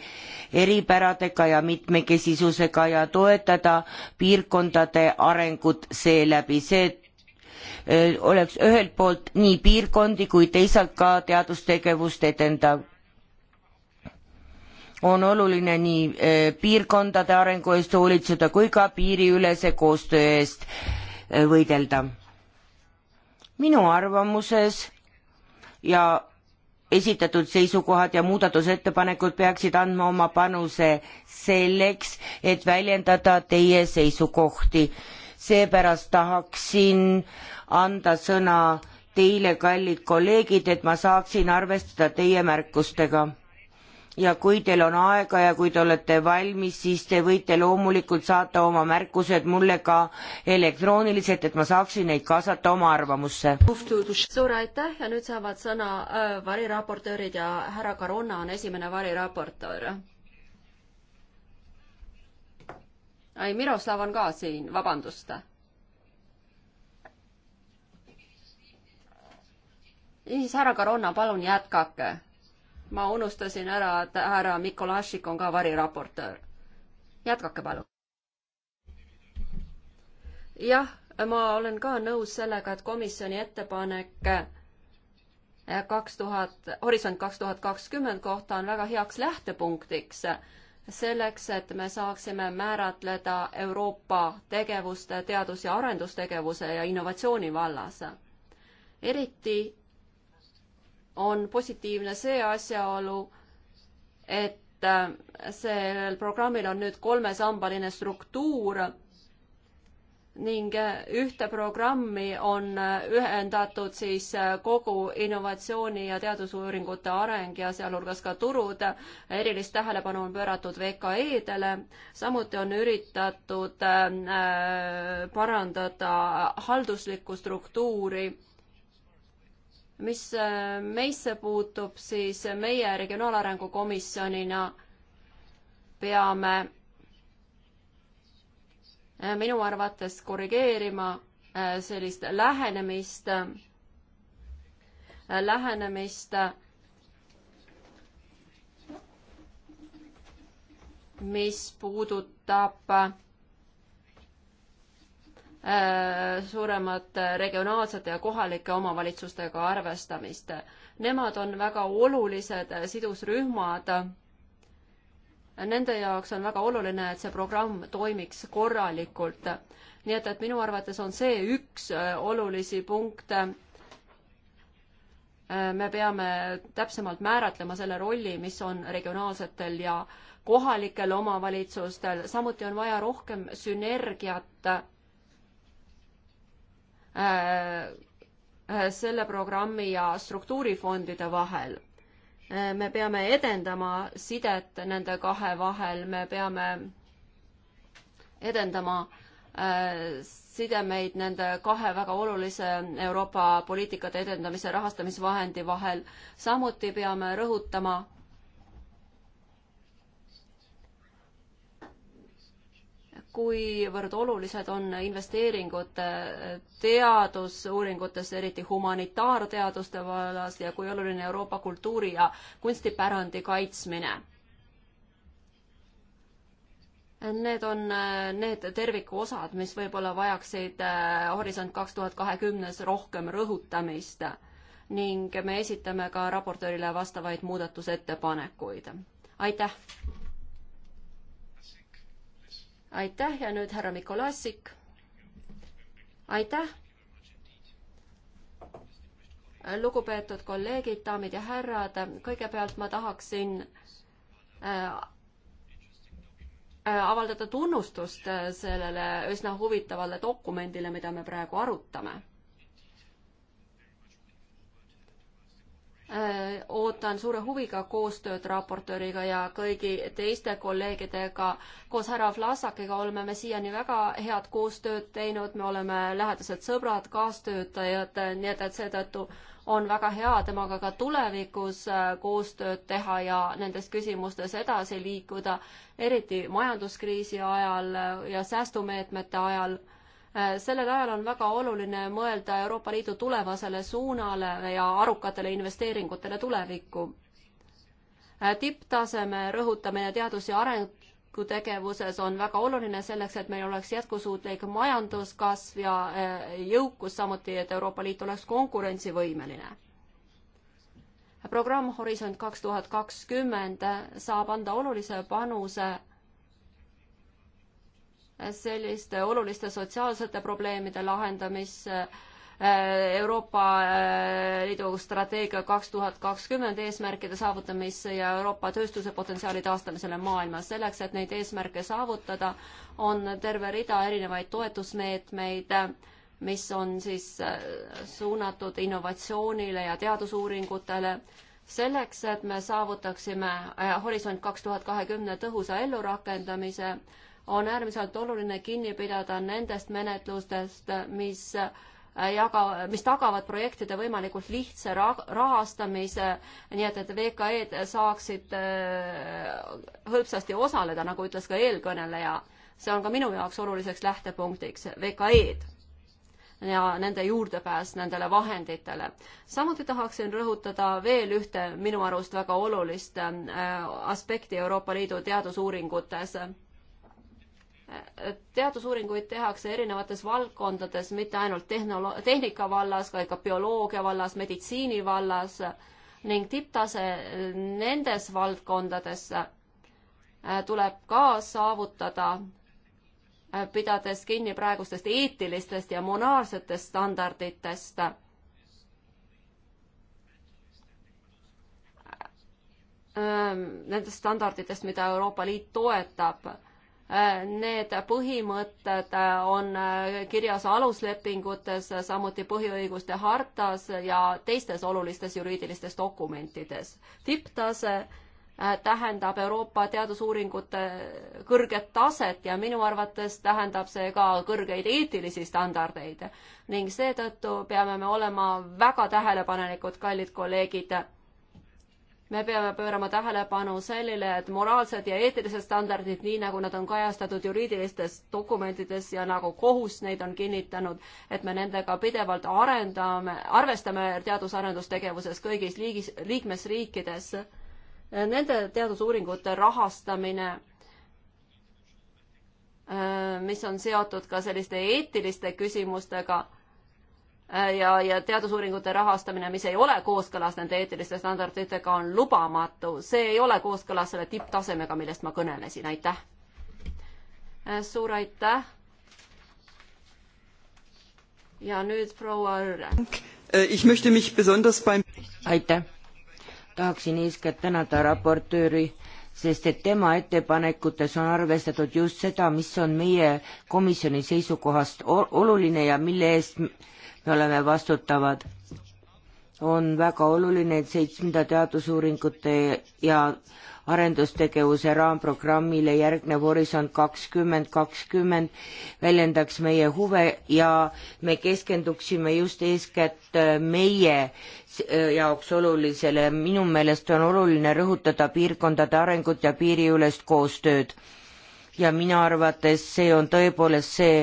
eripäradega ja mitmekesisusega ja toetada piirkondade arengut seeläbi, see oleks ühelt poolt nii piirkondi kui teisalt ka teadustegevust edendav on oluline nii eh, piirkondade arengu eest hoolitseda kui ka piiriülese koostöö eest eh, võidelda. minu arvamuses ja esitatud seisukohad ja muudatusettepanekud peaksid andma oma panuse selleks, et väljendada teie seisukohti. seepärast tahaksin anda sõna teile, kallid kolleegid, et ma saaksin arvestada teie märkustega ja kui teil on aega ja kui te olete valmis, siis te võite loomulikult saata oma märkused mulle ka elektrooniliselt, et ma saaksin neid kaasata oma arvamusse. suur aitäh ja nüüd saavad sõna äh, variraportöörid ja härra Karuna on esimene variraportöör. ei, Miroslav on ka siin, vabandust siis härra Karonna, palun jätkake ma unustasin ära, et härra Mikolašik on ka variraportöör. jätkake palun. jah, ma olen ka nõus sellega, et komisjoni ettepanek eh, kaks tuhat, Horisont kaks tuhat kakskümmend kohta on väga heaks lähtepunktiks selleks, et me saaksime määratleda Euroopa tegevuste teadus- ja arendustegevuse ja innovatsiooni vallas. eriti on positiivne see asjaolu, et äh, sellel programmil on nüüd kolmesambaline struktuur ning äh, ühte programmi on äh, ühendatud siis kogu innovatsiooni ja teadusuuringute areng ja sealhulgas ka turud. erilist tähelepanu on pööratud VKE-dele, samuti on üritatud parandada halduslikku struktuuri mis äh, meisse puutub, siis meie Regionaalarengu Komisjonina peame äh, minu arvates korrigeerima äh, sellist lähenemist, lähenemist, mis puudutab Äh, suuremate regionaalsete ja kohalike omavalitsustega arvestamist. Nemad on väga olulised sidusrühmad. Nende jaoks on väga oluline, et see programm toimiks korralikult. nii et, et minu arvates on see üks äh, olulisi punkte. Äh, me peame täpsemalt määratlema selle rolli, mis on regionaalsetel ja kohalikel omavalitsustel, samuti on vaja rohkem sünergiat Äh, äh, selle programmi ja struktuurifondide vahel. Äh, me peame edendama sidet nende kahe vahel, me peame edendama sidemeid nende kahe väga olulise Euroopa poliitikate edendamise rahastamisvahendi vahel. samuti peame rõhutama kuivõrd olulised on investeeringud eh, teadusuuringutesse, eriti humanitaarteaduste vallas ja kui oluline Euroopa kultuuri ja kunstipärandi kaitsmine. Need on eh, need terviku osad, mis võib-olla vajaksid eh, Horisont kaks tuhat kahekümnes rohkem rõhutamist ning me esitame ka raportöörile vastavaid muudatusettepanekuid. aitäh! aitäh ja nüüd härra Mikolassik. aitäh. lugupeetud kolleegid, daamid ja härrad, kõigepealt ma tahaksin äh, äh, avaldada tunnustust äh, sellele üsna huvitavale dokumendile, mida me praegu arutame Äh, ootan suure huviga koostööd raportööriga ja kõigi teiste kolleegidega. koos härra Vlasakiga oleme me siiani väga head koostööd teinud, me oleme lähedased sõbrad, kaastöötajad, nii et, et seetõttu on väga hea temaga ka tulevikus äh, koostööd teha ja nendes küsimustes edasi liikuda, eriti majanduskriisi ajal ja säästumeetmete ajal Äh, sellel ajal on väga oluline mõelda Euroopa Liidu tulevasele suunale ja arukatele investeeringutele tulevikku. Äh, tipptaseme rõhutamine teadus- ja arengutegevuses on väga oluline selleks, et meil oleks jätkusuutlik majanduskasv ja äh, jõukus, samuti et Euroopa Liit oleks konkurentsivõimeline. programm Horisont kaks tuhat kakskümmend saab anda olulise panuse selliste oluliste sotsiaalsete probleemide lahendamisse Euroopa äh, Liidu strateegia kaks tuhat kakskümmend eesmärkide saavutamisse ja Euroopa tööstuse potentsiaali taastamisele maailmas. selleks, et neid eesmärke saavutada, on terve rida erinevaid toetusmeetmeid, mis on siis äh, suunatud innovatsioonile ja teadusuuringutele. selleks, et me saavutaksime äh, Horisont kaks tuhat kahekümne tõhusa ellurakendamise, on äärmiselt oluline kinni pidada nendest menetlustest, mis äh, jaga, mis tagavad projektide võimalikult lihtsa rahastamise, nii et, et VKE-d saaksid äh, hõlpsasti osaleda, nagu ütles ka eelkõneleja. see on ka minu jaoks oluliseks lähtepunktiks, VKE-d ja nende juurdepääs nendele vahenditele. samuti tahaksin rõhutada veel ühte minu arust väga olulist äh, aspekti Euroopa Liidu teadusuuringutes teadusuuringuid tehakse erinevates valdkondades, mitte ainult tehnolo-, tehnika vallas, vaid ka bioloogia vallas, meditsiini vallas ning tipptase nendes valdkondades äh, tuleb ka saavutada, äh, pidades kinni praegustest eetilistest ja monaarsetest standarditest äh, nendest standarditest, mida Euroopa Liit toetab. Need põhimõtted on kirjas aluslepingutes, samuti põhiõiguste hartas ja teistes olulistes juriidilistes dokumentides. tipptase äh, tähendab Euroopa teadusuuringute kõrget taset ja minu arvates tähendab see ka kõrgeid eetilisi standardeid. ning seetõttu peame me olema väga tähelepanelikud, kallid kolleegid me peame pöörama tähelepanu sellele, et moraalsed ja eetilised standardid, nii nagu nad on kajastatud juriidilistes dokumentides ja nagu kohus neid on kinnitanud, et me nendega pidevalt arendame, arvestame teadus-arendustegevuses kõigis liigis, liikmesriikides. Nende teadusuuringute rahastamine äh, mis on seotud ka selliste eetiliste küsimustega Äh, ja, ja teadusuuringute rahastamine, mis ei ole kooskõlas nende eetiliste standarditega, on lubamatu. see ei ole kooskõlas selle tipptasemega, millest ma kõnelesin, aitäh. Äh, suur aitäh. ja nüüd proua Õrre. Äh, aitäh. tahaksin eeskätt tänada raportööri sest et tema ettepanekutes on arvestatud just seda, mis on meie komisjoni seisukohast oluline ja mille eest me oleme vastutavad. on väga oluline, et seitsmenda teadusuuringute ja arendustegevuse raamprogrammile järgnev Horisont kakskümmend kakskümmend väljendaks meie huve ja me keskenduksime just eeskätt meie jaoks olulisele. minu meelest on oluline rõhutada piirkondade arengut ja piiriülest koostööd ja minu arvates see on tõepoolest see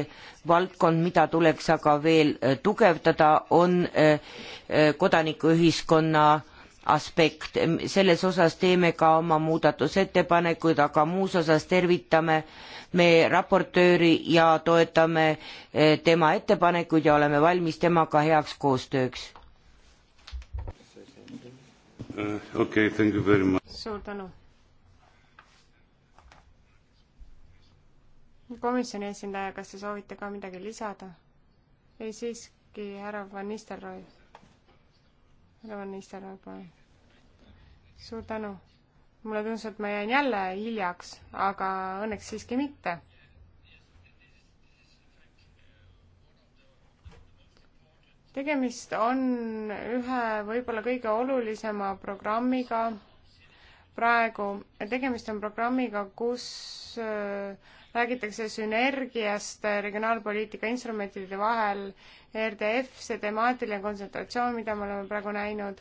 valdkond, mida tuleks aga veel äh, tugevdada, on äh, äh, kodanikuühiskonna aspekt, selles osas teeme ka oma muudatusettepanekuid, aga muus osas tervitame me raportööri ja toetame tema ettepanekuid ja oleme valmis temaga heaks koostööks. okei, tänan. suur tänu. komisjoni esindaja, kas te soovite ka midagi lisada? ei, siiski härra Van Nistelrooy. härra Van Nistelrooy, palun. suur tänu. mulle tundus, et ma jäin jälle hiljaks, aga õnneks siiski mitte. tegemist on ühe võib-olla kõige olulisema programmiga praegu. tegemist on programmiga, kus äh, räägitakse sünergiast regionaalpoliitika instrumentide vahel, RDF, see temaatiline kontsentratsioon, mida me oleme praegu näinud,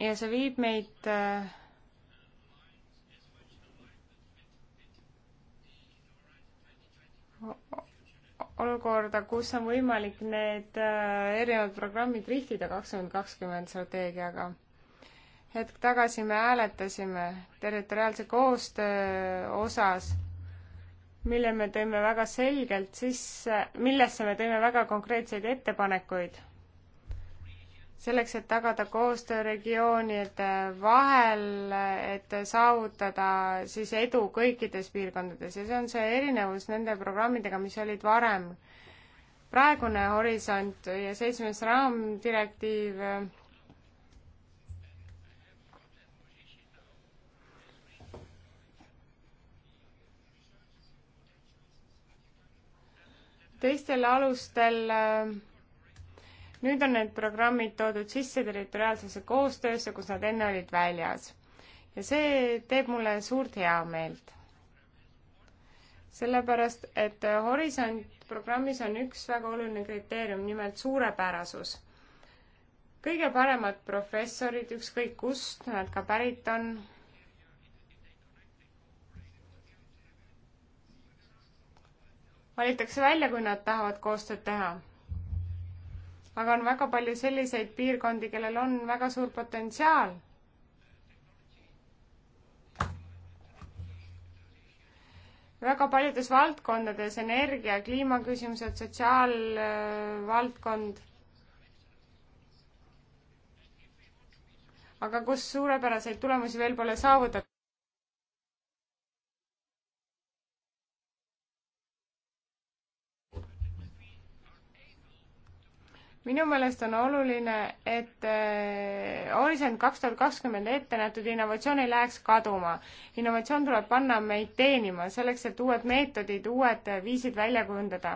ja see viib meid äh, olukorda, kus on võimalik need äh, erinevad programmid rihtida kakskümmend kakskümmend strateegiaga. hetk tagasi me hääletasime territoriaalse koostöö osas mille me tõime väga selgelt sisse, millesse me tõime väga konkreetseid ettepanekuid. selleks, et tagada koostöö regioonide vahel, et saavutada siis edu kõikides piirkondades ja see on see erinevus nende programmidega, mis olid varem. praegune Horisont ja seitsmes raamdirektiiv teistel alustel. Äh, nüüd on need programmid toodud sisse territoriaalsesse koostöösse, kus nad enne olid väljas. ja see teeb mulle suurt heameelt. sellepärast, et Horisont programmis on üks väga oluline kriteerium, nimelt suurepärasus. kõige paremad professorid, ükskõik kust nad ka pärit on, valitakse välja, kui nad tahavad koostööd teha. aga on väga palju selliseid piirkondi, kellel on väga suur potentsiaal. väga paljudes valdkondades energia, kliimaküsimused, sotsiaalvaldkond äh,, aga kus suurepäraseid tulemusi veel pole saavutatud. minu meelest on oluline, et äh, Horisont kaks tuhat kakskümmend ette nähtud innovatsioon ei läheks kaduma. innovatsioon tuleb panna meid teenima, selleks et uued meetodid, uued viisid välja kujundada.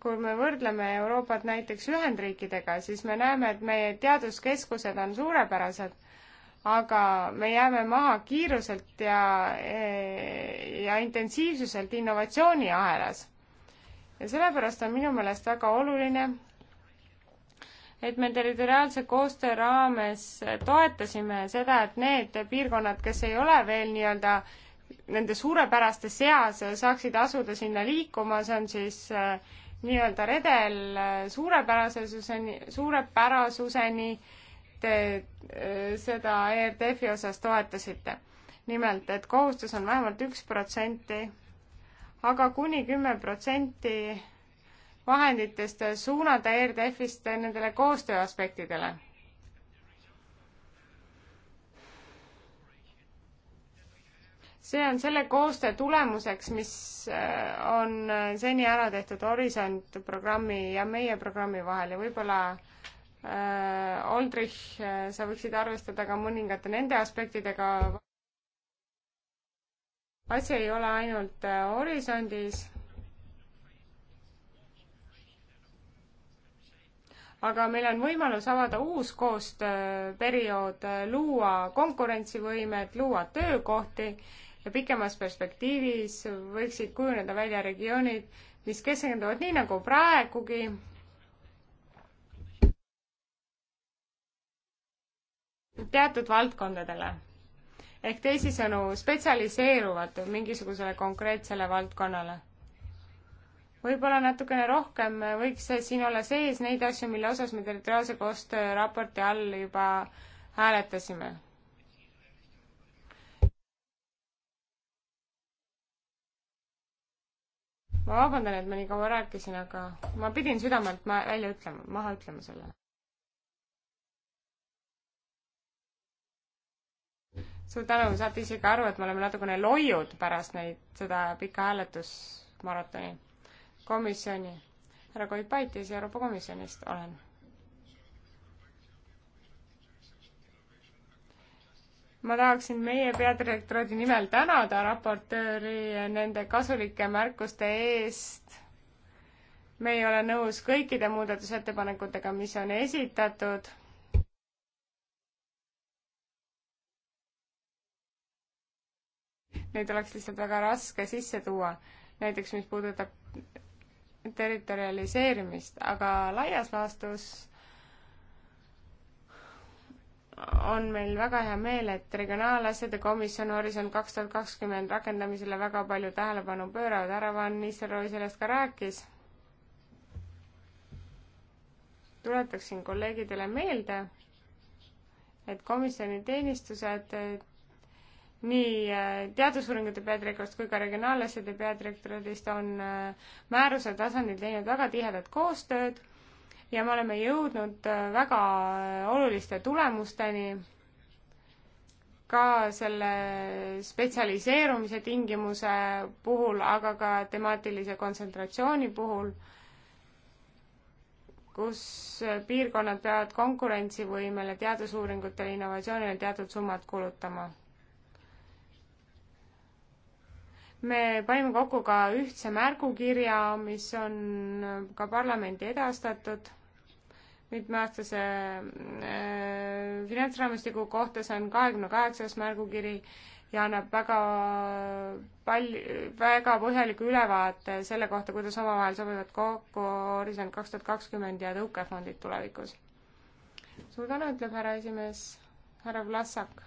kui me võrdleme Euroopat näiteks Ühendriikidega, siis me näeme, et meie teaduskeskused on suurepärased, aga me jääme maha kiiruselt ja, äh, ja intensiivsuselt innovatsiooniahelas ja sellepärast on minu meelest väga oluline, et me territoriaalse koostöö raames toetasime seda, et need piirkonnad, kes ei ole veel nii-öelda nende suurepäraste seas, saaksid asuda sinna liikuma, see on siis äh, nii-öelda redel äh, suurepärasuseni, suurepärasuseni te äh, seda ERDF-i osas toetasite. nimelt, et kohustus on vähemalt üks protsenti aga kuni kümme protsenti vahenditest suunada ERDF-ist nendele koostöö aspektidele. see on selle koostöö tulemuseks, mis äh, on äh, seni ära tehtud Horisont programmi ja meie programmi vahel ja võib-olla äh, Oldrich, äh, sa võiksid arvestada ka mõningate nende aspektidega asi ei ole ainult äh, horisondis, aga meil on võimalus avada uus koostööperiood, äh, luua konkurentsivõimet, luua töökohti ja pikemas perspektiivis võiksid kujuneda välja regioonid, mis keskenduvad nii nagu praegugi teatud valdkondadele ehk teisisõnu spetsialiseeruvad mingisugusele konkreetsele valdkonnale. võib-olla natukene rohkem võiks siin olla sees neid asju, mille osas me territoriaalse koostöö raporti all juba hääletasime. ma vabandan, et ma nii kaua rääkisin, aga ma pidin südamelt välja ütlema, maha ütlema selle. suur tänu, saate isegi aru, et me oleme natukene loiud pärast neid, seda pika hääletusmaratoni komisjoni. härra Koipaitis Euroopa Komisjonist olen. ma tahaksin meie peadirektoraadi nimel tänada raportööri nende kasulike märkuste eest. me ei ole nõus kõikide muudatusettepanekutega, mis on esitatud neid oleks lihtsalt väga raske sisse tuua, näiteks mis puudutab territorialiseerimist, aga laias laastus on meil väga hea meel, et Regionaalasjade Komisjon Horisont kaks tuhat kakskümmend rakendamisele väga palju tähelepanu pööravad, härra Van Nistelrooy sellest ka rääkis. tuletaksin kolleegidele meelde, et komisjoni teenistused nii äh, teadusuuringute peadirektorist kui ka regionaalasjade peadirektoridest on äh, määruse tasandil teinud väga tihedat koostööd ja me oleme jõudnud äh, väga oluliste tulemusteni ka selle spetsialiseerumise tingimuse puhul, aga ka temaatilise kontsentratsiooni puhul, kus piirkonnad peavad konkurentsivõimele, teadusuuringutele, innovatsioonile teatud summad kulutama me panime kokku ka ühtse märgukirja, mis on ka parlamendi edastatud mitmeaastase äh, finantsraamistiku kohta, see on kahekümne kaheksas märgukiri ja annab väga palju, väga põhjaliku ülevaate selle kohta, kuidas omavahel sobivad kokku Horisont kaks tuhat kakskümmend ja tõukefondid tulevikus. suur tänu, ütleb härra esimees, härra Vlasak,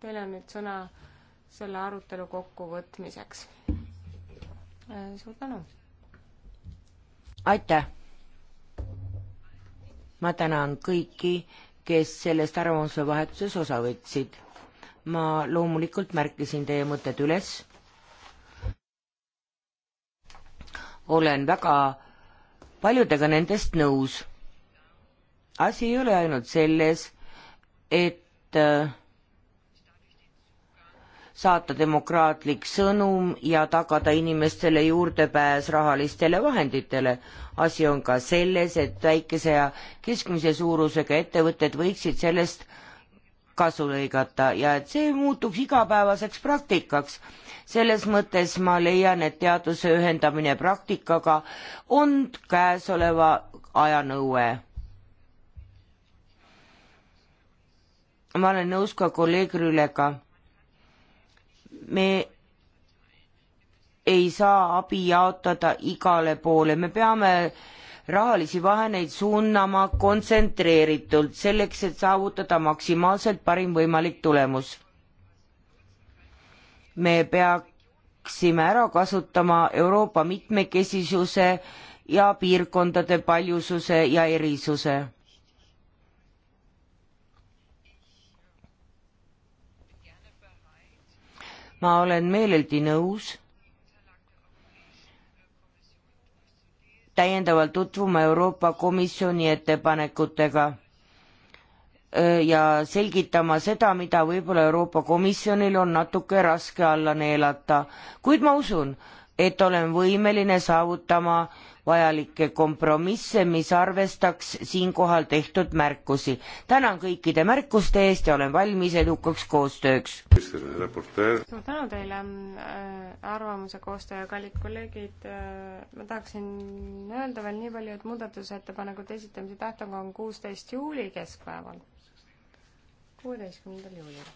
teil on nüüd sõna selle arutelu kokkuvõtmiseks. suur tänu! aitäh! ma tänan kõiki, kes sellest arvamuse vahetuses osa võtsid. ma loomulikult märkisin teie mõtted üles. olen väga paljudega nendest nõus. asi ei ole ainult selles, et äh, saata demokraatlik sõnum ja tagada inimestele juurdepääs rahalistele vahenditele. asi on ka selles, et väikese ja keskmise suurusega ettevõtted võiksid sellest kasu lõigata ja et see muutuks igapäevaseks praktikaks. selles mõttes ma leian, et teaduse ühendamine praktikaga on käesoleva aja nõue. ma olen nõus ka kolleeg Rülega me ei saa abi jaotada igale poole, me peame rahalisi vahendeid suunama kontsentreeritult, selleks et saavutada maksimaalselt parim võimalik tulemus. me peaksime ära kasutama Euroopa mitmekesisuse ja piirkondade paljususe ja erisuse ma olen meeleldi nõus täiendavalt tutvuma Euroopa Komisjoni ettepanekutega ja selgitama seda, mida võib-olla Euroopa Komisjonil on natuke raske alla neelata, kuid ma usun, et olen võimeline saavutama vajalikke kompromisse, mis arvestaks siinkohal tehtud märkusi. tänan kõikide märkuste eest ja olen valmis edukaks koostööks. suur tänu teile äh, arvamuse koostöö ja kallid kolleegid, äh, ma tahaksin öelda veel nii palju, et muudatusettepanekute esitamise tähtaeg on kuusteist juuli keskpäeval, kuueteistkümnendal juulil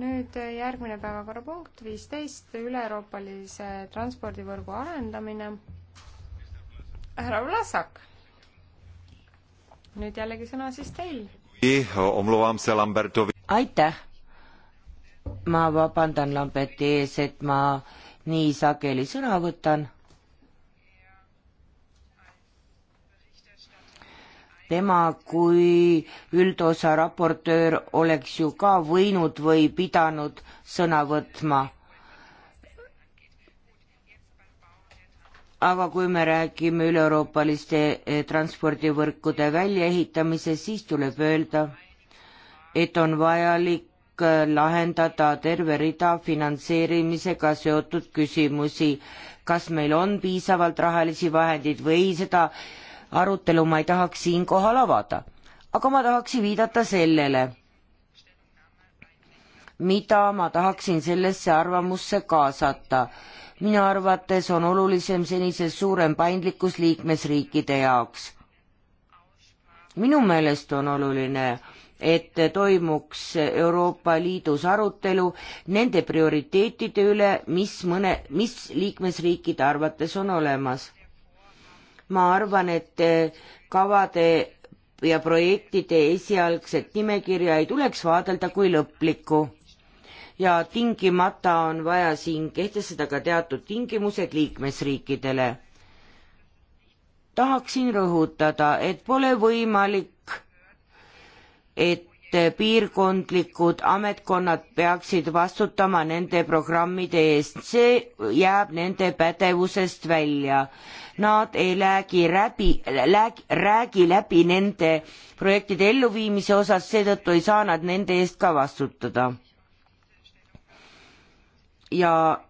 nüüd äh, järgmine päevakorrapunkt, viisteist, üle-euroopalise transpordivõrgu arendamine härra Vlasak. nüüd jällegi sõna siis teil. aitäh. ma vabandan Lamberti ees, et ma nii sageli sõna võtan. tema kui üldosa raportöör oleks ju ka võinud või pidanud sõna võtma aga kui me räägime üleeuroopaliste eh, transpordivõrkude väljaehitamise, siis tuleb öelda, et on vajalik eh, lahendada terve rida finantseerimisega seotud küsimusi. kas meil on piisavalt rahalisi vahendeid või seda arutelu ma ei tahaks siinkohal avada, aga ma tahaksin viidata sellele mida ma tahaksin sellesse arvamusse kaasata. minu arvates on olulisem senisest suurem paindlikkus liikmesriikide jaoks. minu meelest on oluline, et toimuks Euroopa Liidus arutelu nende prioriteetide üle, mis mõne, mis liikmesriikide arvates on olemas. ma arvan, et kavade ja projektide esialgset nimekirja ei tuleks vaadelda kui lõplikku ja tingimata on vaja siin kehtestada ka teatud tingimused liikmesriikidele. tahaksin rõhutada, et pole võimalik, et piirkondlikud ametkonnad peaksid vastutama nende programmide eest, see jääb nende pädevusest välja. Nad ei räägi läbi, räägi läbi nende projektide elluviimise osas, seetõttu ei saa nad nende eest ka vastutada ja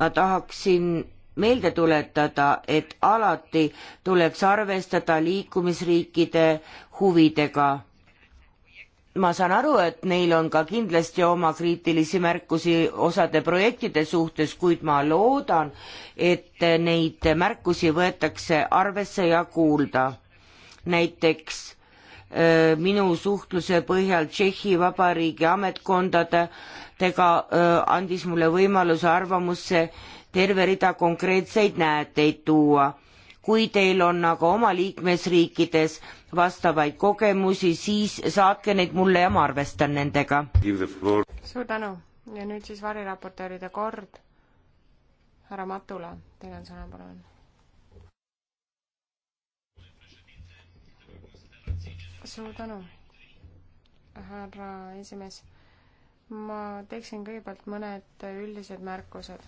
ma tahaksin meelde tuletada, et alati tuleks arvestada liikumisriikide huvidega. ma saan aru, et neil on ka kindlasti oma kriitilisi märkusi osade projektide suhtes, kuid ma loodan, et neid märkusi võetakse arvesse ja kuulda. näiteks äh, minu suhtluse põhjal Tšehhi Vabariigi ametkondade tega andis mulle võimaluse arvamusse terve rida konkreetseid näeteid tuua. kui teil on aga oma liikmesriikides vastavaid kogemusi, siis saatke neid mulle ja ma arvestan nendega. suur tänu ja nüüd siis variraportööride kord. härra Matula, teil on sõna, palun. suur tänu, härra esimees ma teeksin kõigepealt mõned üldised märkused.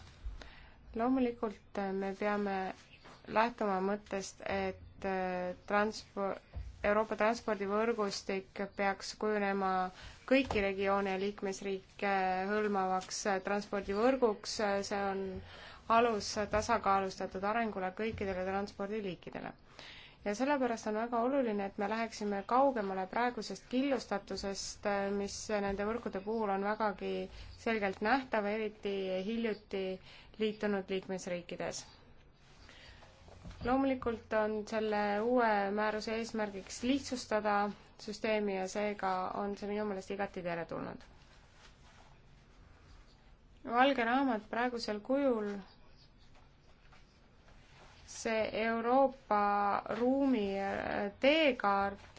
loomulikult äh, me peame lähtuma mõttest, et äh, transpo-, Euroopa transpordivõrgustik peaks kujunema kõiki regioone ja liikmesriike hõlmavaks äh, transpordivõrguks, see on alus tasakaalustatud arengule kõikidele transpordiliikidele ja sellepärast on väga oluline, et me läheksime kaugemale praegusest killustatusest, mis nende võrkude puhul on vägagi selgelt nähtav, eriti hiljuti liitunud liikmesriikides. loomulikult on selle uue määruse eesmärgiks lihtsustada süsteemi ja seega on see minu meelest igati teretulnud valge raamat praegusel kujul see Euroopa ruumi äh, teekaart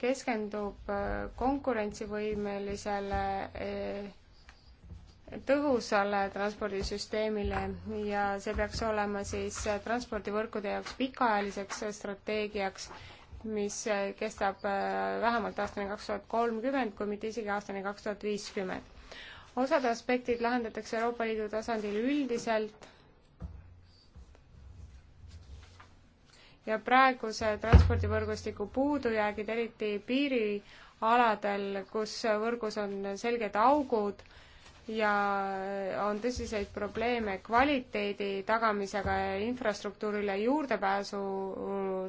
keskendub äh, konkurentsivõimelisele äh, tõhusale transpordisüsteemile ja see peaks olema siis transpordivõrkude jaoks pikaajaliseks strateegiaks, mis kestab vähemalt aastani kaks tuhat kolmkümmend, kui mitte isegi aastani kaks tuhat viiskümmend. osad aspektid lahendatakse Euroopa Liidu tasandil üldiselt ja praeguse transpordivõrgustiku puudujäägid, eriti piirialadel, kus võrgus on selged augud ja on tõsiseid probleeme kvaliteedi tagamisega ja infrastruktuurile juurdepääsu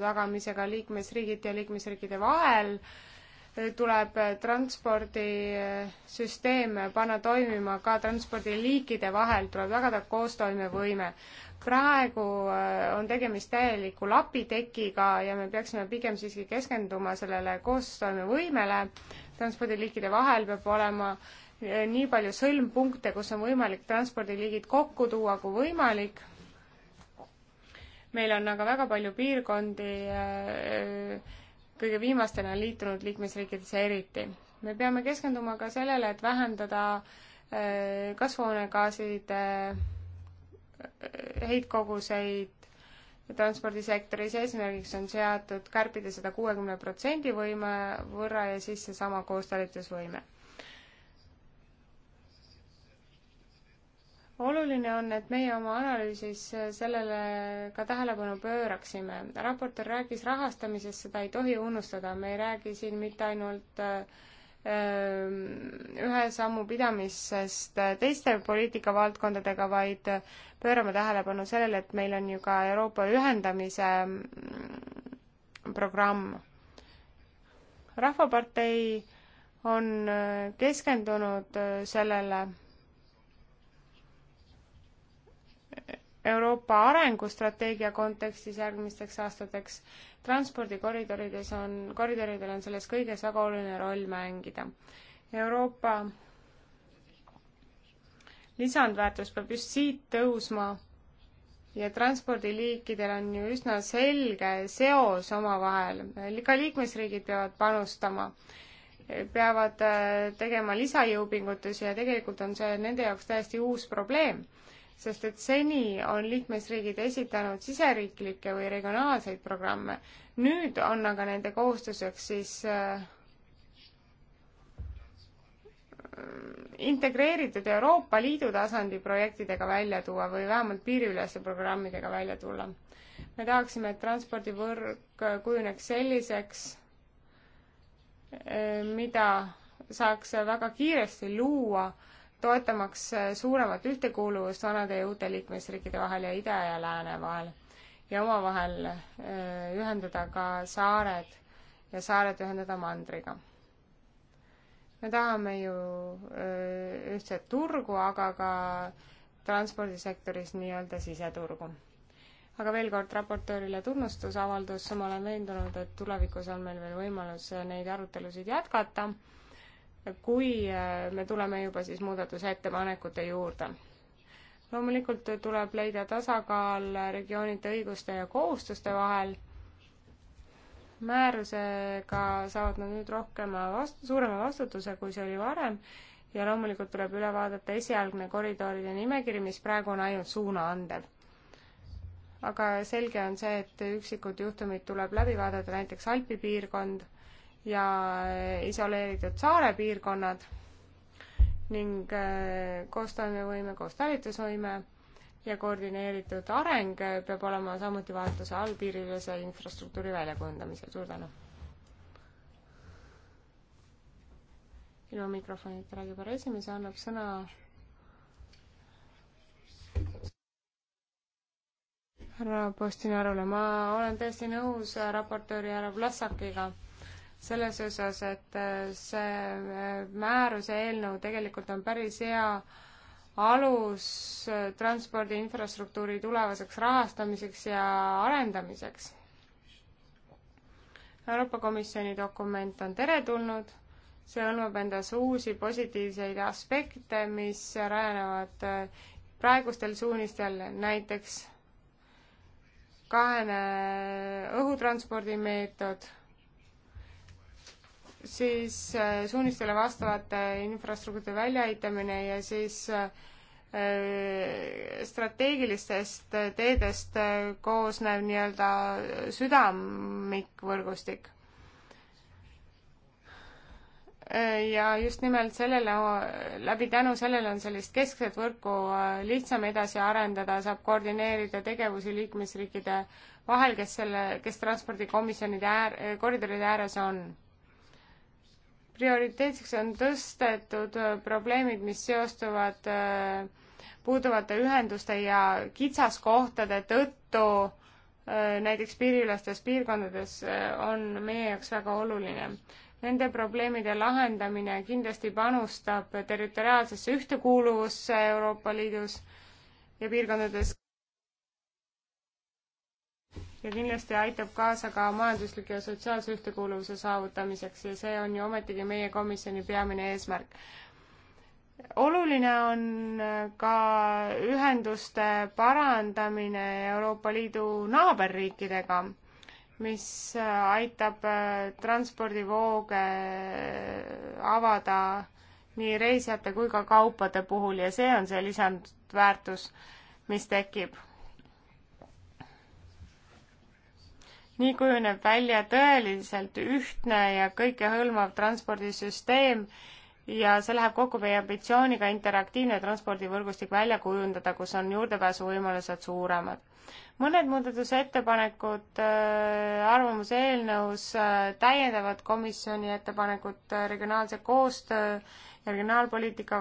tagamisega liikmesriigid ja liikmesriikide vahel äh, tuleb transpordisüsteem panna toimima ka transpordiliikide vahel, tuleb tagada koostoimevõime. praegu äh, on tegemist täieliku lapitekiga ja me peaksime pigem siiski keskenduma sellele koostoimevõimele. transpordiliikide vahel peab olema äh, nii palju sõlmpunkte, kus on võimalik transpordiliigid kokku tuua, kui võimalik. meil on aga väga palju piirkondi äh, kõige viimastena liitunud liikmesriikides eriti. me peame keskenduma ka sellele, et vähendada äh, kasvuhoonegaaside äh, heitkoguseid transpordisektoris, eesmärgiks on seatud kärpida seda kuuekümne protsendi võime võrra ja siis seesama koostalitusvõime oluline on, et meie oma analüüsis sellele ka tähelepanu pööraksime. raportöör rääkis rahastamisest, seda ei tohi unustada, me ei räägi siin mitte ainult äh, äh, ühe sammu pidamisest teiste poliitikavaldkondadega, vaid pöörame tähelepanu sellele, et meil on ju ka Euroopa ühendamise mm, programm. rahvapartei on keskendunud sellele Euroopa arengustrateegia kontekstis järgmisteks aastateks. transpordikoridorides on, koridoridel on selles kõiges väga oluline roll mängida. Euroopa lisandväärtus peab just siit tõusma ja transpordiliikidel on ju üsna selge seos omavahel, ka liikmesriigid peavad panustama, peavad äh, tegema lisajõupingutusi ja tegelikult on see nende jaoks täiesti uus probleem sest et seni on liikmesriigid esitanud siseriiklikke või regionaalseid programme. nüüd on aga nende kohustuseks siis äh, integreeritud Euroopa Liidu tasandi projektidega välja tuua või vähemalt piiriüleste programmidega välja tulla. me tahaksime, et transpordivõrk äh, kujuneks selliseks, äh, mida saaks väga kiiresti luua äh, toetamaks äh, suuremat ühtekuuluvust vanade ja uute liikmesriikide vahel ja ida ja lääne vahel ja omavahel äh, ühendada ka saared ja saared ühendada mandriga. me tahame ju äh, ühtset turgu, aga ka transpordisektoris nii-öelda siseturgu. aga veel kord raportöörile tunnustusavaldus, ma olen veendunud, et tulevikus on meil veel võimalus neid arutelusid jätkata kui äh, me tuleme juba siis muudatusettepanekute juurde. loomulikult tuleb leida tasakaal regioonide õiguste ja kohustuste vahel. määrusega saavad nad nüüd rohkema vast-, suurema vastutuse, kui see oli varem ja loomulikult tuleb üle vaadata esialgne koridoride nimekiri, mis praegu on ainult suunaandev. aga selge on see, et üksikud juhtumid tuleb läbi vaadata, näiteks Alpi piirkond ja isoleeritud saare piirkonnad ning äh, koostoimevõime, koostalitusvõime ja koordineeritud areng peab olema samuti vaatuse all piiriülese infrastruktuuri väljakujundamisel. suur tänu! ilma mikrofonita räägib härra esimees ja annab sõna härra Postinarule, ma olen täiesti nõus raportööri härra Vlasakiga selles osas, et äh, see äh, määruse eelnõu tegelikult on päris hea alus äh, transpordi infrastruktuuri tulevaseks rahastamiseks ja arendamiseks. Euroopa Komisjoni dokument on teretulnud, see hõlmab endas uusi positiivseid aspekte, mis rajanevad praegustel suunistel, näiteks kahene õhutranspordimeetod siis äh, suunistele vastavate infrastruktuuri väljaehitamine ja siis äh, strateegilistest teedest äh, koosnev nii-öelda südamikvõrgustik. ja just nimelt sellele, läbi tänu sellele on sellist keskset võrku lihtsam edasi arendada, saab koordineerida tegevusi liikmesriikide vahel, kes selle, kes transpordikomisjonide äär, koridoride ääres on prioriteetseks on tõstetud äh, probleemid, mis seostuvad äh, puuduvate ühenduste ja kitsaskohtade tõttu äh, näiteks piiriülastes piirkondades on meie jaoks väga oluline. Nende probleemide lahendamine kindlasti panustab territoriaalsesse ühtekuuluvusse Euroopa Liidus ja piirkondades ja kindlasti aitab kaasa ka majandusliku ja sotsiaalse ühtekuuluvuse saavutamiseks ja see on ju ometigi meie komisjoni peamine eesmärk. oluline on ka ühenduste parandamine Euroopa Liidu naaberriikidega, mis aitab äh, transpordivooge äh, avada nii reisijate kui ka kaupade puhul ja see on see lisandväärtus, mis tekib nii kujuneb välja tõeliselt ühtne ja kõikehõlmav transpordisüsteem ja see läheb kokku meie ambitsiooniga interaktiivne transpordivõrgustik välja kujundada, kus on juurdepääsuvõimalused suuremad. mõned muudatusettepanekud äh, arvamuse eelnõus äh, täiendavad komisjoni ettepanekut äh, regionaalse koostöö ja regionaalpoliitika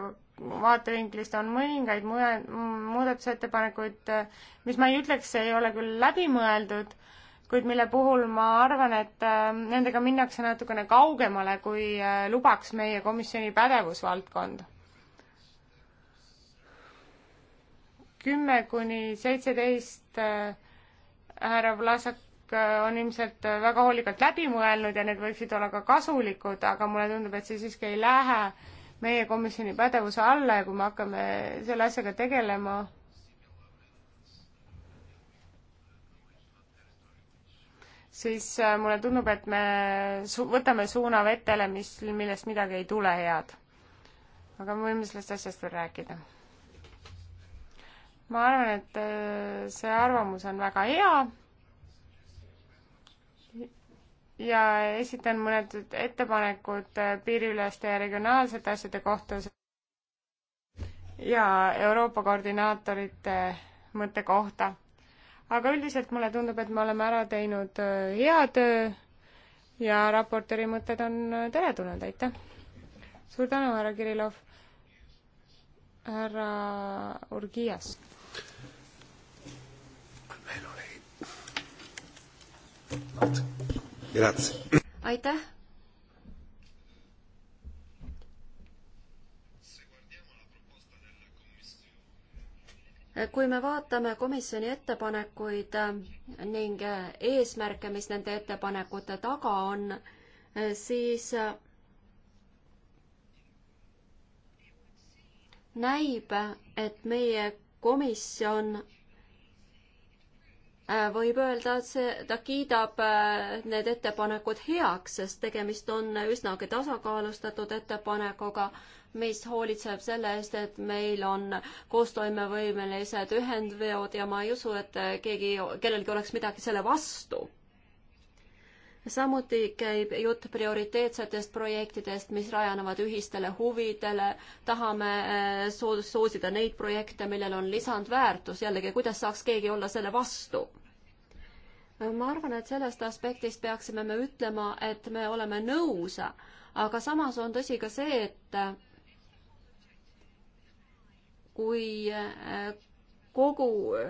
vaatevinklist on mõningaid muudatusettepanekuid, mis ma ei ütleks, ei ole küll läbimõeldud, kuid mille puhul ma arvan, et äh, nendega minnakse natukene kaugemale, kui äh, lubaks meie komisjoni pädevusvaldkond. kümme kuni seitseteist äh, härra Vlasak on ilmselt väga hoolikalt läbi mõelnud ja need võiksid olla ka kasulikud, aga mulle tundub, et see siiski ei lähe meie komisjoni pädevuse alla ja kui me hakkame selle asjaga tegelema, siis äh, mulle tundub, et me su-, võtame suuna vetele, mis, millest midagi ei tule head. aga me võime sellest asjast veel rääkida. ma arvan, et äh, see arvamus on väga hea ja esitan mõned ettepanekud äh, piiriüleste ja regionaalsete asjade kohta ja Euroopa koordinaatorite mõtte kohta aga üldiselt mulle tundub, et me oleme ära teinud äh, hea töö ja raportööri mõtted on äh, teretulnud, aitäh! suur tänu, härra Kirillov! härra Urgias. aitäh! kui me vaatame komisjoni ettepanekuid äh, ning äh, eesmärke, mis nende ettepanekute taga on, äh, siis näib, et meie komisjon võib öelda, et see, ta kiidab need ettepanekud heaks, sest tegemist on üsnagi tasakaalustatud ettepanekuga, mis hoolitseb selle eest, et meil on koostoimevõimelised ühendveod ja ma ei usu, et keegi, kellelgi oleks midagi selle vastu. samuti käib jutt prioriteetsetest projektidest, mis rajanevad ühistele huvidele. tahame eh, soos-, soosida neid projekte, millel on lisandväärtus. jällegi, kuidas saaks keegi olla selle vastu? ma arvan, et sellest aspektist peaksime me ütlema, et me oleme nõus, aga samas on tõsi ka see, et kui äh, kogu äh,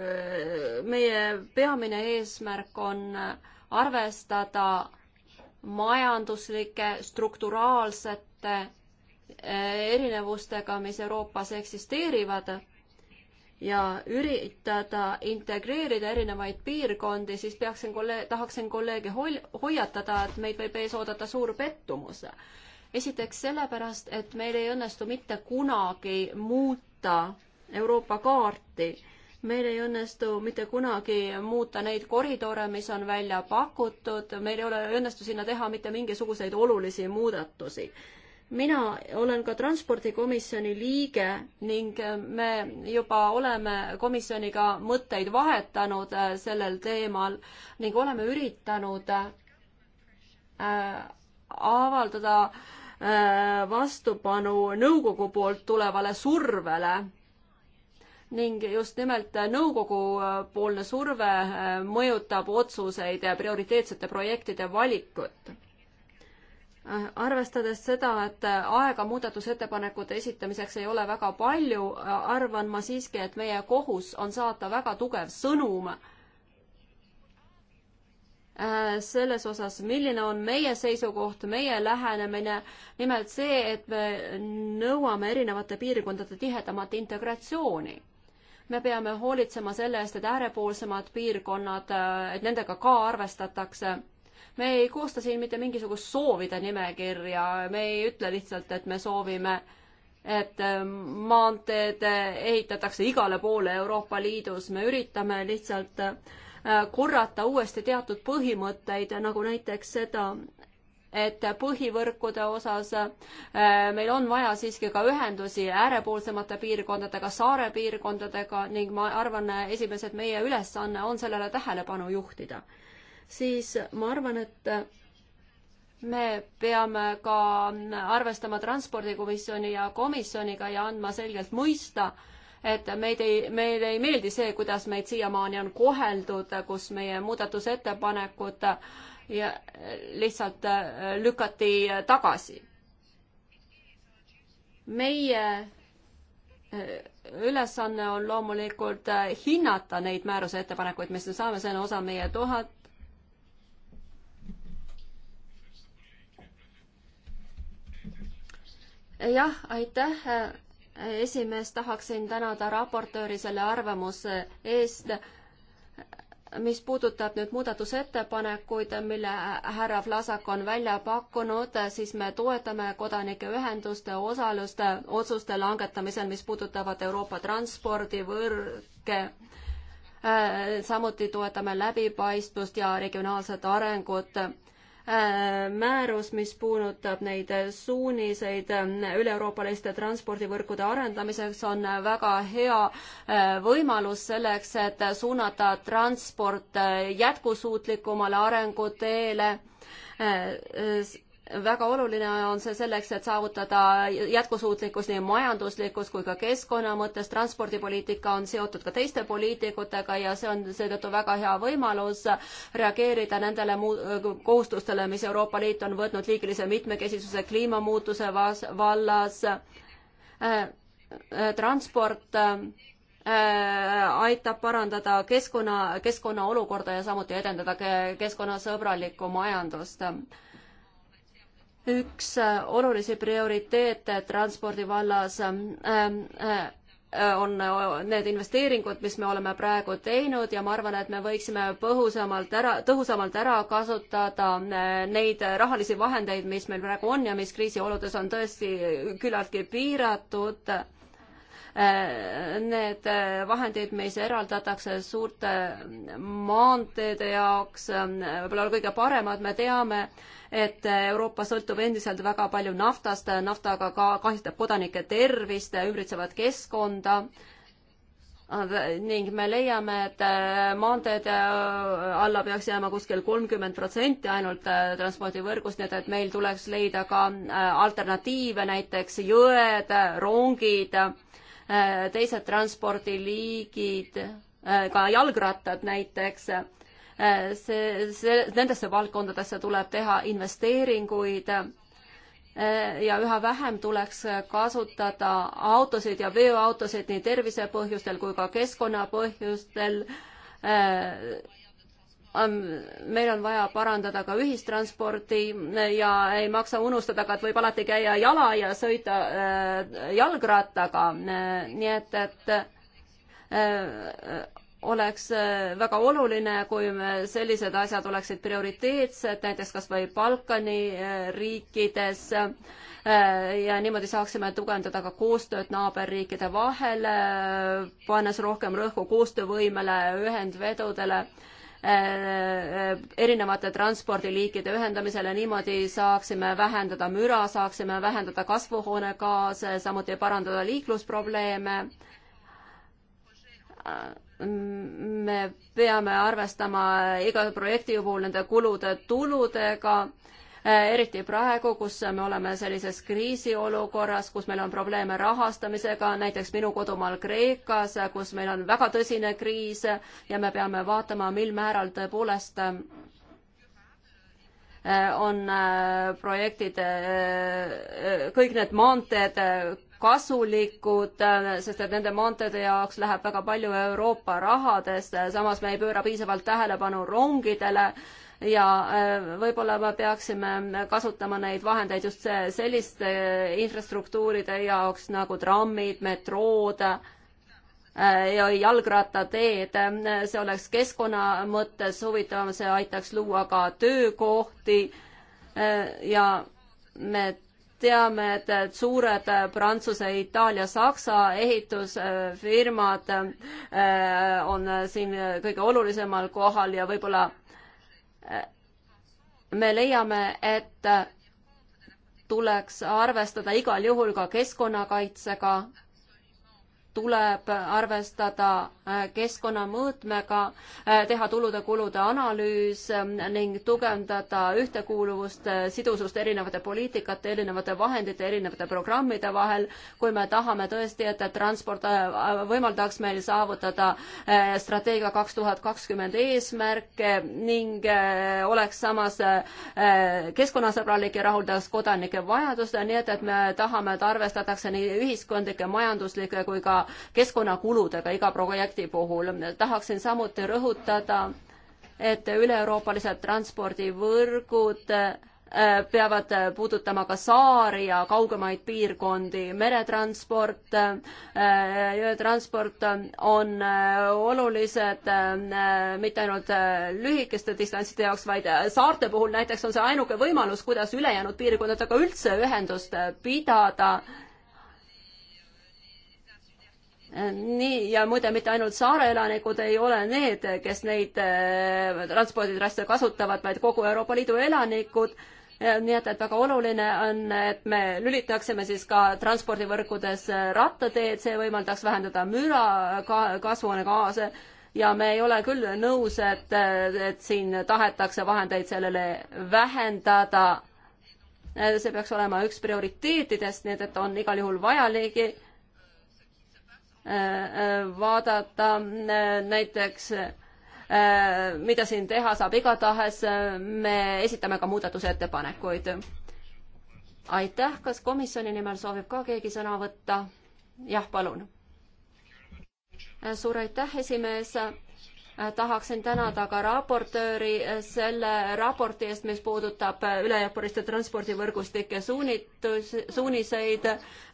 meie peamine eesmärk on arvestada majanduslike, strukturaalsete äh, erinevustega, mis Euroopas eksisteerivad ja üritada integreerida erinevaid piirkondi, siis peaksin kolleeg, tahaksin kolleege hoi-, hoiatada, et meid võib ees oodata suur pettumus esiteks sellepärast, et meil ei õnnestu mitte kunagi muut-, muuta Euroopa kaarti. meil ei õnnestu mitte kunagi muuta neid koridore, mis on välja pakutud, meil ei ole õnnestu sinna teha mitte mingisuguseid olulisi muudatusi. mina olen ka transpordikomisjoni liige ning me juba oleme komisjoniga mõtteid vahetanud äh, sellel teemal ning oleme üritanud äh, avaldada äh, Äh, vastupanu nõukogu poolt tulevale survele. ning just nimelt nõukogu äh, poolne surve äh, mõjutab otsuseid ja prioriteetsete projektide valikut. arvestades seda, et aega muudatusettepanekute esitamiseks ei ole väga palju, arvan ma siiski, et meie kohus on saata väga tugev sõnum Äh, selles osas, milline on meie seisukoht, meie lähenemine, nimelt see, et me nõuame erinevate piirkondade tihedamat integratsiooni. me peame hoolitsema selle eest, et äärepoolsemad piirkonnad, äh, et nendega ka arvestatakse. me ei koosta siin mitte mingisugust soovide nimekirja, me ei ütle lihtsalt, et me soovime et äh, maanteed ehitatakse igale poole Euroopa Liidus, me üritame lihtsalt äh, Äh, korrata uuesti teatud põhimõtteid, nagu näiteks seda, et põhivõrkude osas äh, meil on vaja siiski ka ühendusi äärepoolsemate piirkondadega, saare piirkondadega ning ma arvan, esimees, et meie ülesanne on sellele tähelepanu juhtida. siis ma arvan, et me peame ka arvestama Transpordikomisjoni ja komisjoniga ja andma selgelt mõista, et meid ei, meile ei meeldi see, kuidas meid siiamaani on koheldud, kus meie muudatusettepanekud ja lihtsalt äh, lükati tagasi. meie äh, ülesanne on loomulikult äh, hinnata neid määruse ettepanekuid, mis me saame, see on osa meie tuhat, jah, aitäh esimees, tahaksin tänada raportööri selle arvamuse eest, mis puudutab nüüd muudatusettepanekuid, mille härra Vlasak on välja pakkunud, siis me toetame kodanikeühenduste osalust otsuste langetamisel, mis puudutavad Euroopa transpordivõrke samuti toetame läbipaistvust ja regionaalset arengut. Äh, määrus, mis puudutab neid suuniseid äh, üle-euroopaliste transpordivõrkude arendamiseks, on väga hea äh, võimalus selleks, et suunata transport jätkusuutlikumale arenguteele väga oluline on see selleks, et saavutada jätkusuutlikkus nii majanduslikus kui ka keskkonna mõttes. transpordipoliitika on seotud ka teiste poliitikutega ja see on seetõttu väga hea võimalus reageerida nendele kohustustele, mis Euroopa Liit on võtnud liigilise mitmekesisuse kliimamuutuse vallas. transport äh, aitab parandada keskkonna, keskkonna olukorda ja samuti edendada keskkonnasõbralikku majandust üks äh, olulisi prioriteete transpordi vallas ähm, äh, äh, on need investeeringud, mis me oleme praegu teinud ja ma arvan, et me võiksime põhusamalt ära, tõhusamalt ära kasutada neid rahalisi vahendeid, mis meil praegu on ja mis kriisioludes on tõesti küllaltki piiratud Äh, need äh, vahendid, mis eraldatakse suurte äh, maanteede jaoks, võib-olla kõige paremad, me teame, et Euroopa sõltub endiselt väga palju naftast, naftaga ka kahjustab kodanike tervist, ümbritsevat keskkonda ning me leiame, et maanteede alla peaks jääma kuskil kolmkümmend protsenti ainult transpordivõrgust, nii et, et meil tuleks leida ka alternatiive, näiteks jõed, rongid Äh, teised transpordiliigid, äh, ka jalgrattad näiteks äh, see, see, nendesse valdkondadesse tuleb teha investeeringuid ja üha vähem tuleks kasutada autosid ja veoautosid nii tervise põhjustel kui ka keskkonna põhjustel meil on vaja parandada ka ühistransporti ja ei maksa unustada ka, et võib alati käia jala ja sõita äh, jalgrattaga, nii et, et äh, oleks äh, väga oluline, kui sellised asjad oleksid prioriteetsed, näiteks kas või Balkani riikides ja niimoodi saaksime tugevdada ka koostööd naaberriikide vahel, pannes rohkem rõhku koostöövõimele, ühendvedudele Äh, äh, erinevate transpordiliikide ühendamisele, niimoodi saaksime vähendada müra, saaksime vähendada kasvuhoonegaase, samuti parandada liiklusprobleeme. Äh, me peame arvestama iga projekti puhul nende kulude-tuludega Äh, eriti praegu, kus me oleme sellises kriisiolukorras, kus meil on probleeme rahastamisega, näiteks minu kodumaal Kreekas, kus meil on väga tõsine kriis ja me peame vaatama, mil määral tõepoolest äh, on äh, projektid, kõik need maanteed kasulikud, sest et nende maanteede jaoks läheb väga palju Euroopa rahadest, samas me ei pööra piisavalt tähelepanu rongidele ja äh, võib-olla me peaksime kasutama neid vahendeid just selliste äh, infrastruktuuride jaoks nagu trammid, metrood äh, ja jalgrattateed, see oleks keskkonna mõttes huvitavam, see aitaks luua ka töökohti ja me teame, et, et suured Prantsuse, Itaalia, Saksa ehitusfirmad on siin kõige olulisemal kohal ja võib-olla me leiame, et tuleks arvestada igal juhul ka keskkonnakaitsega tuleb arvestada äh, keskkonnamõõtmega, äh, teha tulude-kulude analüüs ähm, ning tugevdada ühtekuuluvust, äh, sidusust erinevate poliitikate, erinevate vahendite, erinevate programmide vahel, kui me tahame tõesti, et transport võimaldaks meil saavutada strateegia kaks tuhat kakskümmend eesmärke ning oleks samas keskkonnasõbralik ja rahuldaks kodanike vajaduste, nii et, et me tahame, et arvestatakse nii ühiskondlikke, majanduslikke kui ka keskkonnakuludega iga projekti puhul. tahaksin samuti rõhutada, et üle-euroopalised transpordivõrgud äh, peavad puudutama ka saari ja kaugemaid piirkondi. meretransport, jõetransport äh, on äh, olulised mitte ainult lühikeste distantside jaoks, vaid saarte puhul näiteks on see ainuke võimalus, kuidas ülejäänud piirkondadega üldse ühendust pidada nii, ja muide, mitte ainult saare elanikud ei ole need, kes neid äh, transporditrasse kasutavad, vaid kogu Euroopa Liidu elanikud. nii et, et väga oluline on, et me lülitaksime siis ka transpordivõrkudes äh, rattateed, see võimaldaks vähendada müra ka, kasvuhoonegaase ja me ei ole küll nõus, et, äh, et siin tahetakse vahendeid sellele vähendada. see peaks olema üks prioriteetidest, nii et, et on igal juhul vajalik vaadata näiteks mida siin teha saab, igatahes me esitame ka muudatusettepanekuid. aitäh, kas komisjoni nimel soovib ka keegi sõna võtta? jah, palun. suur aitäh, esimees Äh, tahaksin tänada ka raportööri äh, selle raporti eest, mis puudutab äh, üle-Jaapuriste transpordivõrgustike suunitus, suuniseid.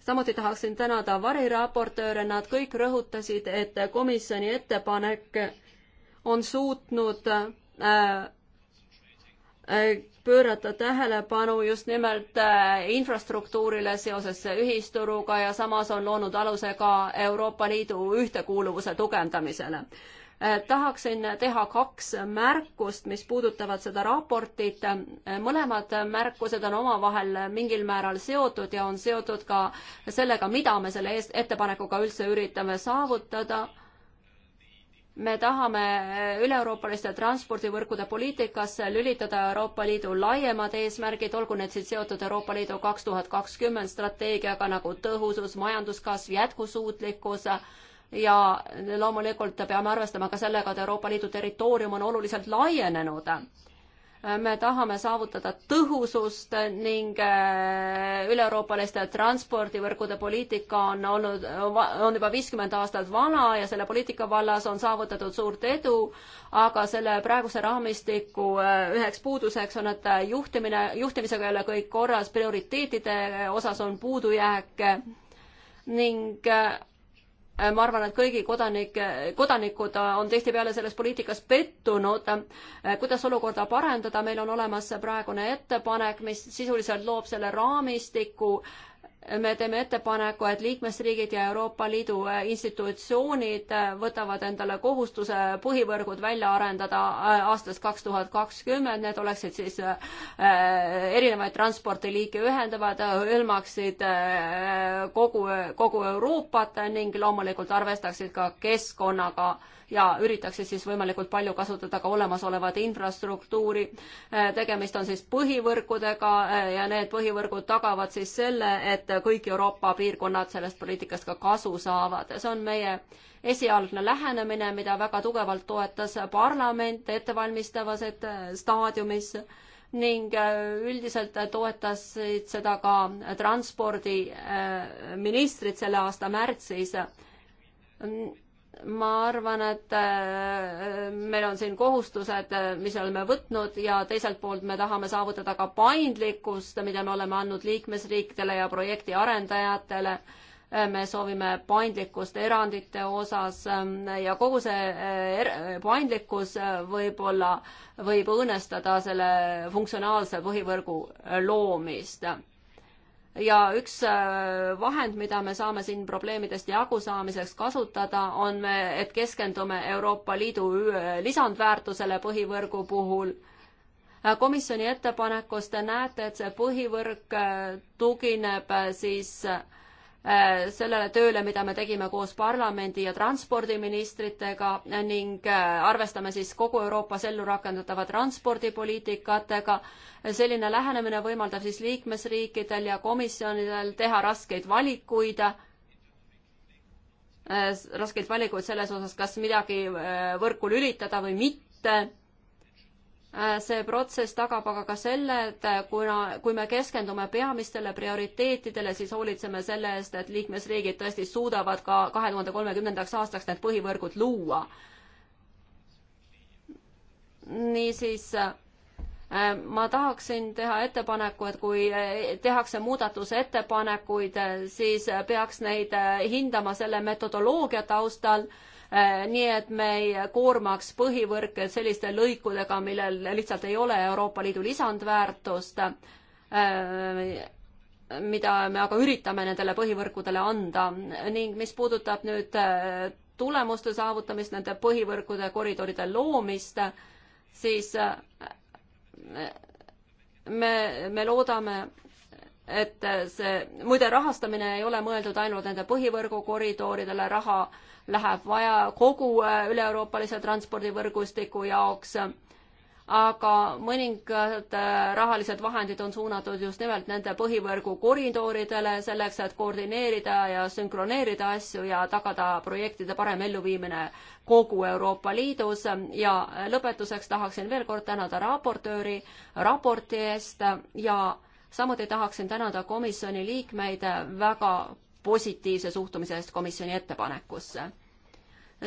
samuti tahaksin tänada variraportööre, nad kõik rõhutasid, et komisjoni ettepanek on suutnud pöörata tähelepanu just nimelt infrastruktuurile seoses ühisturuga ja samas on loonud aluse ka Euroopa Liidu ühtekuuluvuse tugevdamisele Äh, tahaksin teha kaks märkust, mis puudutavad seda raportit. Äh, mõlemad märkused on omavahel mingil määral seotud ja on seotud ka sellega, mida me selle eest, ettepanekuga üldse üritame saavutada me tahame äh, üle-euroopaliste transpordivõrkude poliitikasse lülitada Euroopa Liidu laiemad eesmärgid, olgu need siis seotud Euroopa Liidu kaks tuhat kakskümmend strateegiaga nagu tõhusus, majanduskasv, jätkusuutlikkus ja loomulikult peame arvestama ka sellega, et Euroopa Liidu territoorium on oluliselt laienenud. me tahame saavutada tõhusust ning äh, üle-euroopaliste transpordivõrgude poliitika on olnud, on juba viiskümmend aastat vana ja selle poliitika vallas on saavutatud suurt edu, aga selle praeguse raamistiku äh, üheks puuduseks on, et juhtimine, juhtimisega ei ole kõik korras, prioriteetide osas on puudujääke ning äh, Äh, ma arvan, et kõigi kodanike, kodanikud on tihtipeale selles poliitikas pettunud. Äh, kuidas olukorda parendada, meil on olemas praegune ettepanek, mis sisuliselt loob selle raamistiku äh, me teeme ettepaneku, et liikmesriigid ja Euroopa Liidu äh, institutsioonid äh, võtavad endale kohustuse põhivõrgud välja arendada äh, aastast kaks tuhat kakskümmend, need oleksid siis erinevaid transpordiliike ühendavad, hõlmaksid kogu, kogu Euroopat ning loomulikult arvestaksid ka keskkonnaga ja üritatakse siis võimalikult palju kasutada ka olemasolevat infrastruktuuri. Äh, tegemist on siis põhivõrkudega äh, ja need põhivõrgud tagavad siis selle, et kõik Euroopa piirkonnad sellest poliitikast ka kasu saavad. see on meie esialgne lähenemine, mida väga tugevalt toetas parlament ettevalmistavas et äh, staadiumis ning üldiselt toetasid seda ka transpordiministrid selle aasta märtsis. Mm, ma arvan, et äh, meil on siin kohustused, äh, mis oleme võtnud ja teiselt poolt me tahame saavutada ka paindlikkust, mida me oleme andnud liikmesriikidele ja projekti arendajatele. Äh, me soovime paindlikkust erandite osas ähm, ja kogu see er-, paindlikkus võib-olla võib õõnestada selle funktsionaalse põhivõrgu loomist ja üks äh, vahend, mida me saame siin probleemidest jagusaamiseks kasutada, on, et keskendume Euroopa Liidu äh, lisandväärtusele põhivõrgu puhul. Äh, komisjoni ettepanekust te näete, et see põhivõrk tugineb siis äh, Äh, sellele tööle, mida me tegime koos parlamendi ja transpordiministritega ning äh, arvestame siis kogu Euroopas ellu rakendatava transpordipoliitikatega. selline lähenemine võimaldab siis liikmesriikidel ja komisjonidel teha raskeid valikuid, äh, raskeid valikuid selles osas, kas midagi võrku lülitada või mitte Äh, see protsess tagab aga ka selle, et äh, kuna, kui me keskendume peamistele prioriteetidele, siis hoolitseme selle eest, et liikmesriigid tõesti suudavad ka kahe tuhande kolmekümnendaks aastaks need põhivõrgud luua. niisiis äh, ma tahaksin teha ettepaneku, et kui tehakse muudatusettepanekuid, siis peaks neid hindama selle metodoloogia taustal Äh, nii et me ei koormaks põhivõrke selliste lõikudega, millel lihtsalt ei ole Euroopa Liidu lisandväärtust, äh, mida me aga üritame nendele põhivõrkudele anda ning mis puudutab nüüd äh, tulemuste saavutamist, nende põhivõrkude koridoride loomist, siis me, me loodame, et äh, see, muide, rahastamine ei ole mõeldud ainult nende põhivõrgu koridoridele, raha läheb vaja kogu äh, üle-euroopalise transpordivõrgustiku jaoks, aga mõningad äh, rahalised vahendid on suunatud just nimelt nende põhivõrgu koridoridele, selleks et koordineerida ja sünkroneerida asju ja tagada projektide parem elluviimine kogu Euroopa Liidus ja lõpetuseks tahaksin veel kord tänada raportööri raporti eest ja samuti tahaksin tänada komisjoni liikmeid väga positiivse suhtumise eest komisjoni ettepanekusse.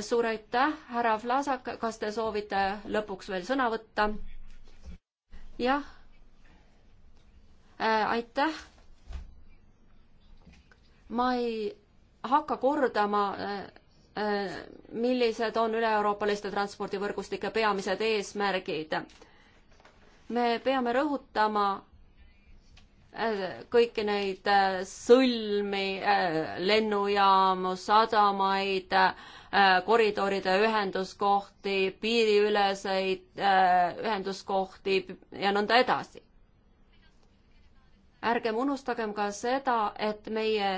suur aitäh, härra Vlasak, kas te soovite lõpuks veel sõna võtta? jah äh,. aitäh. ma ei hakka kordama äh, äh millised on üle-euroopaliste transpordivõrgustike peamised eesmärgid. me peame rõhutama Äh, kõiki neid äh, sõlmi, äh, lennujaamu, sadamaid, koridoride ühenduskohti, piiriüleseid ühenduskohti ja nõnda edasi. ärgem unustagem ka seda, et meie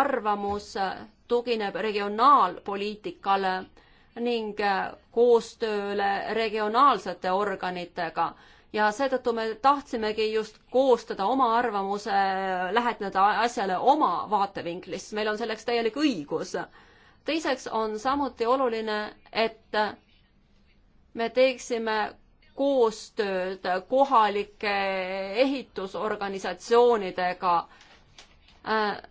arvamus tugineb regionaalpoliitikale ning koostööle regionaalsete organitega ja seetõttu me tahtsimegi just koostada oma arvamuse, läheneda asjale oma vaatevinklist, meil on selleks täielik õigus. teiseks on samuti oluline, et me teeksime koostööd kohalike ehitusorganisatsioonidega äh,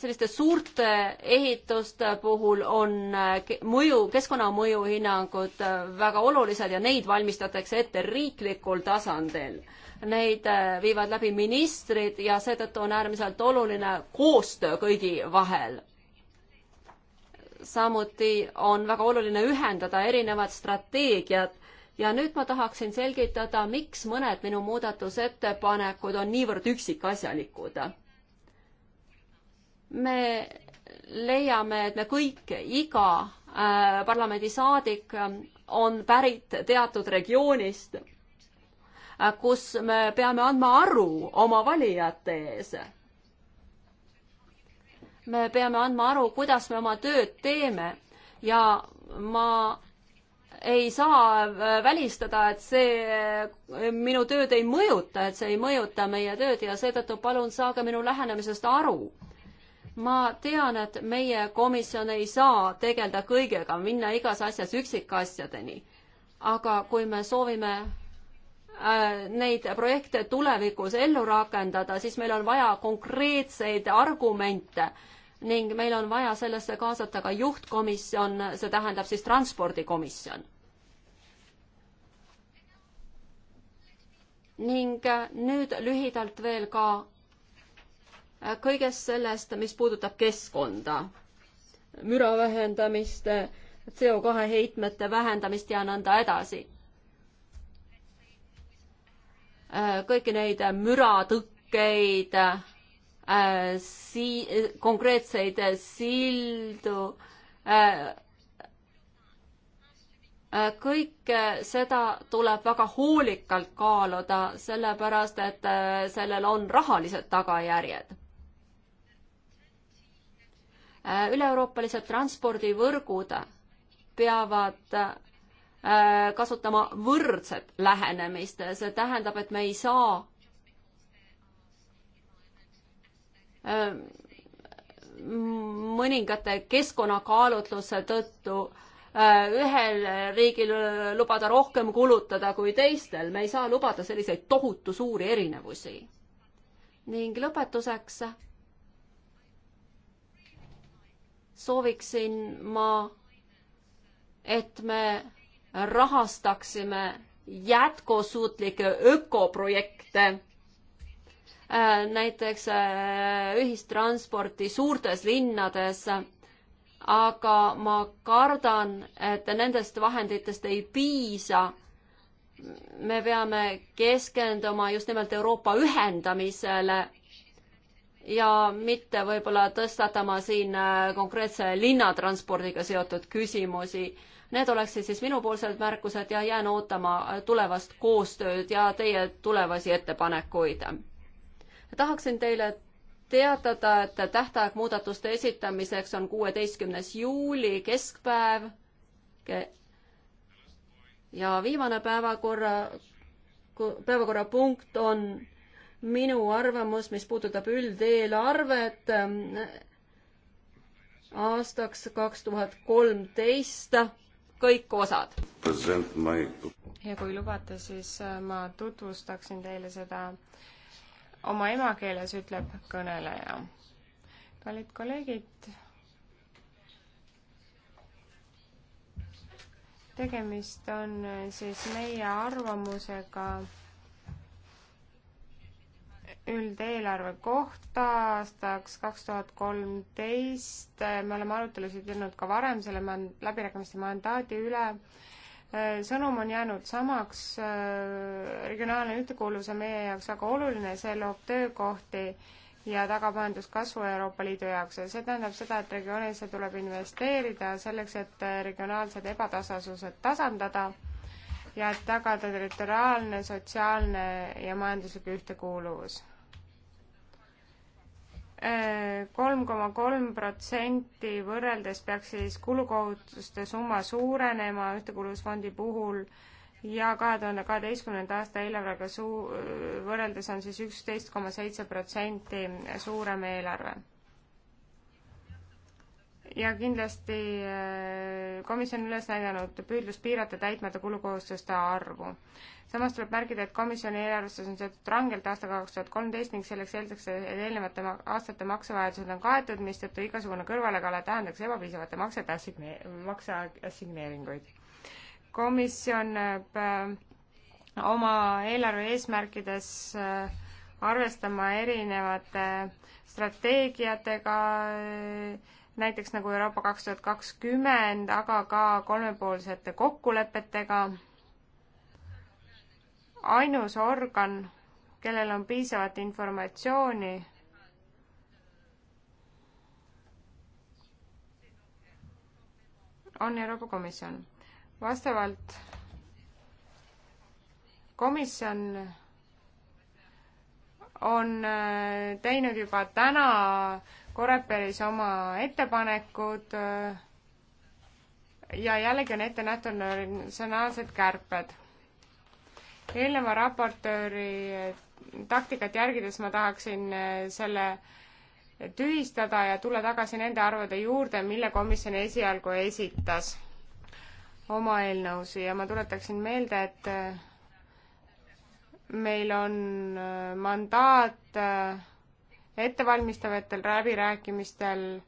selliste suurte ehituste puhul on eh, mõju, keskkonnamõju hinnangud eh, väga olulised ja neid valmistatakse ette riiklikul tasandil. Neid eh, viivad läbi ministrid ja seetõttu on äärmiselt oluline koostöö kõigi vahel. samuti on väga oluline ühendada erinevad strateegiad ja nüüd ma tahaksin selgitada, miks mõned minu muudatusettepanekud on niivõrd üksikasjalikud me leiame, et me kõik, iga äh, parlamendisaadik äh, on pärit teatud regioonist äh,, kus me peame andma aru oma valijate ees. me peame andma aru, kuidas me oma tööd teeme ja ma ei saa äh, välistada, et see äh, minu tööd ei mõjuta, et see ei mõjuta meie tööd ja seetõttu palun saage minu lähenemisest aru ma tean, et meie komisjon ei saa tegeleda kõigega, minna igas asjas üksikasjadeni. aga kui me soovime äh, neid projekte tulevikus ellu rakendada, siis meil on vaja konkreetseid argumente ning meil on vaja sellesse kaasata ka juhtkomisjon, see tähendab siis transpordikomisjon. ning nüüd lühidalt veel ka kõigest sellest, mis puudutab keskkonda, müra vähendamist, CO2 heitmete vähendamist ja nõnda edasi. kõiki neid müratõkkeid, sii-, konkreetseid sildu, kõike seda tuleb väga hoolikalt kaaluda, sellepärast et sellel on rahalised tagajärjed Äh, üle-euroopalised transpordivõrgud peavad äh, kasutama võrdset lähenemist, see tähendab, et me ei saa äh, mõningate keskkonnakaalutluse tõttu ühel riigil lubada rohkem kulutada kui teistel, me ei saa lubada selliseid tohutu suuri erinevusi. ning lõpetuseks sooviksin ma, et me rahastaksime jätkusuutlikke ökoprojekte, äh, näiteks äh, ühistransporti suurtes linnades, aga ma kardan, et nendest vahenditest ei piisa. me peame keskenduma just nimelt Euroopa ühendamisele ja mitte võib-olla tõstatama siin äh, konkreetse linnatranspordiga seotud küsimusi. Need oleksid siis minupoolsed märkused ja jään ootama äh, tulevast koostööd ja teie tulevasi ettepanekuid. tahaksin teile teatada, et tähtaeg muudatuste esitamiseks on kuueteistkümnes juuli keskpäev. ja viimane päevakorra, päevakorrapunkt on minu arvamus, mis puudutab üldeelarvet ähm, aastaks kaks tuhat kolmteist, kõik osad. My... ja kui lubate, siis äh, ma tutvustaksin teile seda oma emakeeles, ütleb kõneleja. kallid kolleegid, tegemist on äh, siis meie arvamusega üldeelarve kohta aastaks kaks tuhat kolmteist, me oleme arutelusid teinud ka varem selle man-, läbirääkimiste mandaadi üle, sõnum on jäänud samaks, äh, regionaalne ühtekuuluvus on meie jaoks väga oluline, see loob töökohti ja tagab majanduskasvu Euroopa Liidu jaoks ja see tähendab seda, et regioonidesse tuleb investeerida selleks, et äh, regionaalsed ebatasasused tasandada ja et tagada territoriaalne, sotsiaalne ja majanduslik ühtekuuluvus kolm koma kolm protsenti võrreldes peaks siis kulukohustuste summa suurenema ühtekuuluvusfondi puhul ja kahe tuhande kaheteistkümnenda aasta eelarvega suu-, võrreldes on siis üksteist koma seitse protsenti suurem eelarve ja kindlasti äh, komisjon üles näidanud püüdlust piirata täitmata kulukohustuste arvu. samas tuleb märkida, et komisjoni eelarvestus on seotud rangelt aastaga kaks tuhat kolmteist ning selleks eeldatakse, et eelnevate aastate maksevajadused on kaetud, mistõttu igasugune kõrvalekala tähendaks ebapiisavate maksete assigne-, makseassigneeringuid. komisjon peab äh, oma eelarve eesmärkides äh, arvestama erinevate strateegiatega, näiteks nagu Euroopa kaks tuhat kakskümmend, aga ka kolmepoolsete kokkulepetega. ainus organ, kellel on piisavat informatsiooni on Euroopa Komisjon. vastavalt komisjon on äh, teinud juba täna Koreperis oma ettepanekud äh, ja jällegi on ette nähtud natsionaalsed kärped. eelneva raportööri äh, taktikat järgides ma tahaksin äh, selle tühistada ja tulla tagasi nende arvude juurde, mille komisjon esialgu esitas oma eelnõus ja ma tuletaksin meelde, et meil on mandaat ettevalmistavatel läbirääkimistel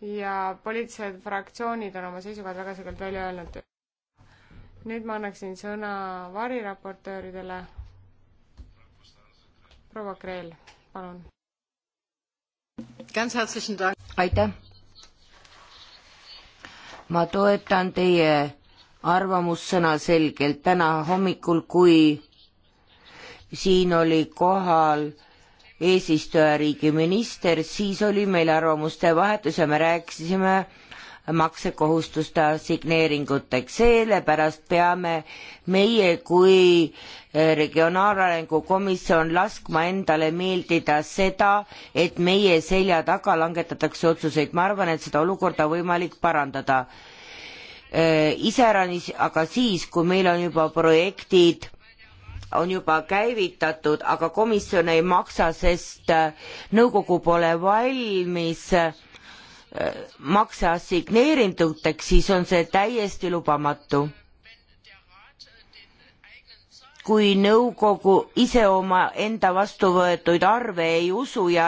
ja poliitilised fraktsioonid on oma seisukohad väga selgelt välja öelnud. nüüd ma annaksin sõna variraportööridele. proua Kreel, palun. aitäh. ma toetan teie arvamust sõnaselgelt täna hommikul, kui siin oli kohal äh, eesistujariigi minister, siis oli meil arvamuste vahetus ja me rääkisime maksekohustuste signeeringuteks, sellepärast peame meie kui eh, Regionaalarengu Komisjon laskma endale meeldida seda, et meie selja taga langetatakse otsuseid, ma arvan, et seda olukorda on võimalik parandada. Eh, iseäranis aga siis, kui meil on juba projektid on juba käivitatud, aga komisjon ei maksa, sest äh, nõukogu pole valmis äh, makse assigneeringuteks, siis on see täiesti lubamatu. kui nõukogu ise omaenda vastu võetud arve ei usu ja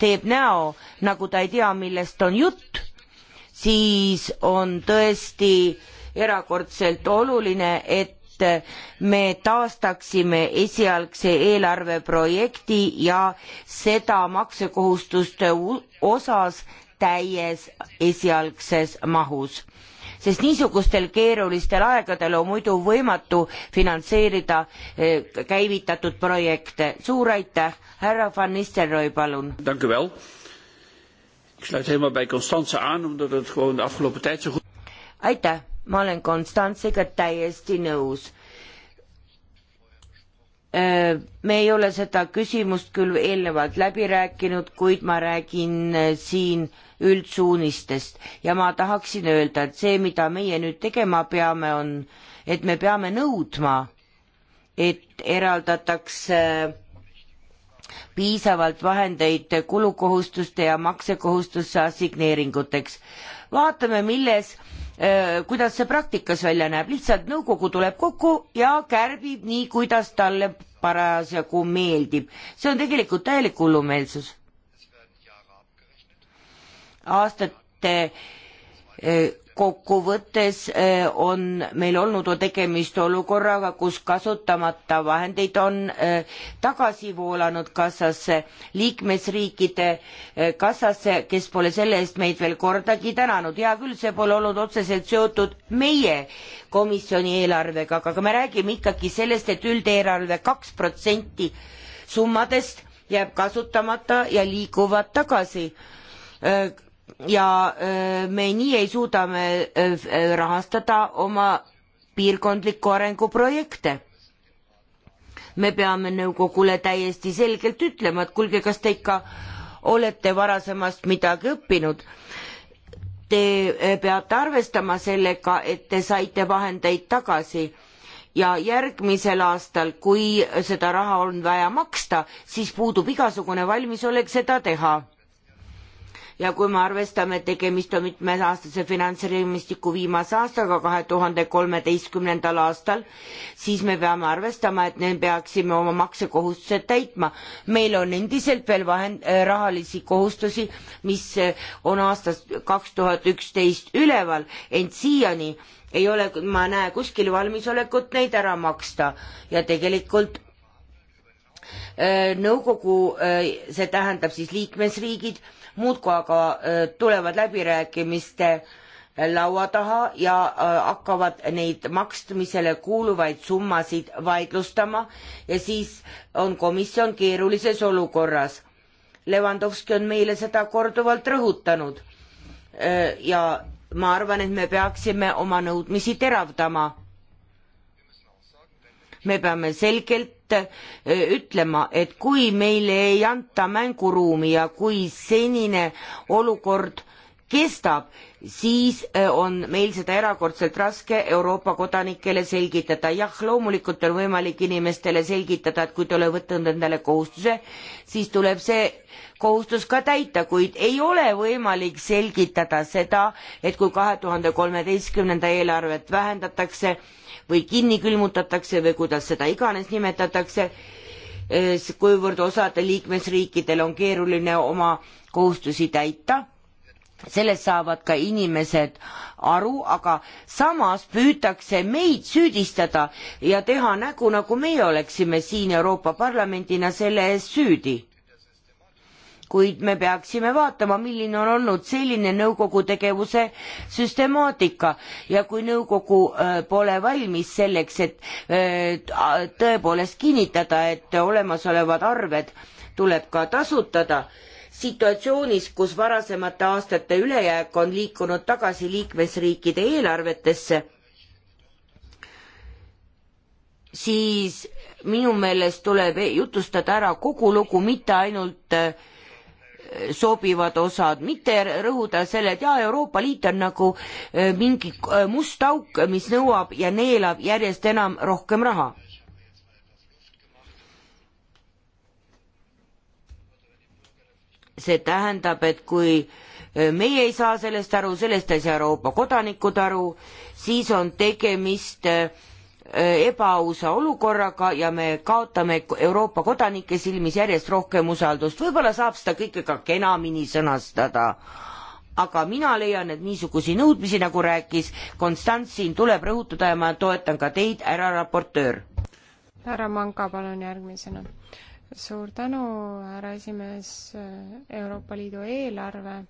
teeb näo, nagu ta ei tea, millest on jutt, siis on tõesti erakordselt oluline, et et me taastaksime esialgse eelarveprojekti ja seda maksekohustuste osas täies esialgses mahus sest niisugustel keerulistel aegadel on muidu võimatu finantseerida eh, käivitatud projekte. suur aitäh, härra Van Nistelrooy, palun. aitäh ma olen Konstantsega täiesti nõus. Äh, me ei ole seda küsimust küll eelnevalt läbi rääkinud, kuid ma räägin äh, siin üldsuunistest ja ma tahaksin öelda, et see, mida meie nüüd tegema peame, on, et me peame nõudma, et eraldatakse äh, piisavalt vahendeid kulukohustuste ja maksekohustuste assigneeringuteks. vaatame, milles äh, Äh, kuidas see praktikas välja näeb, lihtsalt nõukogu tuleb kokku ja kärbib nii, kuidas talle parasjagu meeldib. see on tegelikult täielik hullumeelsus. aastate äh, kokkuvõttes eh, on meil olnud tegemist olukorraga, kus kasutamata vahendeid on eh, tagasi voolanud kassasse, liikmesriikide eh, kassasse, kes pole selle eest meid veel kordagi tänanud. hea küll, see pole olnud otseselt seotud meie komisjoni eelarvega, aga me räägime ikkagi sellest, et üldeelarve kaks protsenti summadest jääb kasutamata ja liiguvad tagasi ja me nii ei suuda me rahastada oma piirkondlikku arenguprojekte. me peame nõukogule täiesti selgelt ütlema, et kuulge, kas te ikka olete varasemast midagi õppinud. Te peate arvestama sellega, et te saite vahendeid tagasi ja järgmisel aastal, kui seda raha on vaja maksta, siis puudub igasugune valmisolek seda teha ja kui me arvestame, et tegemist on mitmeaastase finantsreemistiku viimase aastaga kahe tuhande kolmeteistkümnendal aastal, siis me peame arvestama, et me peaksime oma maksekohustused täitma. meil on endiselt veel vahend, äh, rahalisi kohustusi, mis äh, on aastast kaks tuhat üksteist üleval, ent siiani ei ole, ma näe kuskil valmisolekut neid ära maksta ja tegelikult äh, nõukogu, see tähendab siis liikmesriigid muudkui aga äh, tulevad läbirääkimiste äh, laua taha ja äh, hakkavad neid makstmisele kuuluvaid summasid vaidlustama ja siis on komisjon keerulises olukorras. Levandovski on meile seda korduvalt rõhutanud. ja ma arvan, et me peaksime oma nõudmisi teravdama. me peame selgelt Äh, ütlema, et kui meile ei anta mänguruumi ja kui senine olukord kestab, siis äh, on meil seda erakordselt raske Euroopa kodanikele selgitada. jah, loomulikult on võimalik inimestele selgitada, et kui te olete võtnud endale kohustuse, siis tuleb see kohustus ka täita, kuid ei ole võimalik selgitada seda, et kui kahe tuhande kolmeteistkümnenda eelarvet vähendatakse, või kinni külmutatakse või kuidas seda iganes nimetatakse, eh, kuivõrd osade liikmesriikidel on keeruline oma kohustusi täita sellest saavad ka inimesed aru, aga samas püütakse meid süüdistada ja teha nägu, nagu meie oleksime siin Euroopa Parlamendina selle eest süüdi kuid me peaksime vaatama, milline on olnud selline nõukogu tegevuse süstemaatika ja kui nõukogu äh, pole valmis selleks, et äh, tõepoolest kinnitada, et olemasolevad arved tuleb ka tasutada, situatsioonis, kus varasemate aastate ülejääk on liikunud tagasi liikmesriikide eelarvetesse, siis minu meelest tuleb jutustada ära kogu lugu, mitte ainult äh, sobivad osad, mitte rõhuda selle, et jaa, Euroopa Liit on nagu äh, mingi äh, must auk, mis nõuab ja neelab järjest enam rohkem raha. see tähendab, et kui äh, meie ei saa sellest aru, sellest ei saa Euroopa kodanikud aru, siis on tegemist äh, Äh, ebaausa olukorraga ja me kaotame Euroopa kodanike silmis järjest rohkem usaldust. võib-olla saab seda kõike ka kenamini sõnastada. aga mina leian, et niisugusi nõudmisi, nagu rääkis Konstantin, tuleb rõhutada ja ma toetan ka teid, härra raportöör. härra Manka, palun järgmisena. suur tänu, härra esimees, Euroopa Liidu eelarve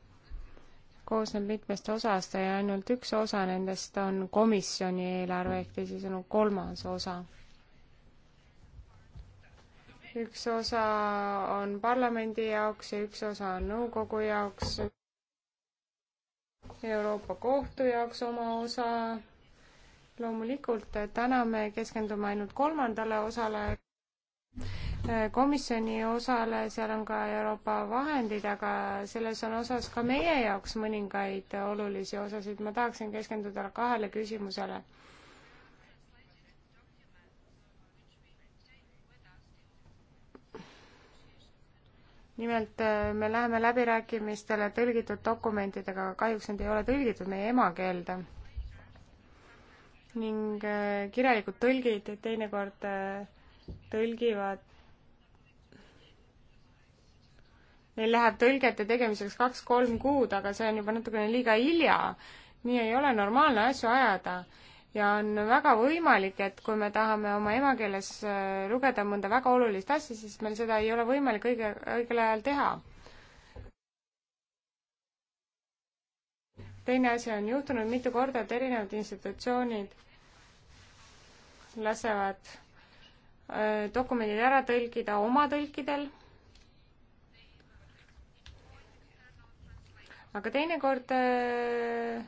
koosneb mitmest osast ja ainult üks osa nendest on komisjoni eelarve ehk teisisõnu kolmas osa. üks osa on parlamendi jaoks ja üks osa on nõukogu jaoks. Euroopa Kohtu jaoks oma osa. loomulikult täna me keskendume ainult kolmandale osale Äh, komisjoni osale, seal on ka Euroopa vahendid, aga selles on osas ka meie jaoks mõningaid olulisi osasid, ma tahaksin keskenduda kahele küsimusele nimelt äh, me läheme läbirääkimistele tõlgitud dokumentidega, aga kahjuks need ei ole tõlgitud meie emakeelde. ning äh, kirjalikud tõlgid teinekord tõlgivad neil läheb tõlgete tegemiseks kaks-kolm kuud, aga see on juba natukene liiga hilja. nii ei ole normaalne asju ajada. ja on väga võimalik, et kui me tahame oma emakeeles äh, lugeda mõnda väga olulist asja, siis meil seda ei ole võimalik õige, õigel ajal teha. teine asi on juhtunud mitu korda, et erinevad institutsioonid lasevad äh, dokumendid ära tõlkida oma tõlkidel aga teinekord äh,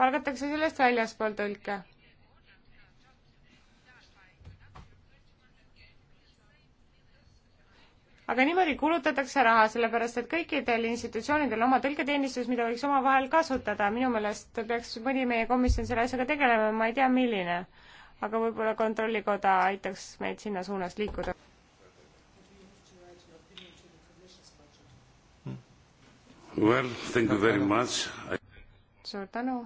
palgatakse sellest väljaspool tõlke. aga niimoodi kulutatakse raha, sellepärast et kõikidel institutsioonidel oma tõlketeenistus, mida võiks omavahel kasutada, minu meelest peaks mõni meie komisjon selle asjaga tegelema, ma ei tea, milline. aga võib-olla Kontrollikoda aitaks meid sinna suunas liikuda. Well, thank you very much. suur tänu,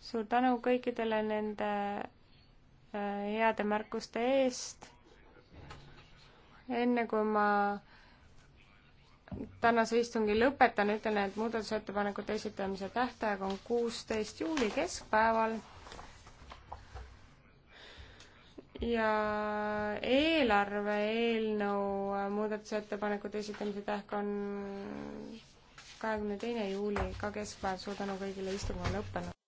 suur tänu kõikidele nende äh, heade märkuste eest. enne kui ma tänase istungi lõpetan, ütlen, et muudatusettepanekute esitamise tähtaeg on kuusteist juuli keskpäeval. ja eelarve eelnõu muudatusettepanekute esitamise tähtaeg on kahekümne teine juuli, ka keskpäev. suur tänu kõigile, istung on lõppenud.